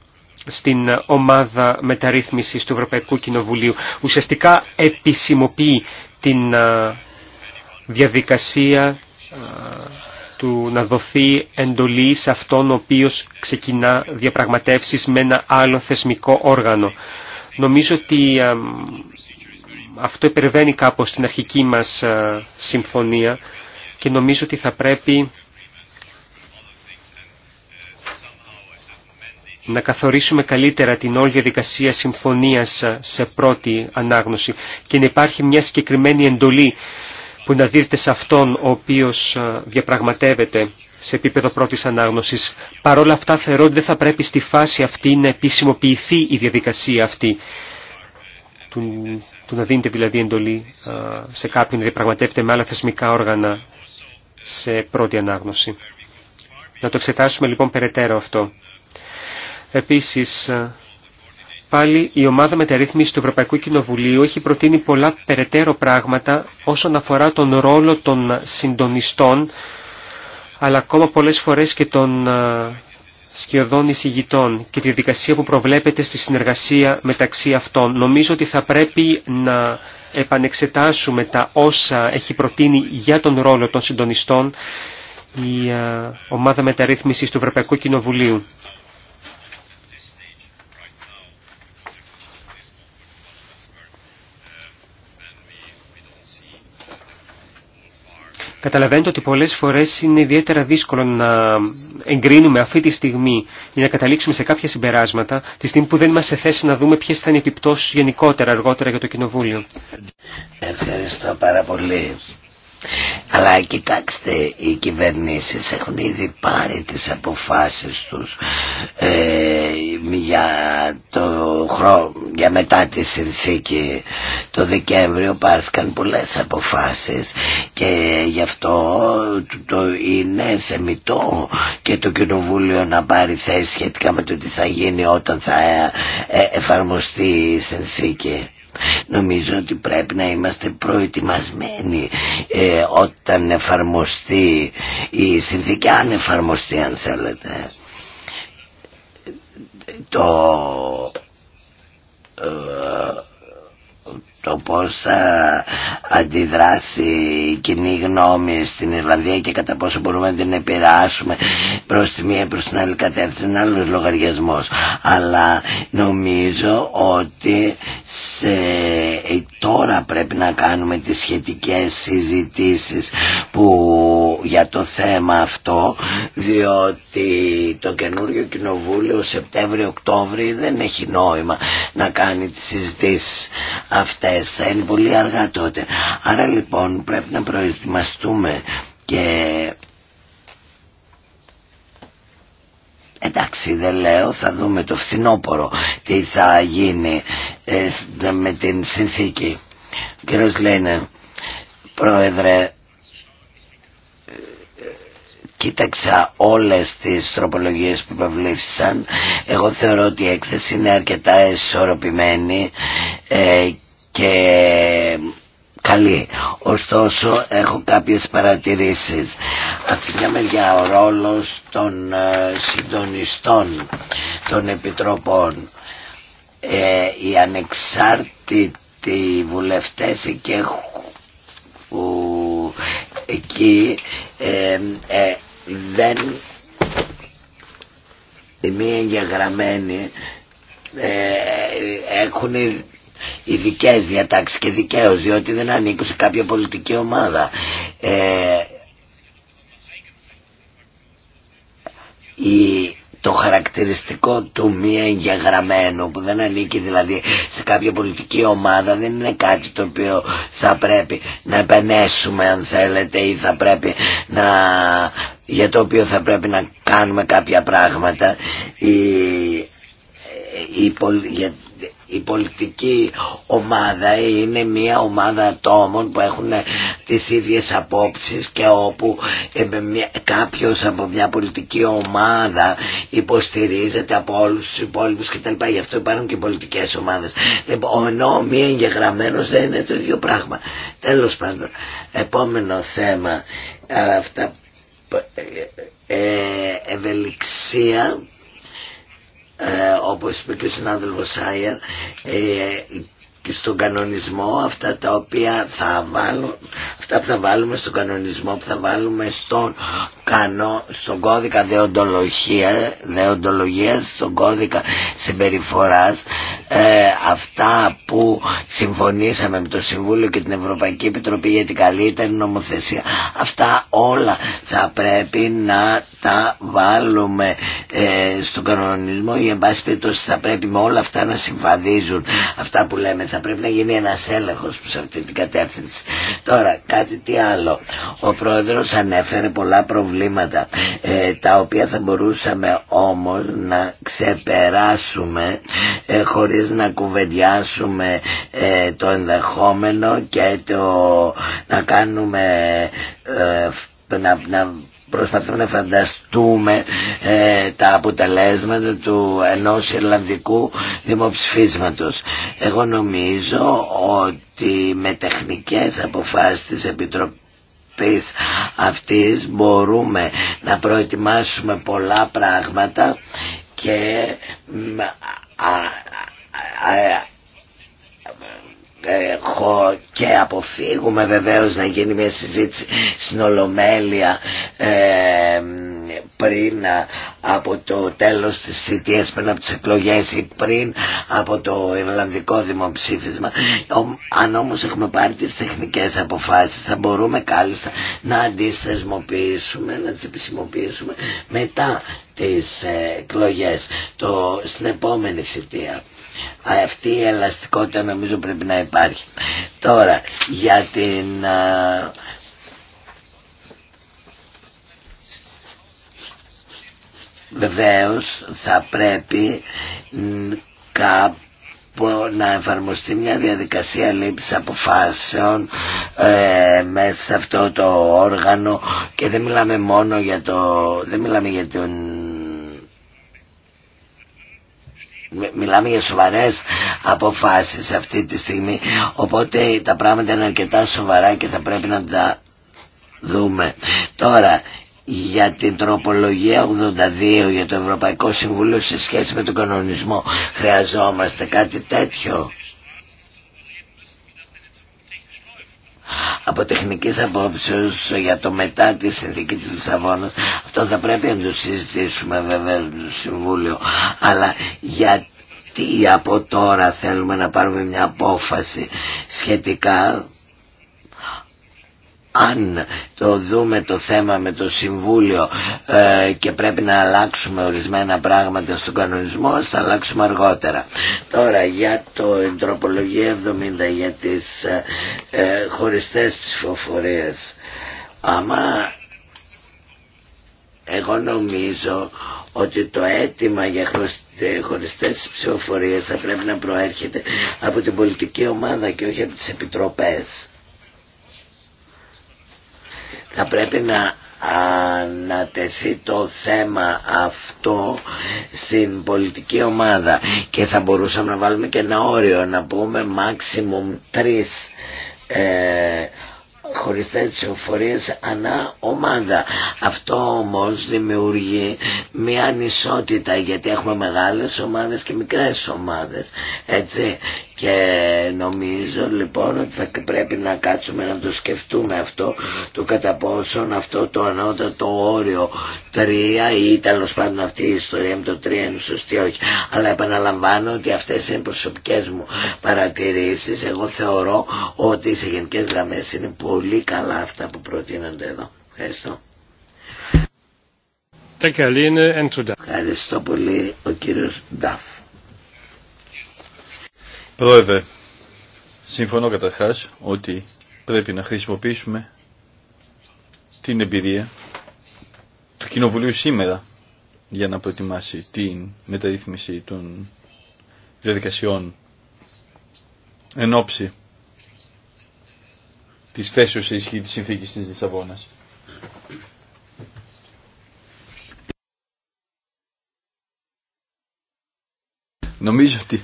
στην ε, ομάδα μεταρρύθμισης του Ευρωπαϊκού Κοινοβουλίου. Ουσιαστικά επισημοποιεί την ε, διαδικασία του να δοθεί εντολή σε αυτόν ο οποίος ξεκινά διαπραγματεύσεις με ένα άλλο θεσμικό όργανο. Νομίζω ότι αυτό υπερβαίνει κάπως την αρχική μας ε, συμφωνία και νομίζω ότι θα πρέπει να καθορίσουμε καλύτερα την όλη διαδικασία συμφωνίας ε, σε πρώτη ανάγνωση και να υπάρχει μια συγκεκριμένη εντολή που να δείτε σε αυτόν ο οποίος ε, διαπραγματεύεται σε επίπεδο πρώτης ανάγνωσης. Παρ' όλα αυτά θεωρώ ότι δεν θα πρέπει στη φάση αυτή να επισημοποιηθεί η διαδικασία αυτή του, του να δίνεται δηλαδή εντολή ε, σε κάποιον να διαπραγματεύεται με άλλα θεσμικά όργανα σε πρώτη ανάγνωση. Να το εξετάσουμε λοιπόν περαιτέρω αυτό. Επίσης, ε, πάλι η ομάδα μεταρρύθμισης του Ευρωπαϊκού Κοινοβουλίου έχει προτείνει πολλά περαιτέρω πράγματα όσον αφορά τον ρόλο των συντονιστών αλλά ακόμα πολλές φορές και των ε, σχεδόν εισηγητών και τη δικασία που προβλέπεται στη συνεργασία μεταξύ αυτών. Νομίζω ότι θα πρέπει να επανεξετάσουμε τα όσα έχει προτείνει για τον ρόλο των συντονιστών η ε, ομάδα μεταρρύθμισης του Ευρωπαϊκού Κοινοβουλίου. Καταλαβαίνετε ότι πολλές φορές είναι ιδιαίτερα δύσκολο να εγκρίνουμε αυτή τη στιγμή ή να καταλήξουμε σε κάποια συμπεράσματα τη στιγμή που δεν μας εθέσει να δούμε ποιες θα είναι οι επιπτώσεις γενικότερα αργότερα για το Κοινοβούλιο. Ευχαριστώ πάρα πολύ. Αλλά κοιτάξτε, οι κυβερνήσεις έχουν ήδη πάρει τις αποφάσεις τους ε, για, το για μετά τη συνθήκη το Δεκέμβριο πάρθηκαν πολλές αποφάσεις και γι' αυτό το, είναι θεμητό και το Κοινοβούλιο να πάρει θέση σχετικά με το τι θα γίνει όταν θα ε, ε, εφαρμοστεί η συνθήκη. Νομίζω ότι πρέπει να είμαστε προετοιμασμένοι ε, όταν εφαρμοστεί η συνθήκη, αν εφαρμοστεί αν θέλετε. Το... Ε, το πώς θα αντιδράσει η κοινή γνώμη στην Ιρλανδία και κατά πόσο μπορούμε να την επηρεάσουμε προς τη μία προς την άλλη κατεύθυνση είναι άλλος λογαριασμός αλλά νομίζω ότι σε... Ε, τώρα πρέπει να κάνουμε τις σχετικές συζητήσεις που για το θέμα αυτό διότι το καινούριο κοινοβούλιο Σεπτέμβριο-Οκτώβριο δεν έχει νόημα να κάνει τις συζητήσεις αυτές θα είναι πολύ αργά τότε. Άρα λοιπόν πρέπει να προετοιμαστούμε και Εντάξει δεν λέω θα δούμε το φθινόπωρο τι θα γίνει ε, με την συνθήκη. Ο κύριος Λένε, πρόεδρε, ε, κοίταξα όλες τις τροπολογίες που υπευλήφθησαν. Εγώ θεωρώ ότι η έκθεση είναι αρκετά ισορροπημένη ε, και καλή. Ωστόσο έχω κάποιες παρατηρήσεις. Από μια μεριά ο ρόλος των ε, συντονιστών των επιτροπών ε, οι ανεξάρτητοι βουλευτές εκεί, που, ε, ε, δεν είναι μη εγγεγραμμένοι έχουν ειδικέ διατάξεις και δικαίως διότι δεν ανήκουν σε κάποια πολιτική ομάδα. η, το χαρακτηριστικό του μη εγγεγραμμένου που δεν ανήκει δηλαδή σε κάποια πολιτική ομάδα δεν είναι κάτι το οποίο θα πρέπει να επενέσουμε αν θέλετε ή θα πρέπει να για το οποίο θα πρέπει να κάνουμε κάποια πράγματα η, η, η πολιτική ομάδα είναι μια ομάδα ατόμων που έχουν τις ίδιες απόψεις και όπου ε, κάποιος από μια πολιτική ομάδα υποστηρίζεται από όλους τους υπόλοιπους λοιπά, Γι' αυτό υπάρχουν και πολιτικές ομάδες. Λοιπόν, ενώ μη εγγεγραμμένος δεν είναι το ίδιο πράγμα. Τέλος πάντων, επόμενο θέμα ε, αυτά, ε, ε ευελιξία ε, όπως είπε και ο συνάδελφος Σάιερ ε, στον κανονισμό αυτά τα οποία θα αυτά που θα βάλουμε στον κανονισμό που θα βάλουμε στον, κανό, στον κώδικα δεοντολογία, στον κώδικα συμπεριφοράς ε, αυτά που συμφωνήσαμε με το Συμβούλιο και την Ευρωπαϊκή Επιτροπή για την καλύτερη νομοθεσία αυτά όλα θα πρέπει να τα βάλουμε ε, στον κανονισμό ή εν πάση περιπτώσει θα πρέπει με όλα αυτά να συμβαδίζουν αυτά που λέμε θα πρέπει να γίνει ένας έλεγχος σε αυτή την κατεύθυνση. Τώρα κάτι τι άλλο. Ο πρόεδρος ανέφερε πολλά προβλήματα ε, τα οποία θα μπορούσαμε όμως να ξεπεράσουμε ε, χωρίς να κουβεντιάσουμε ε, το ενδεχόμενο και το να κάνουμε ε, να προσπαθούμε να φανταστούμε ε, τα αποτελέσματα του ενός Ιρλανδικού δημοψηφίσματος. Εγώ νομίζω ότι με τεχνικές αποφάσεις της Επιτροπής αυτής μπορούμε να προετοιμάσουμε πολλά πράγματα και έχω και αποφύγουμε βεβαίως να γίνει μια συζήτηση στην Ολομέλεια πριν από το τέλος της θητείας, πριν από τις εκλογές ή πριν από το Ιρλανδικό δημοψήφισμα. Αν όμως έχουμε πάρει τις τεχνικές αποφάσεις θα μπορούμε κάλλιστα να αντιστασμοποιήσουμε, να τις επισημοποιήσουμε μετά τις ε, εκλογές το, στην επόμενη θητεία αυτή η ελαστικότητα νομίζω πρέπει να υπάρχει. Τώρα για την... Α, θα πρέπει κάπου να εφαρμοστεί μια διαδικασία λήψης αποφάσεων ε, μέσα σε αυτό το όργανο και δεν μιλάμε μόνο για το δεν μιλάμε για τον μιλάμε για σοβαρές αποφάσεις αυτή τη στιγμή οπότε τα πράγματα είναι αρκετά σοβαρά και θα πρέπει να τα δούμε τώρα για την τροπολογία 82 για το Ευρωπαϊκό Συμβούλιο σε σχέση με τον κανονισμό χρειαζόμαστε κάτι τέτοιο από τεχνικής απόψεως για το μετά τη συνθήκη της Λισαβόνας αυτό θα πρέπει να το συζητήσουμε βέβαια το Συμβούλιο αλλά γιατί από τώρα θέλουμε να πάρουμε μια απόφαση σχετικά αν το δούμε το θέμα με το Συμβούλιο ε, και πρέπει να αλλάξουμε ορισμένα πράγματα στον κανονισμό, θα αλλάξουμε αργότερα. Τώρα για το τροπολογία 70 για τις ε, ε, χωριστές ψηφοφορίες. Άμα εγώ νομίζω ότι το αίτημα για χωριστές ψηφοφορίες θα πρέπει να προέρχεται από την πολιτική ομάδα και όχι από τις επιτροπές θα πρέπει να ανατεθεί το θέμα αυτό στην πολιτική ομάδα και θα μπορούσαμε να βάλουμε και ένα όριο να πούμε maximum τρεις ε, χωριστές ανά ομάδα. Αυτό όμως δημιουργεί μια ανισότητα γιατί έχουμε μεγάλες ομάδες και μικρές ομάδες. Έτσι και νομίζω λοιπόν ότι θα πρέπει να κάτσουμε να το σκεφτούμε αυτό το κατά πόσον αυτό το ανώτατο όριο 3 ή τέλο πάντων αυτή η ιστορία με το 3 είναι σωστή όχι. Αλλά επαναλαμβάνω ότι αυτές είναι προσωπικές μου παρατηρήσεις. Εγώ θεωρώ ότι σε γενικέ γραμμέ είναι πολύ καλά αυτά που προτείνονται εδώ. Ευχαριστώ. Ευχαριστώ πολύ ο κύριος Νταφ. Πρόεδρε, συμφωνώ καταρχάς ότι πρέπει να χρησιμοποιήσουμε την εμπειρία του Κοινοβουλίου σήμερα για να προετοιμάσει την μεταρρύθμιση των διαδικασιών εν ώψη της θέσεως σε ισχύ της συνθήκης της Λισαβόνας. Νομίζω ότι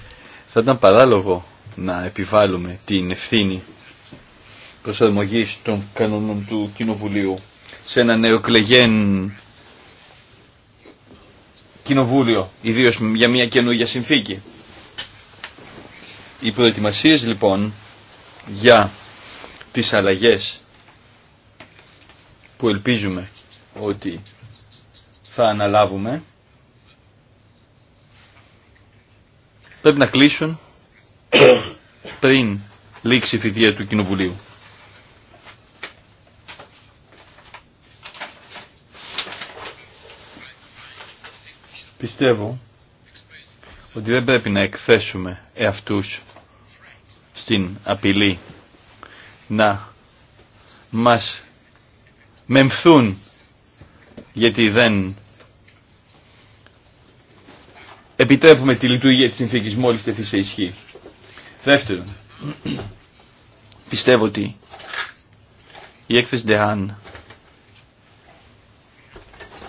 θα ήταν παράλογο να επιβάλλουμε την ευθύνη προσαρμογής των κανόνων του Κοινοβουλίου σε ένα νεοκλεγέν κοινοβούλιο, ιδίως για μια καινούργια συνθήκη. Οι προετοιμασίες λοιπόν για τις αλλαγές που ελπίζουμε ότι θα αναλάβουμε πρέπει να κλείσουν πριν λήξει η θητεία του Κοινοβουλίου. Πιστεύω ότι δεν πρέπει να εκθέσουμε εαυτούς στην απειλή να μας μεμφθούν γιατί δεν επιτρέπουμε τη λειτουργία της συνθήκης μόλις τεθεί σε ισχύ. Δεύτερον, πιστεύω ότι η έκθεση Ντεάν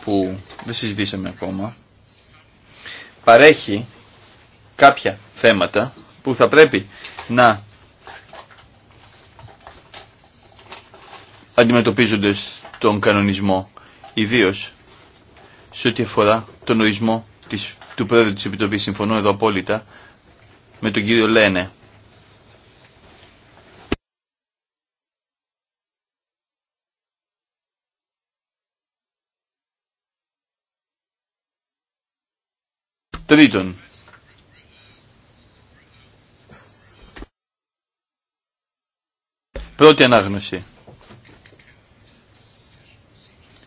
που δεν συζητήσαμε ακόμα παρέχει κάποια θέματα που θα πρέπει να αντιμετωπίζονται στον κανονισμό ιδίως σε ό,τι αφορά τον ορισμό της του πρόεδρου της Επιτροπής, συμφωνώ εδώ απόλυτα, με τον κύριο Λένε. Τρίτον, πρώτη ανάγνωση.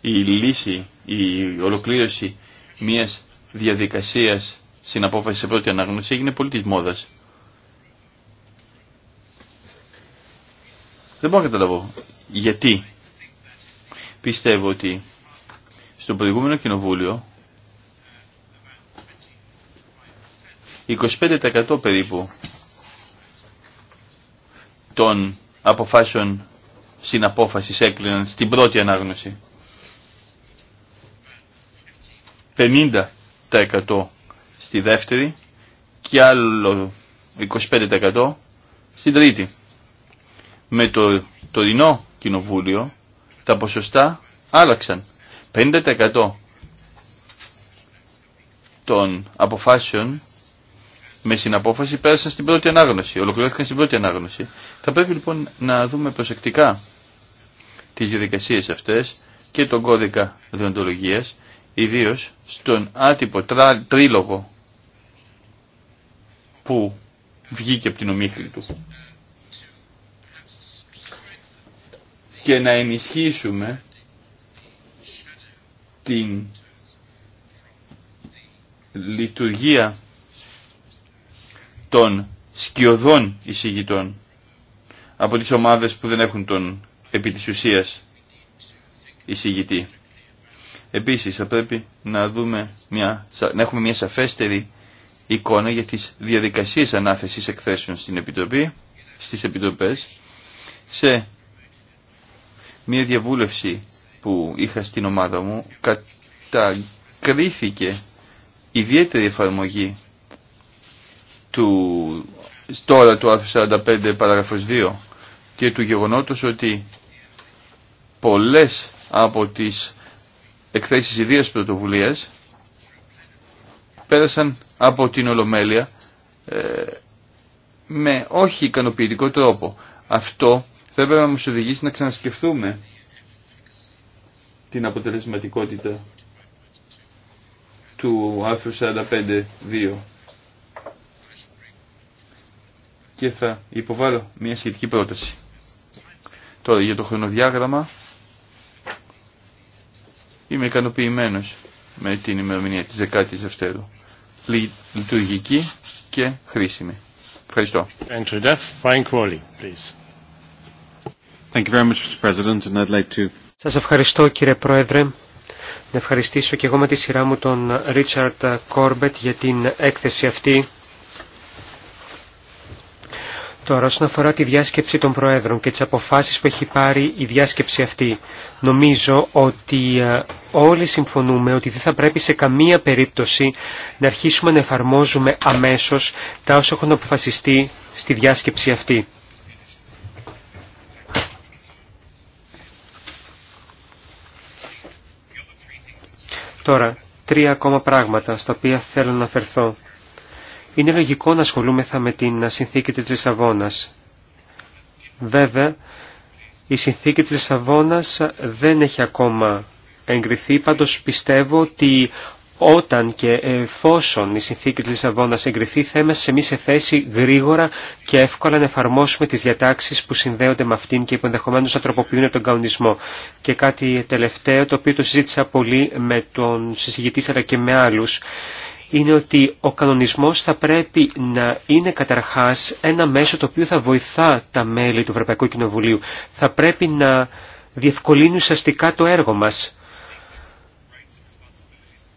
Η λύση, η ολοκλήρωση μιας διαδικασίας στην απόφαση σε πρώτη ανάγνωση έγινε πολύ της μόδας. Δεν μπορώ να καταλαβώ. Γιατί πιστεύω ότι στο προηγούμενο κοινοβούλιο 25% περίπου των αποφάσεων συναπόφασης έκλειναν στην πρώτη ανάγνωση. 50 25% στη δεύτερη και άλλο 25% στην τρίτη. Με το τωρινό κοινοβούλιο τα ποσοστά άλλαξαν. 50% των αποφάσεων με συναπόφαση πέρασαν στην πρώτη ανάγνωση, ολοκληρώθηκαν στην πρώτη ανάγνωση. Θα πρέπει λοιπόν να δούμε προσεκτικά τις διαδικασίες αυτές και τον κώδικα διοντολογίας ιδίως στον άτυπο τρίλογο που βγήκε από την ομίχλη του. Και να ενισχύσουμε την λειτουργία των σκιωδών εισηγητών από τις ομάδες που δεν έχουν τον επί της ουσίας εισηγητή. Επίσης θα πρέπει να, δούμε μια, έχουμε μια σαφέστερη εικόνα για τις διαδικασίες ανάθεσης εκθέσεων στην Επιτροπή, στις Επιτροπές, σε μια διαβούλευση που είχα στην ομάδα μου κατακρίθηκε ιδιαίτερη εφαρμογή του, τώρα του άρθρου 45 παραγραφος 2 και του γεγονότος ότι πολλές από τις εκθέσεις ιδίας πρωτοβουλίας πέρασαν από την Ολομέλεια ε, με όχι ικανοποιητικό τρόπο. Αυτό θα έπρεπε να μας οδηγήσει να ξανασκεφτούμε την αποτελεσματικότητα του άρθρου 45.2 και θα υποβάλω μια σχετική πρόταση. Τώρα για το χρονοδιάγραμμα Είμαι ικανοποιημένο με την ημερομηνία της 10ης Δευτέρου. Λειτουργική και χρήσιμη. Ευχαριστώ. Σας ευχαριστώ κύριε Πρόεδρε. Να ευχαριστήσω και εγώ με τη σειρά μου τον Ρίτσαρτ Κόρμπετ για την έκθεση αυτή. Τώρα, όσον αφορά τη διάσκεψη των Προέδρων και τις αποφάσεις που έχει πάρει η διάσκεψη αυτή, νομίζω ότι ε, όλοι συμφωνούμε ότι δεν θα πρέπει σε καμία περίπτωση να αρχίσουμε να εφαρμόζουμε αμέσως τα όσα έχουν αποφασιστεί στη διάσκεψη αυτή. Τώρα, τρία ακόμα πράγματα στα οποία θέλω να αναφερθώ. Είναι λογικό να ασχολούμεθα με την συνθήκη της Λισαβόνας. Βέβαια, η συνθήκη της Λισαβόνας δεν έχει ακόμα εγκριθεί, πάντως πιστεύω ότι όταν και εφόσον η συνθήκη της Λισαβόνας εγκριθεί θα είμαστε εμείς σε θέση γρήγορα και εύκολα να εφαρμόσουμε τις διατάξεις που συνδέονται με αυτήν και που ενδεχομένως θα τροποποιούν τον καονισμό. Και κάτι τελευταίο το οποίο το συζήτησα πολύ με τον συζητητή αλλά και με άλλους είναι ότι ο κανονισμός θα πρέπει να είναι καταρχάς ένα μέσο το οποίο θα βοηθά τα μέλη του Ευρωπαϊκού Κοινοβουλίου. Θα πρέπει να διευκολύνει ουσιαστικά το έργο μας.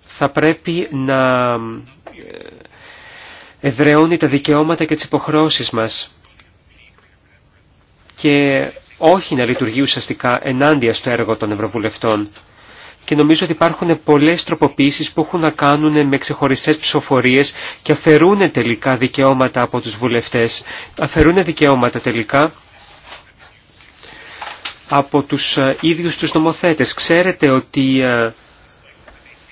Θα πρέπει να ε, εδραιώνει τα δικαιώματα και τις υποχρεώσεις μας και όχι να λειτουργεί ουσιαστικά ενάντια στο έργο των Ευρωβουλευτών και νομίζω ότι υπάρχουν πολλές τροποποίησεις που έχουν να κάνουν με ξεχωριστές ψηφοφορίες και αφαιρούν τελικά δικαιώματα από τους βουλευτές. Αφαιρούν δικαιώματα τελικά από τους ε, ίδιους τους νομοθέτες. Ξέρετε ότι ε,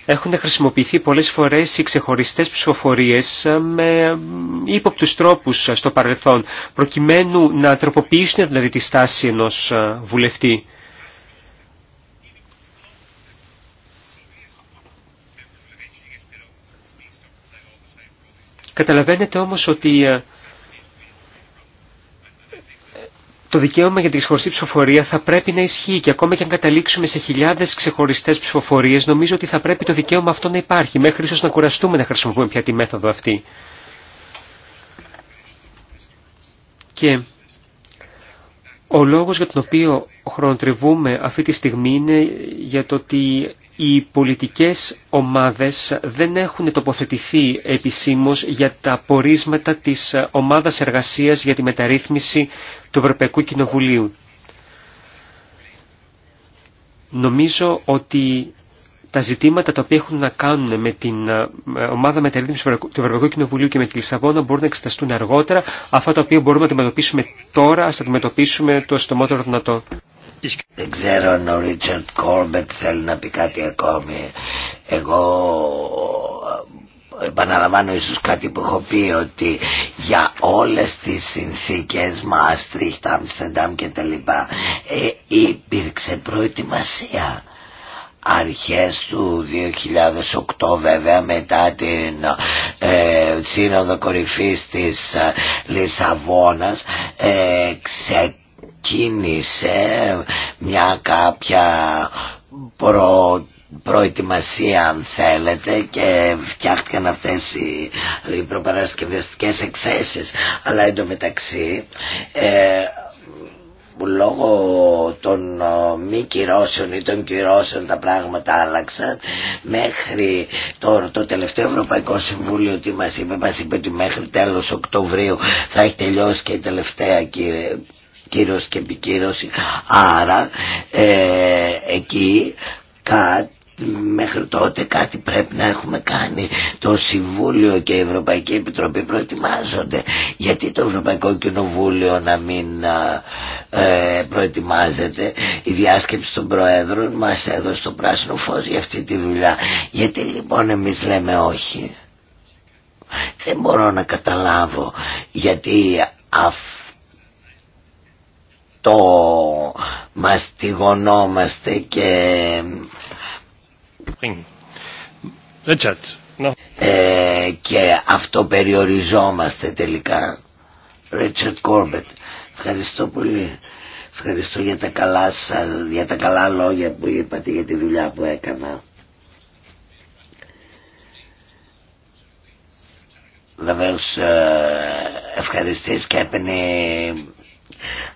έχουν χρησιμοποιηθεί πολλές φορές οι ξεχωριστές ψηφοφορίες ε, με ύποπτους τρόπους στο παρελθόν, προκειμένου να τροποποιήσουν δηλαδή τη στάση ενός βουλευτή. Καταλαβαίνετε όμως ότι ε, το δικαίωμα για τη ξεχωριστή ψηφοφορία θα πρέπει να ισχύει και ακόμα και αν καταλήξουμε σε χιλιάδες ξεχωριστές ψηφοφορίες νομίζω ότι θα πρέπει το δικαίωμα αυτό να υπάρχει, μέχρι ίσως να κουραστούμε να χρησιμοποιούμε πια τη μέθοδο αυτή. Και ο λόγος για τον οποίο χρονοτριβούμε αυτή τη στιγμή είναι για το ότι οι πολιτικές ομάδες δεν έχουν τοποθετηθεί επισήμως για τα πορίσματα της ομάδας εργασίας για τη μεταρρύθμιση του Ευρωπαϊκού Κοινοβουλίου. Νομίζω ότι τα ζητήματα τα οποία έχουν να κάνουν με την ε, ομάδα μεταρρύθμιση του Ευρωπαϊκού Κοινοβουλίου και με τη Λισαβόνα μπορούν να εξεταστούν αργότερα. Αυτά τα οποία μπορούμε να αντιμετωπίσουμε τώρα, ας αντιμετωπίσουμε το αστομότερο δυνατό. Δεν ξέρω αν ο Ρίτσαρντ Κόρμπετ θέλει να πει κάτι ακόμη. Εγώ ε, επαναλαμβάνω ίσως κάτι που έχω πει ότι για όλες τις συνθήκες Μάστριχτ, Άμστερνταμ και τα λοιπά ε, υπήρξε προετοιμασία αρχές του 2008 βέβαια μετά την ε, σύνοδο κορυφής της ε, Λισαβόνας ε, ξεκίνησε μια κάποια προ, προετοιμασία αν θέλετε και φτιάχτηκαν αυτές οι, οι προπαρασκευαστικές εκθέσεις αλλά εντωμεταξύ ε, λόγω των ε, μη κυρώσεων ή των κυρώσεων τα πράγματα άλλαξαν μέχρι το, το τελευταίο Ευρωπαϊκό Συμβούλιο τι μας είπε, μας είπε ότι μέχρι τέλος Οκτωβρίου θα έχει τελειώσει και η τελευταία κύριε, κύριος και επικύρωση άρα ε, εκεί μέχρι τότε κάτι πρέπει να έχουμε κάνει. Το Συμβούλιο και η Ευρωπαϊκή Επιτροπή προετοιμάζονται. Γιατί το Ευρωπαϊκό Κοινοβούλιο να μην ε, προετοιμάζεται. Η διάσκεψη των Προέδρων μας έδωσε το πράσινο φως για αυτή τη δουλειά. Γιατί λοιπόν εμείς λέμε όχι. Δεν μπορώ να καταλάβω γιατί αυτό το μαστιγωνόμαστε και... Ε, και αυτοπεριοριζόμαστε τελικά. Ρίτσαρντ Κόρμπετ, ευχαριστώ πολύ. Ευχαριστώ για τα καλά, για τα καλά λόγια που είπατε για τη δουλειά που έκανα. Βεβαίω ε, ευχαριστής και έπαινε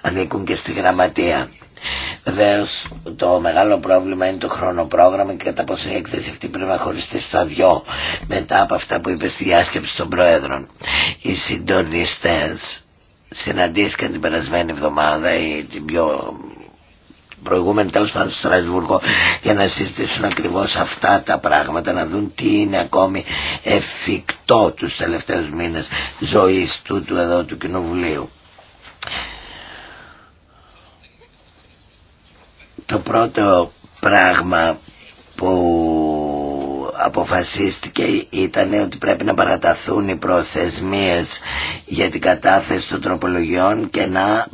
ανήκουν και στη γραμματεία. Βεβαίω το μεγάλο πρόβλημα είναι το χρονοπρόγραμμα και κατά πόσο η έκθεση αυτή πρέπει να χωριστεί στα δυο μετά από αυτά που είπε στη διάσκεψη των Προέδρων. Οι συντονιστέ συναντήθηκαν την περασμένη εβδομάδα ή την πιο προηγούμενη τέλο πάντων στο Στρασβούργο για να συζητήσουν ακριβώ αυτά τα πράγματα, να δουν τι είναι ακόμη εφικτό του τελευταίου μήνε ζωή του εδώ του Κοινοβουλίου. Το πρώτο πράγμα που αποφασίστηκε ήταν ότι πρέπει να παραταθούν οι προθεσμίες για την κατάθεση των τροπολογιών και να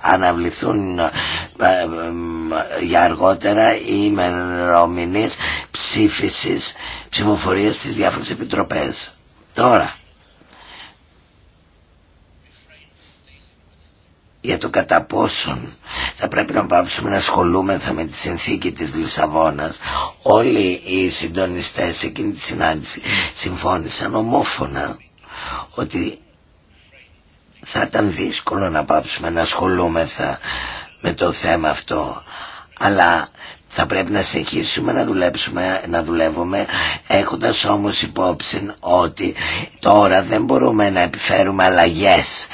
αναβληθούν ε, ε, για αργότερα οι ημερομηνείς ψήφισης ψηφοφορίας στις διάφορες επιτροπές. Τώρα, για το κατά πόσον θα πρέπει να πάψουμε να ασχολούμεθα με τη συνθήκη της Λισαβόνας όλοι οι συντονιστές εκείνη τη συνάντηση συμφώνησαν ομόφωνα ότι θα ήταν δύσκολο να πάψουμε να ασχολούμεθα με το θέμα αυτό αλλά θα πρέπει να συνεχίσουμε να, δουλέψουμε, να δουλεύουμε έχοντας όμως υπόψη ότι τώρα δεν μπορούμε να επιφέρουμε αλλαγές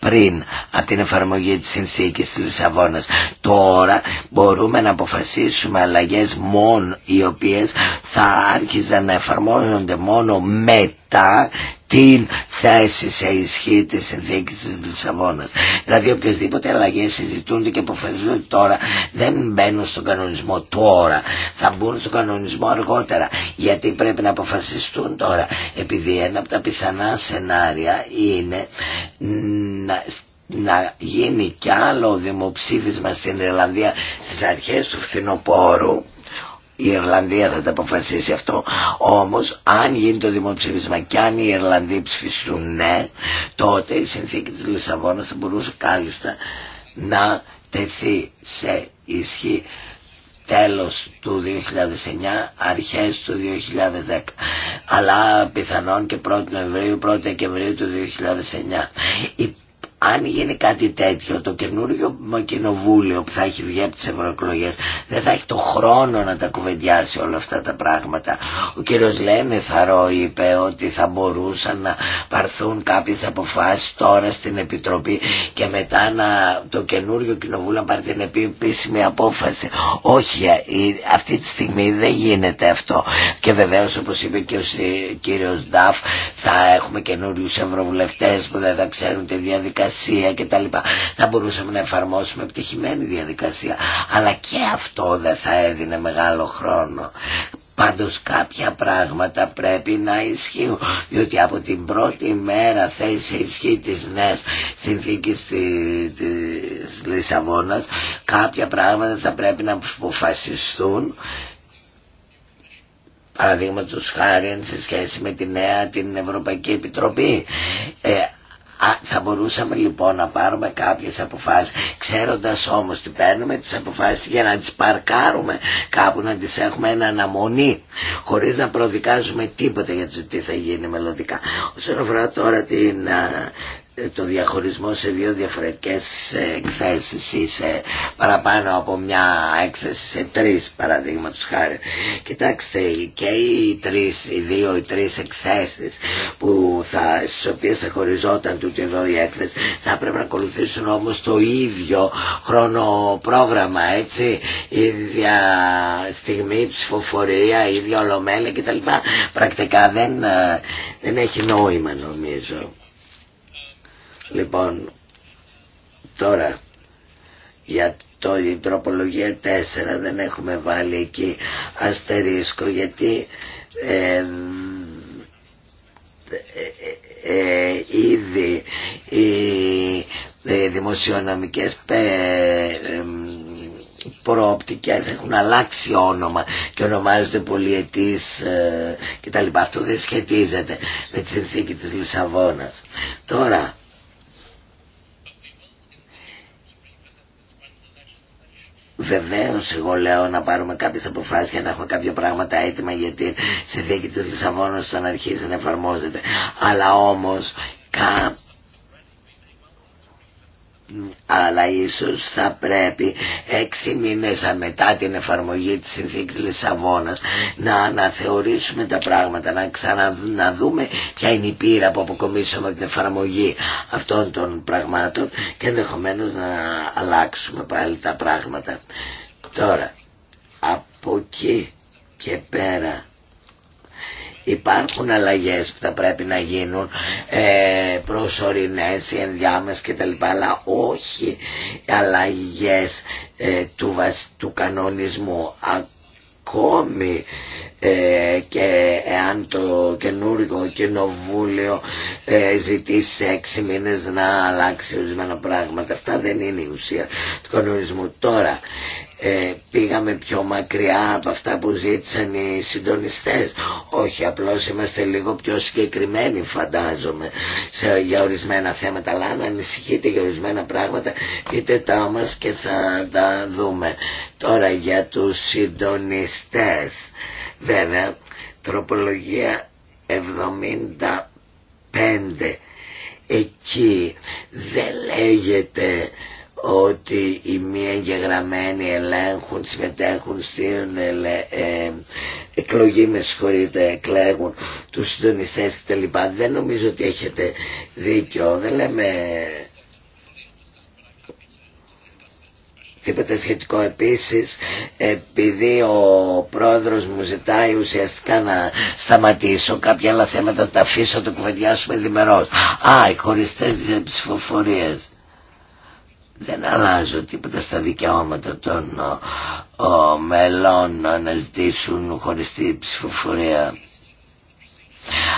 πριν από την εφαρμογή της συνθήκης της Λισαβόνας. Τώρα μπορούμε να αποφασίσουμε αλλαγές μόνο οι οποίες θα άρχιζαν να εφαρμόζονται μόνο μετά την θέση σε ισχύ τη συνθήκη τη Λισαβόνα. Δηλαδή, οποιασδήποτε αλλαγέ συζητούνται και αποφασίζονται τώρα δεν μπαίνουν στον κανονισμό τώρα. Θα μπουν στον κανονισμό αργότερα. Γιατί πρέπει να αποφασιστούν τώρα. Επειδή ένα από τα πιθανά σενάρια είναι να, γίνει κι άλλο δημοψήφισμα στην Ιρλανδία στις αρχές του φθινοπόρου η Ιρλανδία θα τα αποφασίσει αυτό. Όμως αν γίνει το δημοψήφισμα και αν οι Ιρλανδοί ψηφίσουν ναι, τότε η συνθήκη της Λισαβόνας θα μπορούσε κάλλιστα να τεθεί σε ισχύ τέλος του 2009, αρχές του 2010, αλλά πιθανόν και 1η Νοεμβρίου, 1η Δεκεμβρίου του 2009 αν γίνει κάτι τέτοιο, το καινούριο κοινοβούλιο που θα έχει βγει από τι ευρωεκλογέ δεν θα έχει το χρόνο να τα κουβεντιάσει όλα αυτά τα πράγματα. Ο κύριο Λένε Θαρό είπε ότι θα μπορούσαν να παρθούν κάποιε αποφάσει τώρα στην Επιτροπή και μετά το καινούριο κοινοβούλιο να πάρει την επίσημη απόφαση. Όχι, ε, αυτή τη στιγμή δεν γίνεται αυτό. Και βεβαίω, όπω είπε και ο κύριο Νταφ θα έχουμε καινούριου ευρωβουλευτέ που δεν θα ξέρουν τη διαδικασία διαδικασία κτλ. Θα μπορούσαμε να εφαρμόσουμε επιτυχημένη διαδικασία. Αλλά και αυτό δεν θα έδινε μεγάλο χρόνο. Πάντως κάποια πράγματα πρέπει να ισχύουν, διότι από την πρώτη μέρα θέση ισχύ της νέας συνθήκης τη Λισαβόνας κάποια πράγματα θα πρέπει να αποφασιστούν παραδείγματο χάρη σε σχέση με τη νέα την Ευρωπαϊκή Επιτροπή. Ε, Α, θα μπορούσαμε λοιπόν να πάρουμε κάποιες αποφάσεις ξέροντας όμως τι παίρνουμε τις αποφάσεις για να τις παρκάρουμε κάπου να τις έχουμε εν αναμονή χωρίς να προδικάζουμε τίποτα για το τι θα γίνει μελλοντικά. Όσον αφορά τώρα την το διαχωρισμό σε δύο διαφορετικές ε, εκθέσεις ή σε παραπάνω από μια έκθεση σε τρεις παραδείγματος χάρη. Κοιτάξτε και οι τρεις, οι δύο οι τρεις εκθέσεις που θα, στις οποίες θα χωριζόταν του εδώ η έκθεση θα πρέπει να ακολουθήσουν όμως το ίδιο χρονοπρόγραμμα έτσι ίδια στιγμή ψηφοφορία, ίδια ολομέλεια κτλ. Πρακτικά δεν, ε, δεν έχει νόημα νομίζω. Λοιπόν, τώρα για το, τροπολογία 4 δεν έχουμε βάλει εκεί αστερίσκο γιατί ε, ε, ε, ήδη οι, ε, δημοσιονομικές προοπτικές έχουν αλλάξει όνομα και ονομάζονται πολιετής κτλ. Αυτό δεν σχετίζεται με τη συνθήκη της Λισαβόνας. Τώρα Βεβαίως εγώ λέω να πάρουμε κάποιες αποφάσεις και να έχουμε κάποια πράγματα έτοιμα γιατί σε δίκη της Λισαβόνας όταν αρχίζει να εφαρμόζεται. Αλλά όμως κα, αλλά ίσως θα πρέπει έξι μήνες μετά την εφαρμογή της συνθήκης Λισαβόνας να αναθεωρήσουμε τα πράγματα, να ξαναδούμε ποια είναι η πείρα που αποκομίσαμε την εφαρμογή αυτών των πραγμάτων και ενδεχομένω να αλλάξουμε πάλι τα πράγματα. Τώρα, από εκεί και πέρα Υπάρχουν αλλαγές που θα πρέπει να γίνουν ε, προσωρινές ή ενδιάμεσες κτλ. Αλλά όχι αλλαγές ε, του, βασ, του κανονισμού ακόμη ε, και εάν το καινούργιο κοινοβούλιο ε, ζητήσει σε έξι μήνες να αλλάξει ορισμένα πράγματα αυτά δεν είναι η ουσία του κανονισμού τώρα ε, πήγαμε πιο μακριά από αυτά που ζήτησαν οι συντονιστές όχι απλώς είμαστε λίγο πιο συγκεκριμένοι φαντάζομαι σε, για ορισμένα θέματα αλλά αν ανησυχείτε για ορισμένα πράγματα είτε τα μας και θα τα δούμε τώρα για τους συντονιστές βέβαια τροπολογία 75 εκεί δεν λέγεται ότι οι μη εγγεγραμμένοι ελέγχουν, συμμετέχουν στην ε, εκλογή, με συγχωρείτε, εκλέγουν τους συντονιστές κτλ. Δεν νομίζω ότι έχετε δίκιο, δεν λέμε σχετικό επίσης επειδή ο πρόεδρος μου ζητάει ουσιαστικά να σταματήσω κάποια άλλα θέματα τα αφήσω το κουβεντιάσουμε διμερώς. Α, οι χωριστές ψηφοφορίες δεν αλλάζω τίποτα στα δικαιώματα των ο, ο, μελών να ζητήσουν χωριστή ψηφοφορία.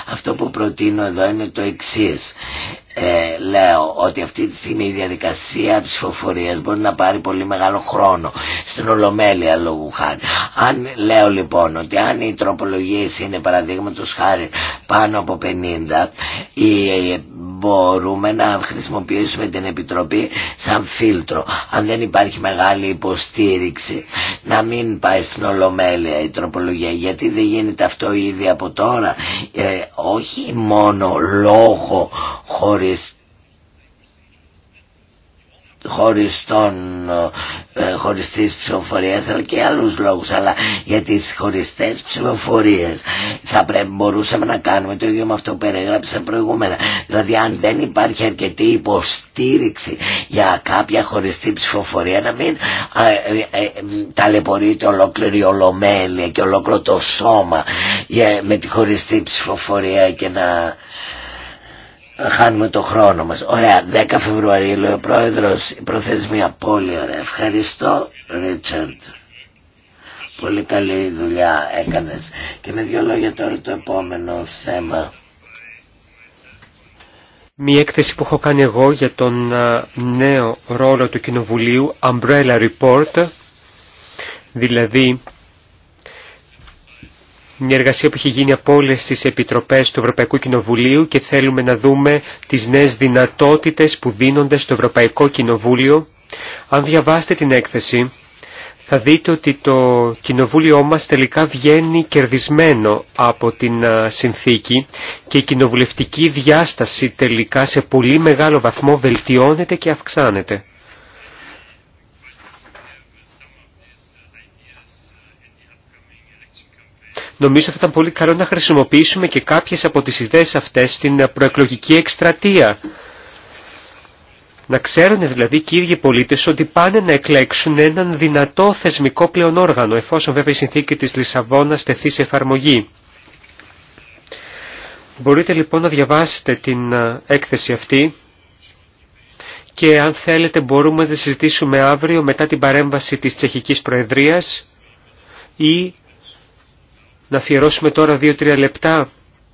Αυτό που προτείνω εδώ είναι το εξής. Ε, λέω ότι αυτή τη στιγμή η διαδικασία ψηφοφορίας μπορεί να πάρει πολύ μεγάλο χρόνο στην Ολομέλεια λόγου χάρη. Αν λέω λοιπόν ότι αν οι τροπολογίες είναι παραδείγματο χάρη πάνω από 50 ή, ε, μπορούμε να χρησιμοποιήσουμε την Επιτροπή σαν φίλτρο. Αν δεν υπάρχει μεγάλη υποστήριξη να μην πάει στην Ολομέλεια η τροπολογία. Γιατί δεν γίνεται αυτό ήδη από τώρα. Ε, όχι μόνο λόγο χωρίς χωριστών ε, χωριστής ψηφοφορίας αλλά και άλλους λόγους αλλά για τις χωριστές ψηφοφορίες θα πρέπει μπορούσαμε να κάνουμε το ίδιο με αυτό που περιγράψα προηγούμενα δηλαδή αν δεν υπάρχει αρκετή υποστήριξη για κάποια χωριστή ψηφοφορία να μην ε, ε, ε ταλαιπωρείται ολόκληρη ολομέλεια και ολόκληρο το σώμα ε, με τη χωριστή ψηφοφορία και να χάνουμε το χρόνο μας. Ωραία, 10 Φεβρουαρίου λέει ο πρόεδρος, η προθεσμία πολύ ωραία. Ευχαριστώ Ρίτσαρντ. Πολύ καλή δουλειά έκανες. Και με δύο λόγια τώρα το επόμενο θέμα. Μία έκθεση που έχω κάνει εγώ για τον νέο ρόλο του Κοινοβουλίου, Umbrella Report, δηλαδή μια εργασία που έχει γίνει από όλε τι επιτροπέ του Ευρωπαϊκού Κοινοβουλίου και θέλουμε να δούμε τι νέε δυνατότητε που δίνονται στο Ευρωπαϊκό Κοινοβούλιο. Αν διαβάσετε την έκθεση, θα δείτε ότι το κοινοβούλιο μας τελικά βγαίνει κερδισμένο από την συνθήκη και η κοινοβουλευτική διάσταση τελικά σε πολύ μεγάλο βαθμό βελτιώνεται και αυξάνεται. νομίζω θα ήταν πολύ καλό να χρησιμοποιήσουμε και κάποιες από τις ιδέες αυτές στην προεκλογική εκστρατεία. Να ξέρουν δηλαδή και οι ίδιοι πολίτες ότι πάνε να εκλέξουν έναν δυνατό θεσμικό πλεονόργανο, εφόσον βέβαια η συνθήκη της Λισαβόνας τεθεί σε εφαρμογή. Μπορείτε λοιπόν να διαβάσετε την έκθεση αυτή και αν θέλετε μπορούμε να συζητήσουμε αύριο μετά την παρέμβαση της Τσεχικής Προεδρίας ή να αφιερώσουμε τώρα δύο-τρία λεπτά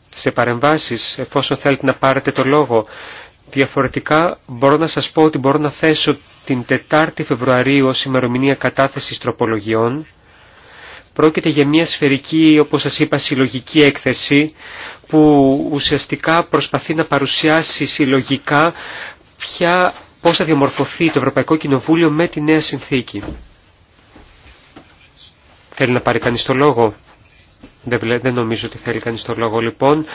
σε παρεμβάσεις, εφόσον θέλετε να πάρετε το λόγο. Διαφορετικά μπορώ να σας πω ότι μπορώ να θέσω την 4η Φεβρουαρίου ως ημερομηνία κατάθεσης τροπολογιών. Πρόκειται για μια σφαιρική, όπως σας είπα, συλλογική έκθεση που ουσιαστικά προσπαθεί να παρουσιάσει συλλογικά ποια, πώς θα διαμορφωθεί το Ευρωπαϊκό Κοινοβούλιο με τη νέα συνθήκη. Θέλει να πάρει κανείς το λόγο. Δεν, δεν νομίζω ότι θέλει κανείς το λόγο λοιπόν.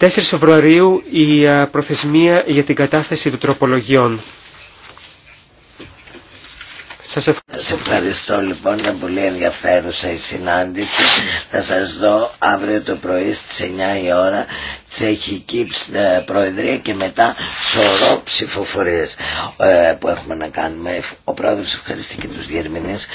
4 Φεβρουαρίου η προθεσμία για την κατάθεση των τροπολογιών. Σας ευχαριστώ. ευχαριστώ λοιπόν, ήταν πολύ ενδιαφέρουσα η συνάντηση. Θα σας δω αύριο το πρωί στις 9 η ώρα τσεχική ε, προεδρία και μετά σωρό ψηφοφορίες ε, που έχουμε να κάνουμε. Ο πρόεδρος ευχαριστεί και τους διερμηνείς.